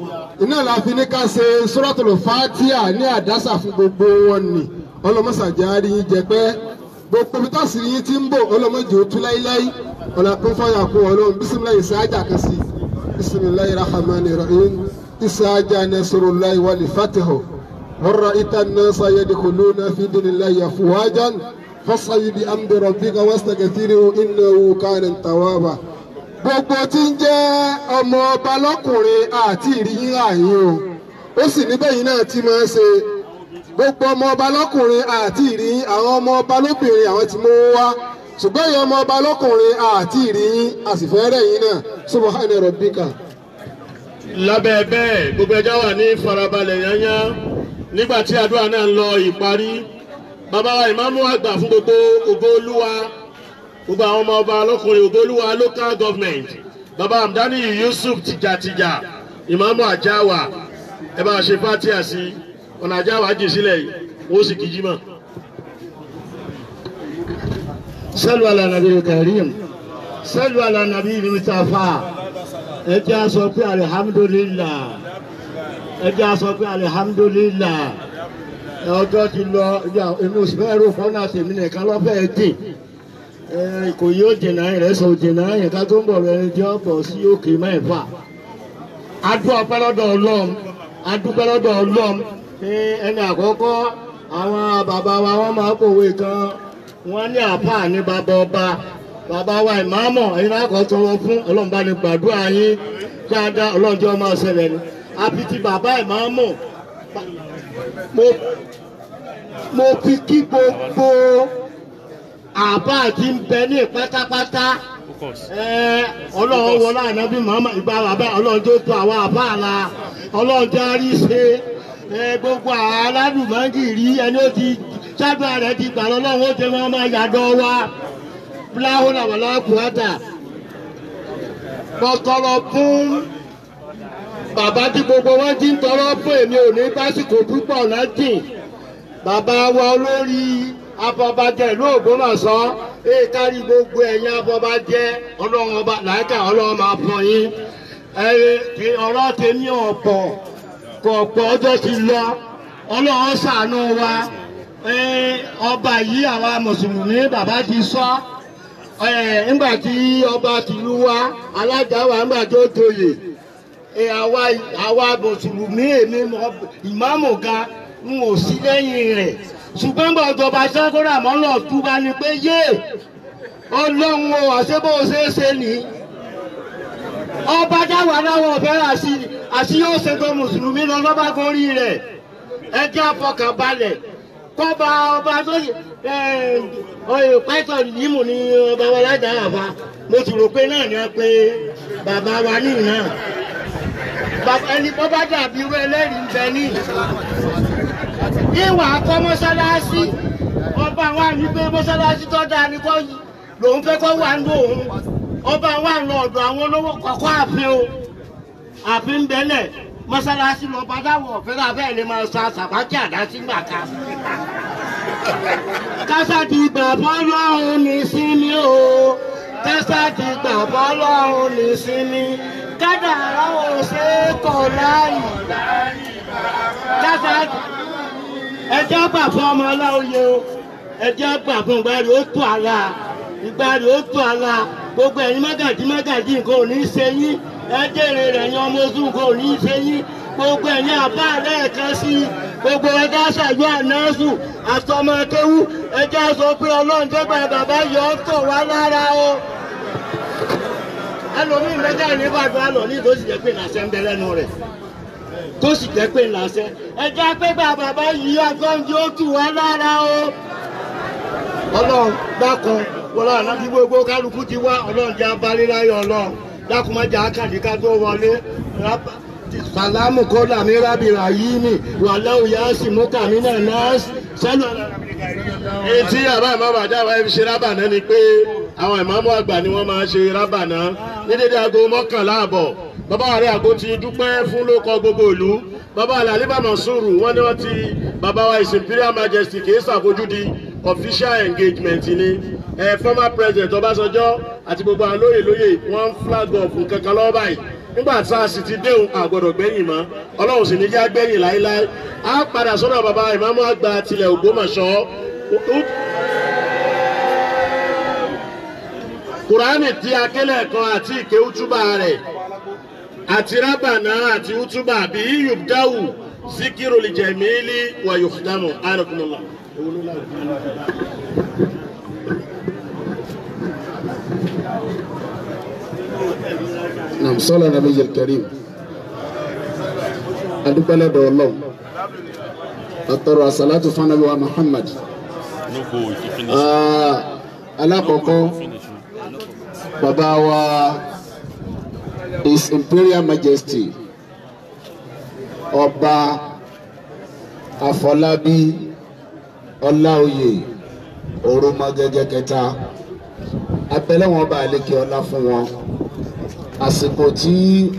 iná la fi ní ká ṣe suratul Fatiha ní àdásà fún gbogbo wọn ni ọlọmọsàjà rí jẹpẹ gbogbo bí tọ́sírí yín ti ń bò ọlọ́mọdé òtún láíláí ọ̀làkúnfọ́yà kún ọlọ́run bísímìláyì sáájà kan sí bísímìláyì rahmanir rahim. إسا جاء نصر الله والفتح ورأيت الناس يدخلون في دين الله أفواجا فاصعي بأمر ربك واستغفره إنه كان توابا gbogbo tí ń jẹ́ ọmọ ọba lọ́kùnrin àti ìrírí àyín o ó sì níbẹ̀ yìí náà ti máa ń ṣe gbogbo ọmọ ọba lọ́kùnrin àti ìrírí àwọn ọmọ ọba lóbìnrin àwọn tí mo wá ṣùgbọ́n ìyẹn ọmọ ọba lọ́kùnrin àti ìrírí àsìfẹ́rẹ́ yìí náà subhana rabbika lábẹ́ bẹ́ẹ̀ gbogbo ẹja wà ní farabalẹ̀ yányá nígbà tí àdúrà náà lọ ìparí bàbá wa ìmáàmù àgbà fún gbogbo ògo gbogbo àwọn ọmọ ọba ọlọ́kùnrin ògo local government bàbá Hamdani Yusuf tìjàtìjà ìmáàmù àjáwà ẹ bá ṣe fátíà sí ọ̀nà àjáwà jì sílẹ̀ wọ́n sì kìí jímọ̀. sẹ́lù alànàbí karim sẹ́lù alànàbí mímítàfà. ẹ a sọ pé alihamudulila ẹ sọ pé ti lọ inú sùpẹ́rù fọ́nà tèmi nìkan lọ́fẹ̀ẹ́ dì kò yóò dènà rẹ̀ sọ dènà yẹn ká tó ń bọ̀ rẹ̀ jẹ́ ọ̀pọ̀ sí òkè mẹ́fà adú ọpẹ́ lọ́dọ̀ Ọlọ́run adúpẹ́ lọ́dọ̀ Ọlọ́run ẹni àkọ́kọ́ àwọn bàbá wa wọ́n máa kọ̀wé kan wọ́n ní àpá ní bàbá ọba. bàbá wa ìmáàmọ̀ ẹ̀yin náà kọ́ tọwọ́ fún ọlọ́run bá ní gbàdúrà yín dáadáa ọlọ́run jẹ́ ọmọ ọ̀sẹ̀lẹ̀ ni àbí ti bàbá ìmáàmọ̀ mo fi kí gbogbo àbá àti ń bẹ ní pátápátá ọlọ́run wọlé ànábì màmá ìgbà bàbá ọlọ́run tó tó àwọn àbá àlà ọlọ́run tó rí ṣe gbogbo aládùn máa ń jì rí ẹni ó ti ṣáàdùn rẹ̀ ti gbà lọ́wọ́ ó ti máa máa yàdọ̀ wa la hawla wala quwwata mo tọrọ fún bàbá tí gbogbo wọn ti ń tọrọ fún èmi ò ní básìkò púpọ̀ lẹ́jìn bàbá wa olórí afọbajẹ ìlú Ògbómọ̀ṣọ́ èyí kárí gbogbo ẹ̀yin afọbajẹ ọlọ́run ọba làákà ọlọ́run máa fọ yín ẹ̀rẹ̀ ọ̀rọ̀ tèmi ọ̀pọ̀ kò ọ̀pọ̀ ọjọ́ ti lọ ọlọ́run ṣàánú wa ọba yìí àwa mùsùlùmí bàbá ti sọ. So, nígbà eh, tí ọba tìlú wa alága wa nígbà tó doyè eh, àwa àwa mùsùlùmí èmi ìmáàmù ga n ò rẹ̀ ṣùgbọ́n gbọ́ ìjọba sẹ́kọ̀rọ̀ àmọ́ lọ túba ni pé yé ọlọ́run o àṣebó ṣe é ṣe ni, ọba dáwà láwọn ọ̀fẹ́ lọ ọyọ python yìí ní ọba uh, wa lájà àbá mo sì rò pé náà ni a pé bàbá wa ní ìná ẹni bó bá dàbí irú ẹlẹ́rìí ń bẹ ní ìwà kọ́ ọba wa ní pé mọ́sálásí tó dáa kọ́ yìí lòun fẹ́ kọ́ wà ọba wa lọ ọ̀dọ̀ àwọn olówó kọ̀ọ̀kọ́ àfin o àfin bẹ́lẹ̀ lọ́ba dáwọ̀ ọ̀fẹ́ máa sa àdásí kásá ti gbà bọ́lá òun ní sinmi o kásá ti gbà bọ́lá òun ní sinmi kádàrá ò ṣe é kọ̀ láàyè kásá ẹjẹ́ gbà fún ọmọ aláwòye o ẹjẹ́ gbà fún ìgbàlè ó tó àlà ìgbàlè ó àlà gbogbo ẹ̀yin mágàjí mágàjí nǹkan ò ní ṣe yín ẹjẹ́ rẹ̀ yẹn ọmọ oṣù nǹkan ò ní ṣe yín gbogbo ẹ̀yin àbá lẹ́ẹ̀kan sí i gbogbo ẹja ṣàjọ ànáṣù àtọmọkéwú ẹja sọ pé ọlọ́run dẹ́gbà bàbá yọ ọ́ tọ̀ wá lára o. ẹlòmíì mẹ́ta ní bàdúrà lọ ní ìdósì jẹ́ pé nàṣẹ ń bẹ lẹ́nu rẹ̀ tó sì jẹ́ pé nàṣẹ ẹja pé bàbá yìí àtọ́jú ó tù wá lára o. ọlọ́run dákun wọlé àná bí gbogbo kálukú ti wá ọlọ́run jẹ́ abáléláyọ̀ ọlọ́run dákun má jẹ́ àkàdé ká tó wọlé salamu kódà mi rábì ràyíìmì wàláwù yá sì mú kàmí náà nọ́ọ̀sì sẹ́nu. etí àbá ìmọ̀mọ̀ àdáwà ẹ̀ fi ṣe rábà náà ni pé àwọn ìmọ̀mọ̀ àgbà ni wọ́n máa ṣe rábà náà ní dédé aago mọ́kànlá àbọ̀ bàbá àrẹ àgbo dúpẹ́ fún lóko gbogbo ìlú bàbá àlẹ́ àlébà mọ̀sùrù wọ́n ní wọ́n ti bàbá wa his imperial majesty kì í ṣàfojúdi official engagement ni ẹ former president Ọbásanjọ́ àti gbogbo àlóyè lóyè one flag of nǹkan lọ́wọ́ báyìí nígbà tá a sì ti déhùn àgbọ̀dọ̀ gbẹ̀yìn mọ́ ọlọ́run sì ní já gbẹ̀yìn láéláé á padà sọ́dọ̀ bàbá ìmáàmù àgbà tilẹ̀ Ògbómọ̀ṣọ́ kùránì tí akélé kan àti ìké útúbà rẹ̀ àti rábànà àti útúbà bí yíyùb dáwù síkírò lìjẹ̀mílì wàyò fìdámù àrùkùnmọ́lá. nam sọlá nàbí yẹn kẹrìm adúpẹ́lẹ́ dọ̀ ọlọ́ àtọrọ àsàlátù fanabi wa muhammad ah, alákọ̀ọ́kọ́ bàbá wa his imperial majesty ọba afọlábí ọláòyè òròmọgẹgẹ kẹta abẹ́lẹ́wọ̀n ọba àlekè ọlá fún wọn àsìkò tí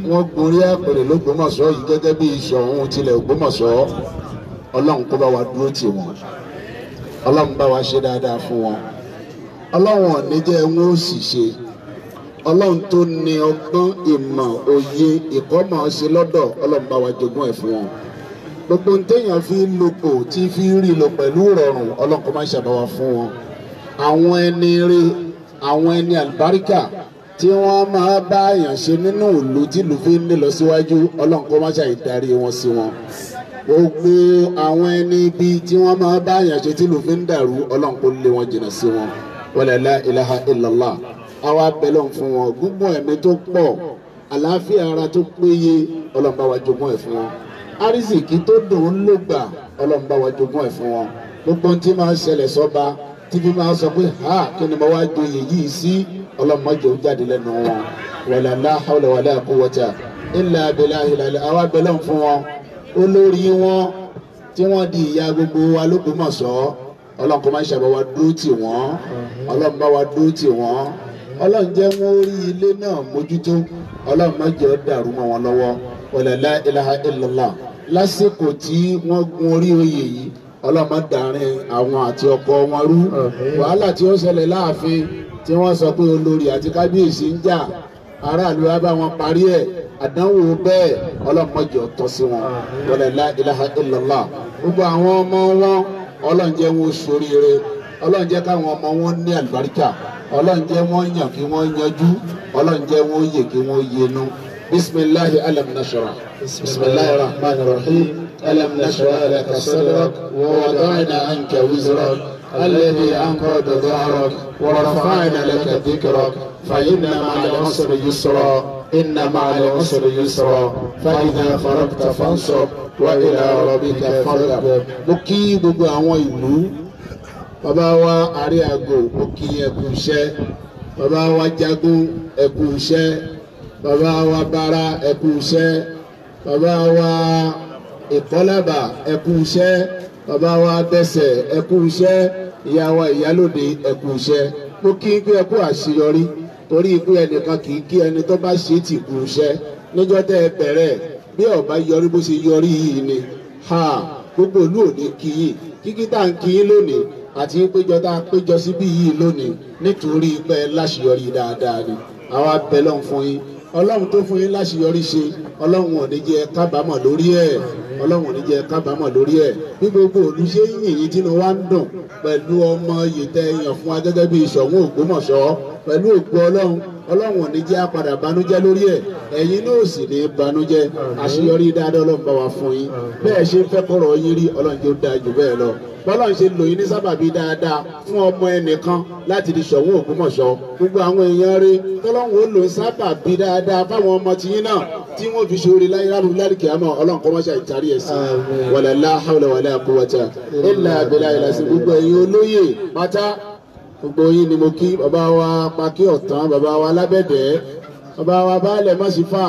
wọ́n gorí àpèrè lÓgbómọ̀ṣọ́ yìí gẹ́gẹ́ bí ìṣọ̀hún tilẹ̀ Ògbómọ̀ṣọ́ ọlọ́run kó bá wa dúró tì wọ́n ọlọ́run bá wa ṣe dáadáa fún wọn ọlọ́run ọ̀nẹ́jẹ́ wọn ó sì ṣe ọlọ́run tó ní ọgbọ́n ìmọ̀ òye ìkọ́mọ̀ ṣe lọ́dọ̀ ọlọ́run bá wa jogún ẹ̀ fún wọn gbogbo ntẹ̀yàn fi ń lopò tí fi ń rí lọ pẹ̀lú ìrọ̀rùn ọlọ́run kó má ṣàbáwá fún wọn àwọn ẹni rí àwọn ẹni àlùbáríkà tí wọ́n máa bá àyàn ṣe nínú ìlú tìlú fi ń lè lọ síwájú ọlọ́run kó má ṣàì darí wọn sí wọn gbogbo àwọn ẹni ibi tí wọ́n máa bá àyàn ṣe tìlú fi ń dàrú ọlọ́run lé wọn jìnnà sí wọn wàlẹ́lá ilaha illallah àwa bẹ̀lọ̀ fún wọn gúngbọ̀n ẹ̀mí tó pọ̀ àlàáfíà ara tó péye ọlọ́run bá wa jogún ẹ̀ fún wọn àrísìkí tó dùn ló gbà ọlọ́run wa jogún ẹ̀ fún wọn gbogbo tí máa ń ṣẹlẹ̀ sọ́ba tí fi máa sọ pé ha kí ni mo wá joyè yìí sí ọlọ́mọdé ó jáde lẹ́nu wọn wàlá láhàlá wàlá quwwata illa billahi ìlàlẹ́ àwa bẹ̀lẹ̀ ń fún wọn olórí wọn tí wọ́n di ìyá gbogbo wa l'Ógbómọ̀ṣọ́ ọlọ́run kó má ṣàbọ̀ wa dúró tì wọ́n ọlọ́run bá wa dúró tì wọ́n ọlọ́run jẹ́ wọ́n rí ilé náà mójútó ọlọ́run má jẹ́ ó dàrú mọ́ wọn lọ́wọ́ wàlá ilaha illallah lásìkò tí wọ́n gun orí oyè yìí ọlọ́run má dàrin àwọn àti ọkọ wọn rú wàhálà tí ó ṣẹlẹ̀ láàfin tí wọ́n sọ pé olórí àti kábíyèsí ń jà aráàlú wa bá wọn parí ẹ̀ àdánwò bẹ́ẹ̀ ọlọ́mọdé ọ̀tọ̀ sí wọn wọlé la ilaha illallah gbogbo àwọn ọmọ wọn ọlọ́njẹ́ wọn ṣoríire ọlọ́njẹ́ káwọn ọmọ wọn ní àlùbáríkà ọlọ́njẹ́ wọn yàn kí wọ́n yanjú ọlọ́njẹ́ wọn yè kí wọ́n yẹnu bisimilahi alam bisimilahi rahman rahim alam nashara alaka sadrak wa wadana anka wizrak. الذي أنقذ ظهرك ورفعنا لك ذكرك فإن مع العسر يسرا إن مع العسر يسرا فإذا فرغت فانصب وإلى ربك فارغب mo kí gbogbo àwọn ìlú bàbá wa àrí àgò mo kí ẹkú iṣẹ́ bàbá wa jagun ẹkú iṣẹ́ bàbá wa bara ẹkú iṣẹ́ bàbá wa ìkọlábà ẹkú iṣẹ́ bàbá wa dẹ́sẹ̀ ẹkú iṣẹ́ ìyá wa ìyálòde ẹkú iṣẹ́ mo kí pé ẹkú àṣeyọrí torí ikú ẹnìkan kì í kí ẹni tó bá ṣe tì kú iṣẹ́ níjọ́ tẹ́ ẹ bẹ̀rẹ̀ bí ọba yọrí bó ṣe yọrí yìí ni ha gbogbo ìlú òní kì í kíkí tá à ń kí í lónìí àti péjọ tá a péjọ síbí yìí lónìí nítorí pé láṣeyọrí dáadáa ni àwa bẹ̀ lọ́n fún yín ọlọ́run tó fún yín láṣeyọrí ṣe ọlọ́run ò ní jẹ́ kábàámọ̀ lórí ẹ̀ ọlọ́run ní jẹ́ kábàámọ̀ lórí ẹ̀ bí gbogbo olùṣe ń yìn yín tínú wa ń dùn pẹ̀lú ọmọ yìtẹ́ èèyàn fún wa gẹ́gẹ́ bí ìṣọ̀wọ́n Ògbómọ̀ṣọ́ pẹ̀lú ògbó ọlọ́run ọlọ́run ní jẹ́ apàdà banújẹ́ lórí ẹ̀ ẹ̀yin náà sì ní banújẹ́ àṣeyọrí dáadáa ọlọ́run bá wa fún yín bẹ́ẹ̀ ṣe ń fẹ́ kọ́rọ̀ yín rí ọlọ́run tó dáa jù bẹ́ẹ̀ lọ bọ́lá ń ṣe lò yín ní sábàbí dáadáa fún ọmọ ẹnìkan láti di Ṣọ̀ún Ògbómọ̀ṣọ́ gbogbo àwọn èèyàn rẹ tọ́lọ́hún ó lò ń sábàbí dáadáa fáwọn ọmọ tiyín náà tí wọ́n fi ṣoore láyé lánàá lálùkì àmọ́ ọlọ́run kọ́ mọ́ṣá ìtarí ẹ̀ sí wàlá láhàlá wàlá quwwata illa billahi ìlàsí gbogbo ẹ̀yin olóyè pátá gbogbo yín ni mo kí bàbá wa pakí ọ̀tán bàbá wa lábẹ́dẹ́ bàbá wa baálẹ̀ mọ́sífà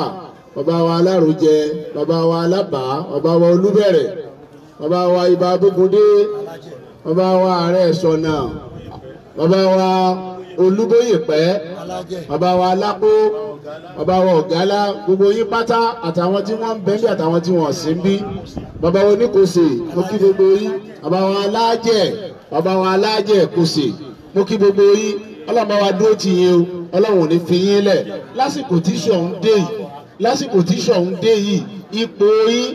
bàbá wa alárojẹ bàbá wa alábàá bàbá wa olúbẹ̀rẹ̀ bàbá wa ibà Abókundé bàbá wa ààrẹ Ṣọ̀nà bàbá wa Olúbóyèpẹ́ bàbá wa Alápó bàbá wa Ọ̀gálá gbogbo yín pátá àtàwọn tí wọ́n ń bẹ́ńbí àtàwọn tí wọ́n sì ń bí bàbá wa Oníkòsè mo kí gbogbo yín bàbá wa Alájẹ bàbá wa Alájẹ Kòsè mo kí gbogbo yín ọlọ́mọ wa dúró tì yín o ọlọ́run ò ní fi yín lẹ̀ lásìkò tí sọ̀hún dé yìí lásìkò tí sọ̀hún dé yìí ipò yín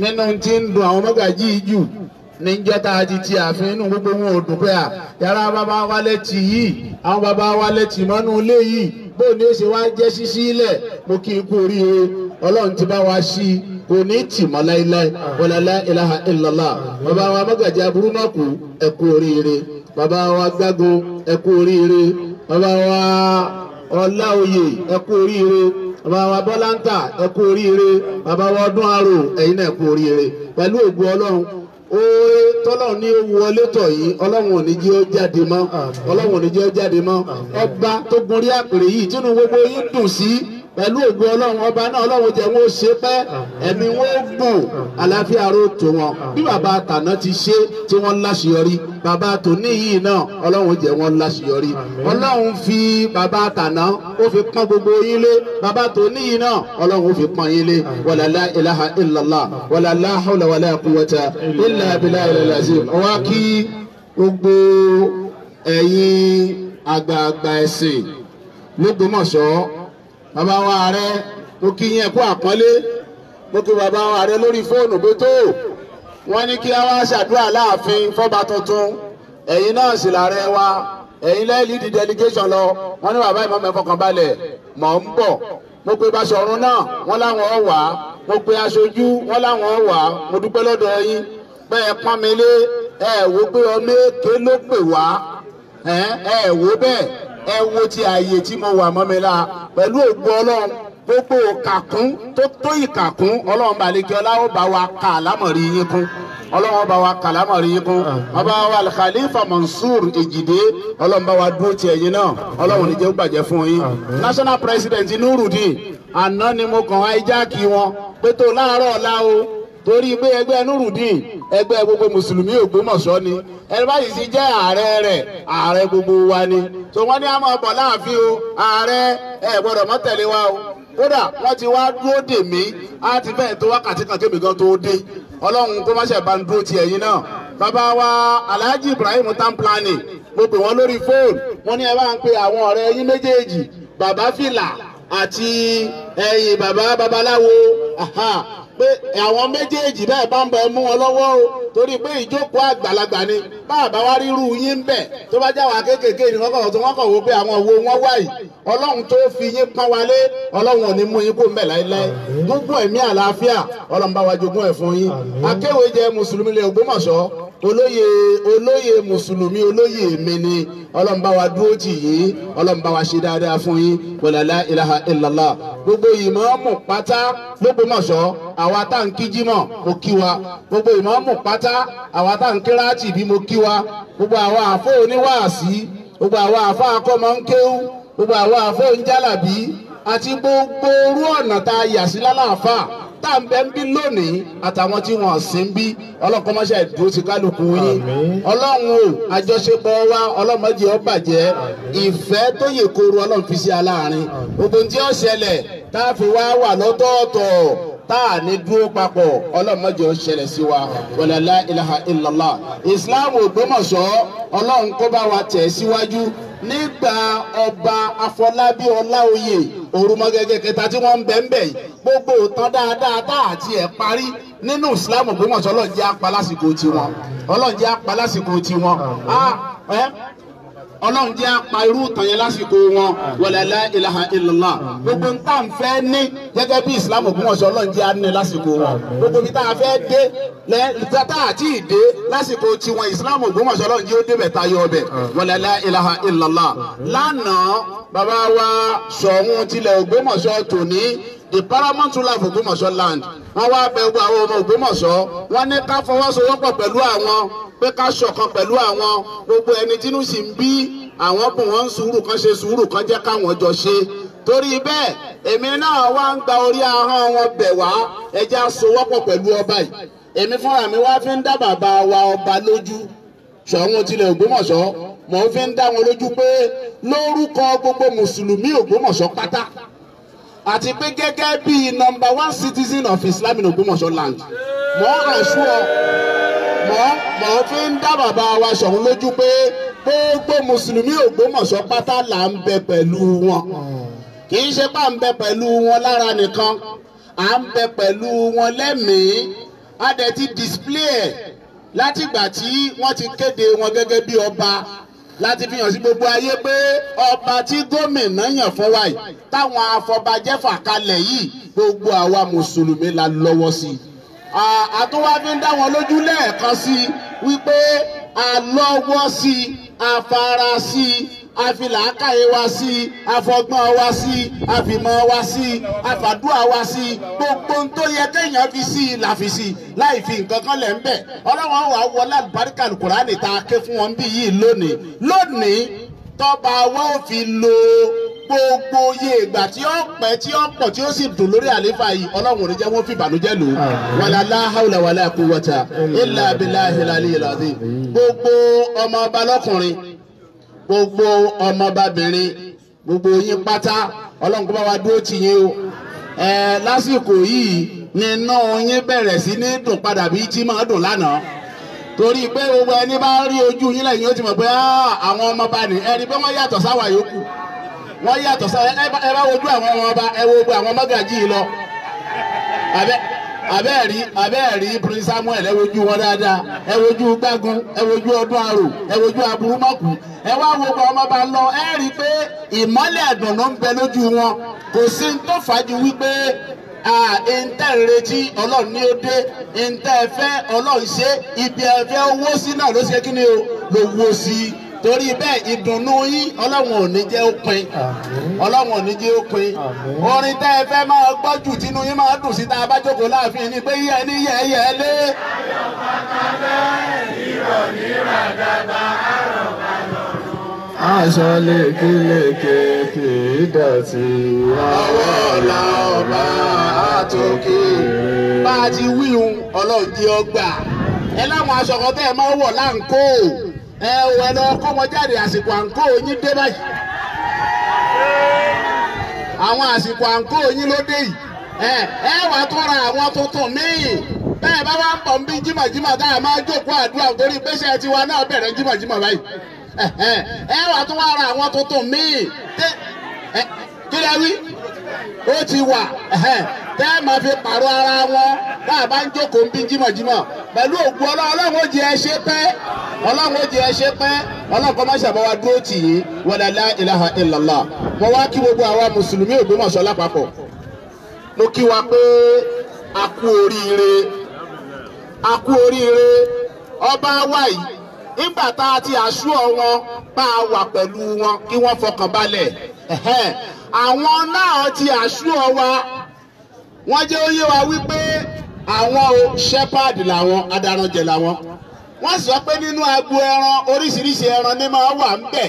nínú tí ń dùn àwọn mọ́gàjì jù ní jọ́ta àti ti ààfin inú gbogbo wọn ò dùn pé à yàrá bàbá wa lẹ́tì yìí àwọn bàbá wa lẹ́tì mọ́nú ilé yìí bó ni ó ṣe wá jẹ́ ṣíṣí ilẹ̀ mo kú oríire ọlọ́run ti bá wa ṣí i kò ní tì mọ́ láíláí wọlọ́lá ilaha illallah bàbá wa mọ́gàjì aburú náà kú ẹ kú oríire bàbá wa gbágo ẹ kú oríire bàbá wa ọláòyè ẹ kú oríire. bàbá wa Bọ́láńtà ẹ kú oríire bàbá ọdún àrò ẹ̀yin náà kú oríire pẹ̀lú ògùn ọlọ́run oore tọ́lọ́run ní owó ọlẹ́tọ̀ yìí ọlọ́run ò ní jẹ́ jáde mọ́ ọlọ́run ò ní jẹ́ jáde mọ́ ọba tó gunrí àpèrè yìí tínú gbogbo yín dùn sí pẹ̀lú ògùn ọlọ́run ọba náà ọlọ́run jẹ́ wọn ó ṣe pẹ́ ẹ̀mí wọn ó gùn àlàáfíà ró tó wọn bí bàbá àtàná ti ṣe tí wọ́n láṣeyọrí bàbá tòní yìí náà ọlọ́run jẹ́ wọn láṣeyọrí ọlọ́run fi bàbá àtàná ó fi pọ́n gbogbo yín lé bàbá tòní yìí náà ọlọ́run ó fi pọ́n yín lé wàlálà ilaha illallah wàlálà hawla wàlá quwwata illa billahi al-azim ọwá kí gbogbo ẹ̀yin àgbààgbà ẹ̀sìn lÓgbómọ̀ṣọ́ bàbá wa ààrẹ mo kí yín ẹ̀kú àpọ́nlé mo kí bàbá wa ààrẹ lórí fóònù pé tó wọ́n ní kí a wá ṣàdúrà láàfin fọ́ba tuntun ẹ̀yin náà sì làárẹ̀ wa ẹ̀yin lẹ́yìn lead delegation lọ wọ́n ní bàbá ìmọ̀ mẹ́fọkàn balẹ̀ mọ̀ ń bọ̀ mo pe Baṣọ̀run náà wọ́n láwọn ọ̀ wá mo pe aṣojú wọ́n láwọn ọ̀ wá mo dúpẹ́ lọ́dọ̀ yín bẹ́ẹ̀ pọ́n mi lé ẹ̀ wò pé ọmọ èké ló pè wá ẹ̀ ẹ̀ wò bẹ́ẹ̀ ẹ wo ti ààyè tí mo wà mọ́mẹ́lá pẹ̀lú ògbó ọlọ́run gbogbo ìkàkún tó tó ìkàkún ọlọ́run balẹ̀kẹ́ ọláwọ́ bá wa kà lámọ̀rí yín kún ọlọ́run bá wa kà lámọ̀rí yín kún ọba wa Khalifa Mansur Ejide ọlọ́run bá wa dúró ti ẹ̀yin náà ọlọ́run níjẹ́ ó gbàjẹ́ fún yín national president Nurudeen àná ni mo kàn áìjáàkì wọn pé tó láàárọ̀ ọ̀la o torí pé ẹgbẹ́ nurudeen ẹgbẹ́ gbogbo mùsùlùmí Ògbómọ̀ṣọ́ ni ẹni báyìí sì jẹ́ ààrẹ rẹ̀ ààrẹ gbogbo wa ni tó wọ́n ní a máa bọ̀ láàfin o ààrẹ ẹ gbọ́dọ̀ mọ́ tẹ̀lé wa o kódà wọ́n ti wá dúró dè mí á ti fẹ́ẹ̀ tó wákàtí kan kébì kan tó dé ọlọ́run kó má ṣe bá ń dúró ti ẹ̀yin náà bàbá wa Alhaji Ibrahim Tamplani mo pè wọ́n lórí fóònù wọ́n ní ẹ bá ń pe àwọn ọ̀rẹ́ yín méjèèjì bàbá fìlà àti ẹ̀yìn bàbá babaláwo pé àwọn méjèèjì bẹ́ẹ̀ bá ń bẹ mú wọn lọ́wọ́ o torí pé ìjókòó àgbàlagbà ni báàbá wa rírú yín bẹ̀ tó bá jáwàá kéékèèké ni kọ́kọ́ tó wọ́n kọ̀ wò pé àwọn òwò wọn wà yìí ọlọ́run tó fi yín pọ́n wálé ọlọ́run ò mú yín kó mbẹ̀ láéláé gbogbo ẹ̀mí àlàáfíà ọlọ́run bá wa jogún ẹ̀ fún yín akéwèé jẹ́ mùsùlùmí lẹ́ Ògbómọ̀ṣọ́ olóye olóyè mùsùlùmí olóyè mi ni wa dúró tì yìí ọlọ́mbà wa ṣe dáadáa fún yín wàlálà ilaha ìlàlá gbogbo pátá àwa tá à ń kí mo kí wa gbogbo ìmáàmù pátá àwa tá à mo kí wa gbogbo àwa àfọ oníwàásí gbogbo àwa àfọ ń kéwú gbogbo àwa àfọ àti gbogbo orú tá à bẹ ń bí lónìí àtàwọn tí wọ́n sì ń bí ọlọ́kọ́ ìdúró ti kálukú yín ọlọ́run o àjọṣepọ̀ wa ọlọ́mọdé ìfẹ́ tó yè koro ọlọ́run fi sí aláàárín ogun tí ó tá wà islam nígbà ọba Afọlábí Ọláoyè òrùmọgẹgẹ kẹta tí wọ́n ń bẹ ń bẹ yìí gbogbo òtán dáadáa tá àti ẹ parí nínú Islam Ògbómọ̀ṣọ́ ọlọ́run jẹ́ apá lásìkò tiwọn ọlọ́run jẹ́ apá lásìkò tiwọn. Ah, ọlọ́run jẹ́ apá irú ìtàn yẹn lásìkò wọn wọlẹ́lẹ́ ilaha illallah gbogbo ń tà ní gẹ́gẹ́ bí islam ògùn ọlọ́run jẹ́ àní lásìkò wọn gbogbo bí tá a fẹ́ dé tá a ti dé lásìkò tiwọn islam ògùn ọlọ́run jẹ́ ó débẹ̀ tá yọ ọbẹ̀ wọlẹ́lẹ́ ilaha illallah lánàá bàbá sọ̀hún tilẹ̀ ògbómọ̀ṣọ́ tòní the paramount ruler of Ògbómọ̀ṣọ́ land wọ́n wá bẹ̀ gbogbo àwọn ọmọ Ògbómọ̀ṣọ́ wọ́n ní ká fọwọ́sowọ́pọ̀ pẹ̀lú àwọn pé ká ṣọ̀kan pẹ̀lú àwọn gbogbo ẹni tínú sì ń bí àwọn bùn wọn sùúrù kan ṣe sùúrù kan jẹ́ káwọn jọ ṣe torí bẹ́ẹ̀ èmi náà wá ń gba orí ahọ́n wọn bẹ̀ wá ẹ jẹ́ á sowọ́pọ̀ pẹ̀lú ọba yìí èmi fúnra mi wá fi ń dá bàbá wa ọba lójú Ṣọ̀ún tilẹ̀ Ògbómọ̀ṣọ́ mò ń fi ń dá wọn lójú pé lórúkọ gbogbo mùsùlùmí Ògbómọ̀ṣọ́ pátá àti pé gẹ́gẹ́ bí number one citizen of Islam in Ògbómọ̀ṣọ́ land mọ̀ àṣùọ̀ mọ̀ mọ̀ fi ń dá bàbá wa Ṣọ̀ún lójú pé gbogbo mùsùlùmí Ògbómọ̀ṣọ́ pátá là ń bẹ pẹ̀lú wọn kì í ṣe pà ń bẹ pẹ̀lú wọn lára nìkan à ń bẹ pẹ̀lú wọn lẹ́mìí a dẹ̀ ti display ẹ̀ látìgbà tí wọ́n ti kéde wọn gẹ́gẹ́ bí ọba láti fi hàn sí gbogbo ayé pé ọba tí gómìnà yàn fún wa yìí táwọn afọbajẹ́ fà kalẹ̀ yìí gbogbo àwa mùsùlùmí la lọ́wọ́ sí i. àtúwá fi ń dá wọn lójú lẹ́ẹ̀kan sí i wípé a lọ́wọ́ sí i a fara sí i àfìlàákàyè wa sí i àfọgbọ́n wa sí i àfìmọ̀ wa sí i àfàdúà wa sí i gbogbo ń tó yẹ kéèyàn fi sí i là fi sí i láì fi nǹkan kan lẹ̀ ń bẹ̀ ọlọ́wọ́n wà wọlé àlùbáríkà kùránì tá ké fún wọn bí yìí lónìí lónìí tọ́ba wa ò fi lo gbogbo iye ìgbà tí ó pẹ́ tí ó pọ̀ tí ó sì dùn lórí àlefa yìí ọlọ́run ò ní jẹ́ wọ́n fi ìbànújẹ́ lò ó wàlá láhàlà wàlá quwwata illa billahi al-aliyyil gbogbo ọmọ ọba lọ́kùnrin gbogbo ọmọbabìnrin gbogbo yín pátá ọlọ́run kó bá wa dúró tì yín o ẹ lásìkò yìí ni iná yín bẹ̀rẹ̀ sí ní dùn padà bí tí máa dùn lánàá torí pé gbogbo ẹni bá rí ojú yín lẹ́yìn ó ti mọ̀ pé àwọn ọmọọba ni ẹni pé wọn yàtọ̀ sáwà yòókù wọn yàtọ̀ sáwà ẹ bá wojú àwọn ọmọọba ẹ wo gbogbo àwọn mọ́gàjì lọ abẹ́ẹ̀rí abẹ́ẹ̀rí prince samuel ẹ wojú wọn dáadáa ẹ wojú gbágun ẹ wojú ọdún arò ẹ wojú aburúmọ̀kù ẹ wá wo bá ọmọ bá lọ ẹ rí i pé ìmọ́lẹ̀ àdùnnú ń bẹ lójú wọn kò sí ní tó fàájú wípé ntẹ́ retí ọlọ́run ní ó dé ntẹ́ fẹ́ ọlọ́run ṣe ibi ẹ̀fẹ́ owó sí náà ló ṣe kí ni o ló wó sí i torí bẹ́ẹ̀ ìdùnnú yín ọlọ́run ò ní jẹ́ ó pin ọlọ́run ò ní jẹ́ ó pin orin tẹ́ ẹ fẹ́ máa gbọ́ jù tínú yín máa dùn síta abájókòó láàfin ni pé yíyẹ ní yẹ̀yẹ́ lé. ayọ̀ pàtàkì ìrọ̀ ní ràdàbà àrọ̀ bàlọ̀ aṣọ lékeléke kì í dọ̀tí. ọwọ́ ọ̀la ọba àtòkè. bá a ti wíhun ọlọ́run jẹ́ ọgbà ẹ láwọn aṣọ kan tẹ́ ẹ máa wọ̀ láǹkó. ẹ wẹ lọ àsìkò àǹkó yín dé báyìí àwọn àsìkò àǹkó yín ló dé yìí ẹ ẹ wà àwọn tuntun míì bẹẹ bá wà ń bí jimajima tá a máa jókòó àdúrà torí gbèsè tiwa náà bẹ̀rẹ̀ jimajima báyìí ẹ wà ra àwọn tuntun míì kí lè wí. o ti wà tẹ́ ẹ máa fi paro ara wọn bá bá ń jókòó bí jímọ̀jímọ̀ pẹ̀lú ògùn ọlọ́run ó ẹ ṣe pẹ́ ọlọ́run ó ẹ ṣe pẹ́ ọlọ́run kan má ṣàbọ̀ wa dúró tì yín wala la ilaha mo wá kí gbogbo àwa mùsùlùmí Ògbómọ̀ṣọ́ lápapọ̀ mo kí wa pé a kú oríire ọba nígbà tá wọn bá wọn kí wọ́n àwọn náà ti àṣùwọ̀n wa wọ́n jẹ́ ó yé wa wípé àwọn o shepherd làwọn adaranjẹ làwọn wọ́n sọ pé nínú agbo ẹran oríṣiríṣi ẹran ní máa wà ńbẹ̀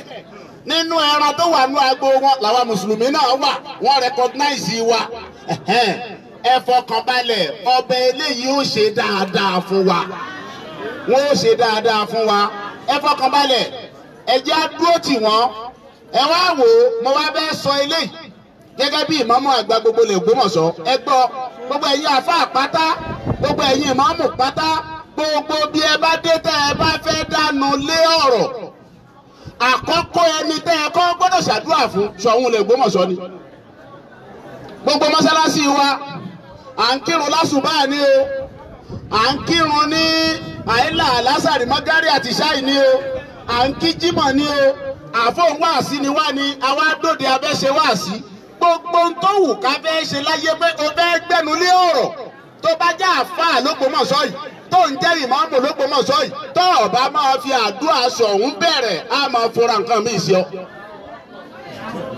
nínú ẹran tó wà nínú agbo wọn làwọn mùsùlùmí náà wà wọ́n recognize wa ẹ fọkàn balẹ̀ ọbẹ̀ eléyìí ó ṣe dáadáa fún wa wọ́n ó ṣe dáadáa fún wa ẹ fọkàn balẹ̀ ẹ jẹ́ á dúró tì wọ́n ẹ wá wò ó mo wá bẹ́ẹ̀ sọ eléyìí gẹ́gẹ́ bí ìmáàmù àgbà gbogbo lè gbómọ̀ṣọ́ ẹ gbọ́ gbogbo ẹ̀yin àfáà pátá gbogbo ẹ̀yin ìmáàmù pátá gbogbo bí ẹ bá dé tẹ́ ẹ bá fẹ́ dánu lé ọ̀rọ̀ àkọ́kọ́ ẹni tẹ́ ẹ kọ́ gbọ́dọ̀ ṣàdúrà fún Ṣọ̀ún lè gbómọ̀ṣọ́ ni gbogbo mọ́ṣáláṣí wa à ń kírun lásùbà ni o à ń kírun ní àìlà alásàrì mọ́gárì àti ṣáì ni o à ń kí jímọ̀ ni o àfọ̀n wáàsí ni wá ni àwa dòde abẹ́ṣe wáàsí gbogbo ń tó wù ká fẹ́ ṣe láyé pé o fẹ́ gbẹnu lé ọ̀rọ̀ tó bá jẹ́ àfáà l'Ógbómọ̀ṣọ́ yìí tó ń jẹ́ ìmáàmù l'Ógbómọ̀ṣọ́ yìí tó ọ̀bá máa fi àdúrà sọ̀hún bẹ̀rẹ̀ á máa fura nǹkan míì sí ọ.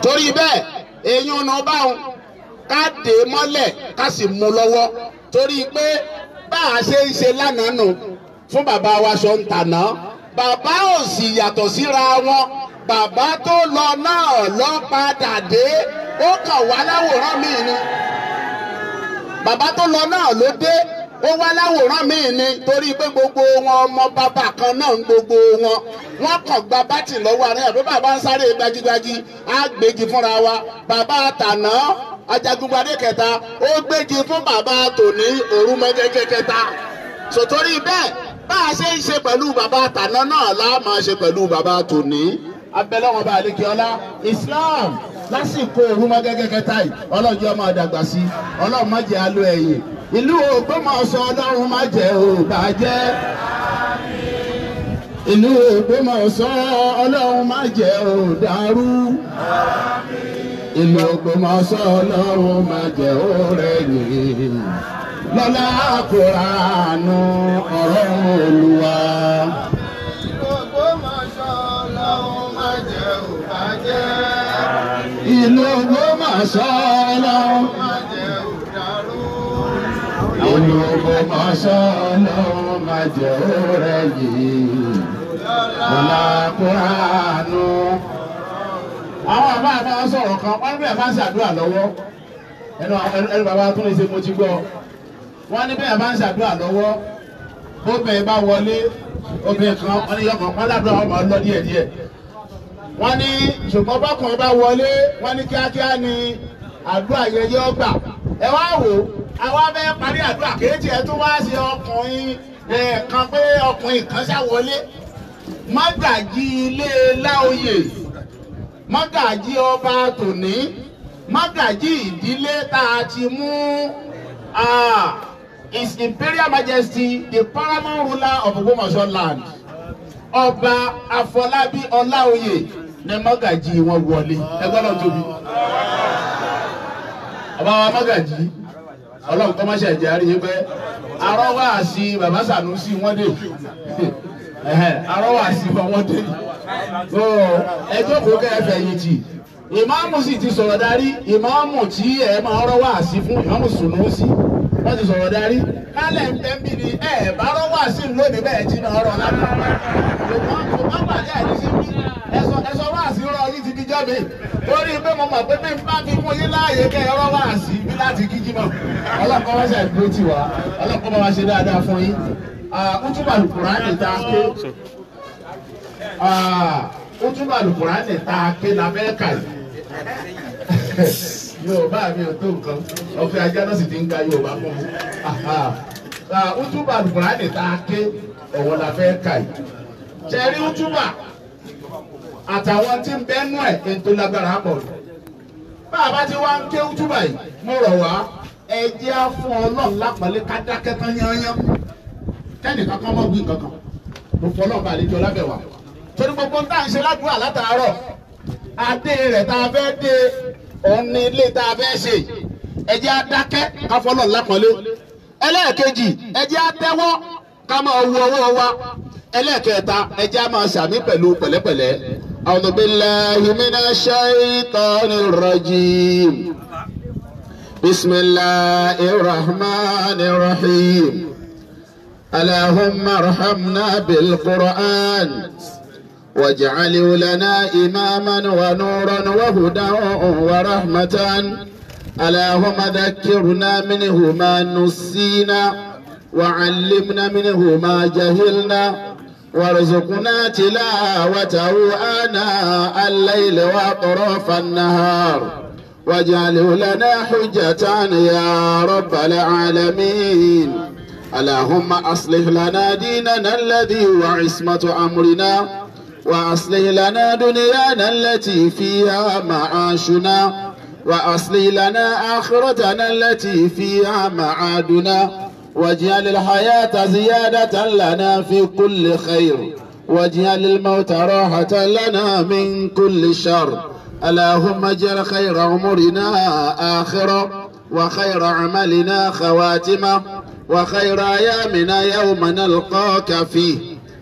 torí bẹ́ẹ̀ eyín ọ̀nà báwọn ká dé mọ́lẹ̀ ká sì mú lọ́wọ́ torí pé bá a ṣe ń ṣe lánàá nù fún bàbá wa sọ ń tàná bàbá ò yàtọ̀ síra wọn bàbá tó lọ náà lọ padà dé ó kàn wá láwòrán mi ni bàbá tó lọ náà ló dé ó wá láwòrán mi ni torí pé gbogbo wọn ọmọ bàbá kan náà ń gbogbo wọn wọn kàn gba bátì lọ́wọ́ àárín àbí bàbá ń sáré gbajigbaji á gbégi fúnra wa bàbá àtàná ajagunpadé kẹta ó gbégi fún bàbá tòní òrùmọgẹgẹ kẹta sòtórí bẹ́ẹ̀ bá a ṣe ń ṣe pẹ̀lú bàbá àtàná náà lá máa ṣe pẹ̀lú bàbá tòní abẹ́lẹ́wọ̀n bá àlekè ọlá Islam lásìkò òhúnmọ́ gẹ́gẹ́ kẹta yìí ọlọ́jọ́ máa dàgbà sí ọlọ́run má jẹ́ alo ẹ̀yìn ìlú Ògbómọ̀ṣọ́ ọlọ́run má jẹ́ ó bàjẹ́ ìlú Ògbómọ̀ṣọ́ ọlọ́run má jẹ́ ó ìlú Ògbómọ̀ṣọ́ ọlọ́run má jẹ́ ó lọ́lá kòránù ọ̀rọ̀ Olúwa. ìlú Ògbómọ̀ṣọ́ lọ́wọ́. ìlú Ògbómọ̀ṣọ́ lọ́wọ́ má jẹ́ òrẹ́ yìí. ọ̀la kúránù. àwọn àbá àbá sọ̀rọ̀ kan wọ́n bẹ̀rẹ̀ bá ń ṣàdúrà lọ́wọ́ ẹnu bàbá tó lè ṣe mo ti gbọ́ wọ́n ní bẹ́ẹ̀ bá ń ṣàdúrà lọ́wọ́ bó bẹ́ẹ̀ bá wọlé obìnrin kan wọ́n ní yọkàn pálá àdúrà wọn máa wọ́n ní ṣùgbọ́n bọ́kùnrin bá wọlé wọ́n ní kíákíá ni àdúrà yẹn yọ gbà ẹ wá wò ó àwa fẹ́ parí àdúrà kéjì ẹ tún wá sí ọkùnrin ẹ̀ẹ̀kan pé ọkùnrin kan ṣá wọlé mọ́gàjí ilé láòyè mọ́gàjí ọba tòní mọ́gàjí ìdílé tá a ti mú his imperial majesty the paramount ruler of Ogbomoso land ọba Afọlábí Ọláoyè ní mọ́gàjì wọn wọlé ẹgbẹ́ náà tóbi bàbá wa mọ́gàjì ọlọ́run kọ́ máṣe ẹ̀jẹ̀ àríyé pé arọ́wà sí bàbá Sànúsì wọ́n dé arọ́wà sí wọ́n dé ẹ jókòó kẹ́ ẹ fẹ̀yìntì ìmáàmù sì ti sọ̀rọ̀ darí ìmáàmù tí ẹ máa rọ́wà sí fún ìmáàmù Sànúsì wọ́n ti sọ̀rọ̀ darí kálẹ̀ ń bẹ́ bí ni ẹ bá rọ́wà sí lónìí bẹ́ẹ̀ tí máa rọ̀ lápá ìmáàmù bàbá àti àdìsí bí ẹ̀sọ́ ẹ̀sọ́ wáàsí rọ yìí ti kíjọ́ mi torí pé mo mọ̀ pé bí n bá fi mú yín láàyè kẹ́ ẹ̀rọ wáàsí bí láti kíjí mọ̀ ọlọ́kọ́ wá ṣe ìgbó tì wá ọlọ́kọ́ bá wa ṣe dáadáa fún yín ọtúbà lùkùránì tá a ké ọtúbà lùkùránì tá a ké lábẹ́ ẹ̀ka yìí yorùbá mi ò tó nǹkan ọ̀fẹ́ ajá náà sì ti ń ka yorùbá fún mi ọtúbà lùkùránì tá a ké ọ̀wọ́ la fẹ́ ka yìí ṣẹ̀rí ọtúbà àtàwọn tí ń bẹ́ẹ̀ nú ẹ̀ kí n tó lágbára pọ̀ lọ. bá a bá ti wá ń ké wútúbà yìí mo rọ̀ wá ẹ jẹ́ á fún ọlọ́run lápọ̀lé ká dákẹ́ tán yányán kẹ́nìkan kan mọ̀ wí kankan mo fọ́ ọlọ́run bá àlejò lábẹ́ wa. torí gbogbo tá à ń ṣe ládùúgbò àlátàárọ̀ adé rẹ̀ tá a fẹ́ dé òní ilé tá a fẹ́ ṣe ẹ jẹ́ á ká fọ́ ọlọ́run lápọ̀lé ẹlẹ́ẹ̀kejì ẹ jẹ́ á ká máa wo ọwọ́ wa ẹlẹ́ẹ̀kẹta ẹ jẹ́ á máa ṣàmì pẹ̀lú pẹ̀lẹ́pẹ̀lẹ́ أعوذ بالله من الشيطان الرجيم بسم الله الرحمن الرحيم اللهم ارحمنا بالقرآن واجعلوا لنا إماما ونورا وهدى ورحمة اللهم ذكرنا منه ما نسينا وعلمنا منه ما جهلنا وارزقنا تلاوته آناء الليل وأطراف النهار واجعله لنا حجة يا رب العالمين اللهم أصلح لنا ديننا الذي هو عصمة أمرنا وأصلح لنا دنيانا التي فيها معاشنا وأصلح لنا آخرتنا التي فيها معادنا واجعل الحياة زيادة لنا في كل خير واجعل الموت راحة لنا من كل شر اللهم اجعل خير عمرنا آخرة وخير عملنا خواتمة وخير أيامنا يوم نلقاك فيه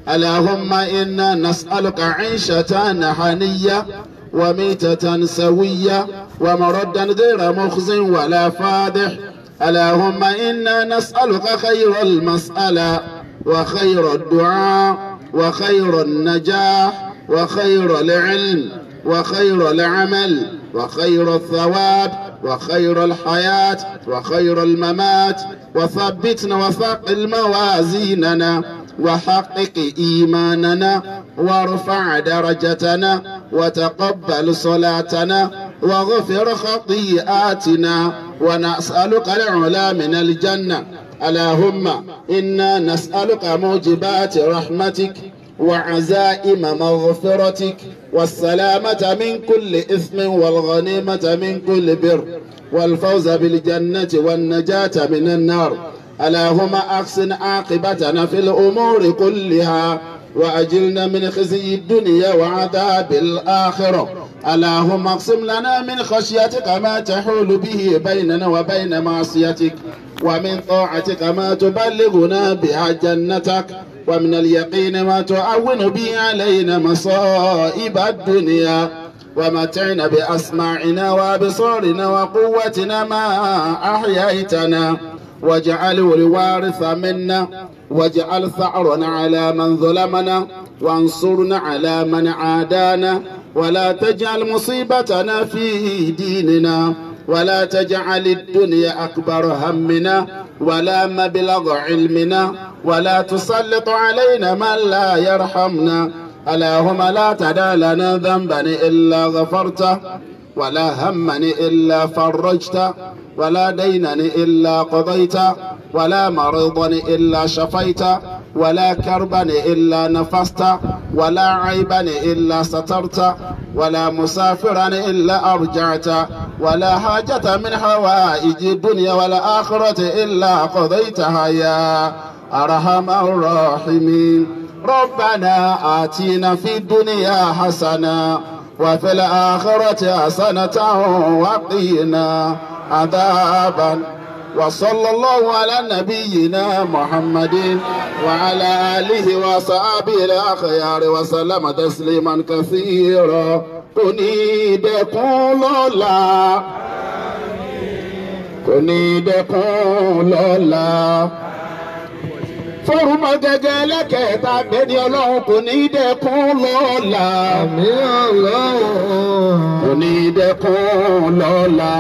اللهم إنا نسألك عيشة حنية وميتة سوية ومردا غير مخزٍ ولا فادح اللهم إنا نسألك خير المسألة وخير الدعاء وخير النجاح وخير العلم وخير العمل وخير الثواب وخير الحياة وخير الممات وثبتنا وثقل موازيننا وحقق إيماننا وارفع درجتنا وتقبل صلاتنا واغفر خطيئاتنا ونسألك العلا من الجنة اللهم إنا نسألك موجبات رحمتك وعزائم مغفرتك والسلامة من كل إثم والغنيمة من كل بر والفوز بالجنة والنجاة من النار اللهم أحسن عاقبتنا في الأمور كلها وأجلنا من خزي الدنيا وعذاب الآخرة اللهم اقسم لنا من خشيتك ما تحول به بيننا وبين معصيتك ومن طاعتك ما تبلغنا بها جنتك ومن اليقين ما تعون به علينا مصائب الدنيا ومتعنا بأسماعنا وأبصارنا وقوتنا ما أحييتنا واجعله الوارث منا واجعل ثأرنا على من ظلمنا وانصرنا على من عادانا ولا تجعل مصيبتنا في ديننا ولا تجعل الدنيا أكبر همنا ولا مبلغ علمنا ولا تسلط علينا من لا يرحمنا اللهم لا تدع لنا ذنبا إلا غفرته ولا هما إلا فرجته ولا دينا إلا قضيته ولا مريضا إلا شفيته ولا كربا إلا نفست ولا عيبا إلا سترت ولا مسافرا إلا أرجعت ولا حاجة من حوائج الدنيا والآخرة إلا قضيتها يا أرحم الراحمين ربنا آتينا في الدنيا حسنة وفي الآخرة حسنة وقينا عذابا وصلى الله على نبينا محمد وعلى آله وصحبه الأخيار وسلم تسليما كثيرا كوني دكون لولا كوني دكون لولا fórúmọ gẹ́gẹ́ lẹ́kẹ̀ẹ́ta gbẹ́ni ọlọ́run kò ní í dẹ́kun lọ́la. àmì ọlọ́run. kò ní í dẹ́kun lọ́la.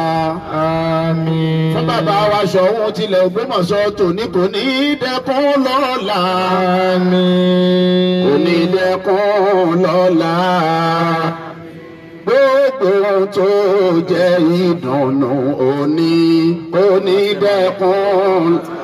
àmì. fún bàbá wa Ṣọ̀ún tilẹ̀ Ògbómọ̀ṣọ́ tòní kò ní í dẹ́kun lọ́la. àmì. kò ní í dẹ́kun lọ́la gbogbo tó jẹ́ ìdùnnú òní kò ní í dẹ́kun lọ́la.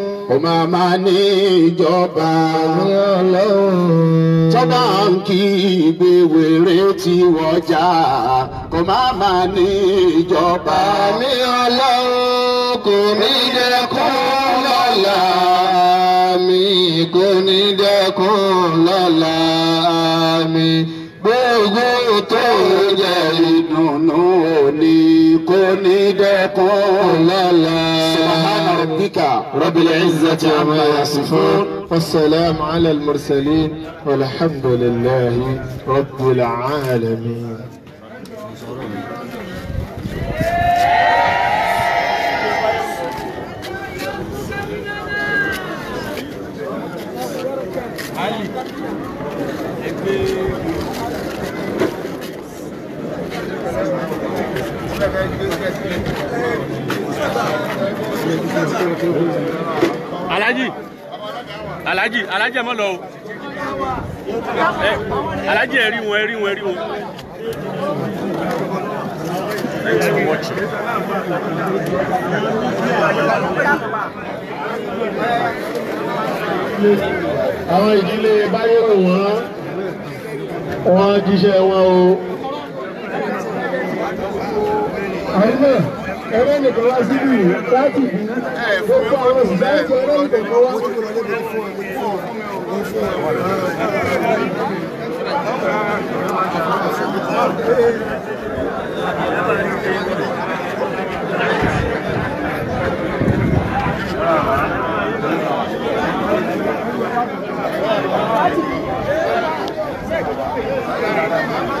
kó máa máa ní ìjọba. tọ́ba ń kí ìgbéwèrè tí wọ́n jà kó máa máa ní ìjọba. àmì ọlọ́run kò ní dẹ́kun lọ́la. àmì kò ní dẹ́kun lọ́la. àmì gbogbo tó jẹ́ ìdùnnú òní. كوني دقول سبحان ربك رب العزة عما يصفون والسلام على المرسلين والحمد لله رب العالمين Thank you. alájì alájì alájì ẹ mọ lọ o alájì ẹ rí wọn ẹ rí wọn ẹ rí wọn. Thanks for watching. Àwọn ìdílé Báyọ̀rọ̀ wọ́n wọ́n jíṣẹ́ wọn o. Àwọn Herânico, o Azibi, está aqui. É, foi eu falei com o Zé. Herânico, o Azibi. Thank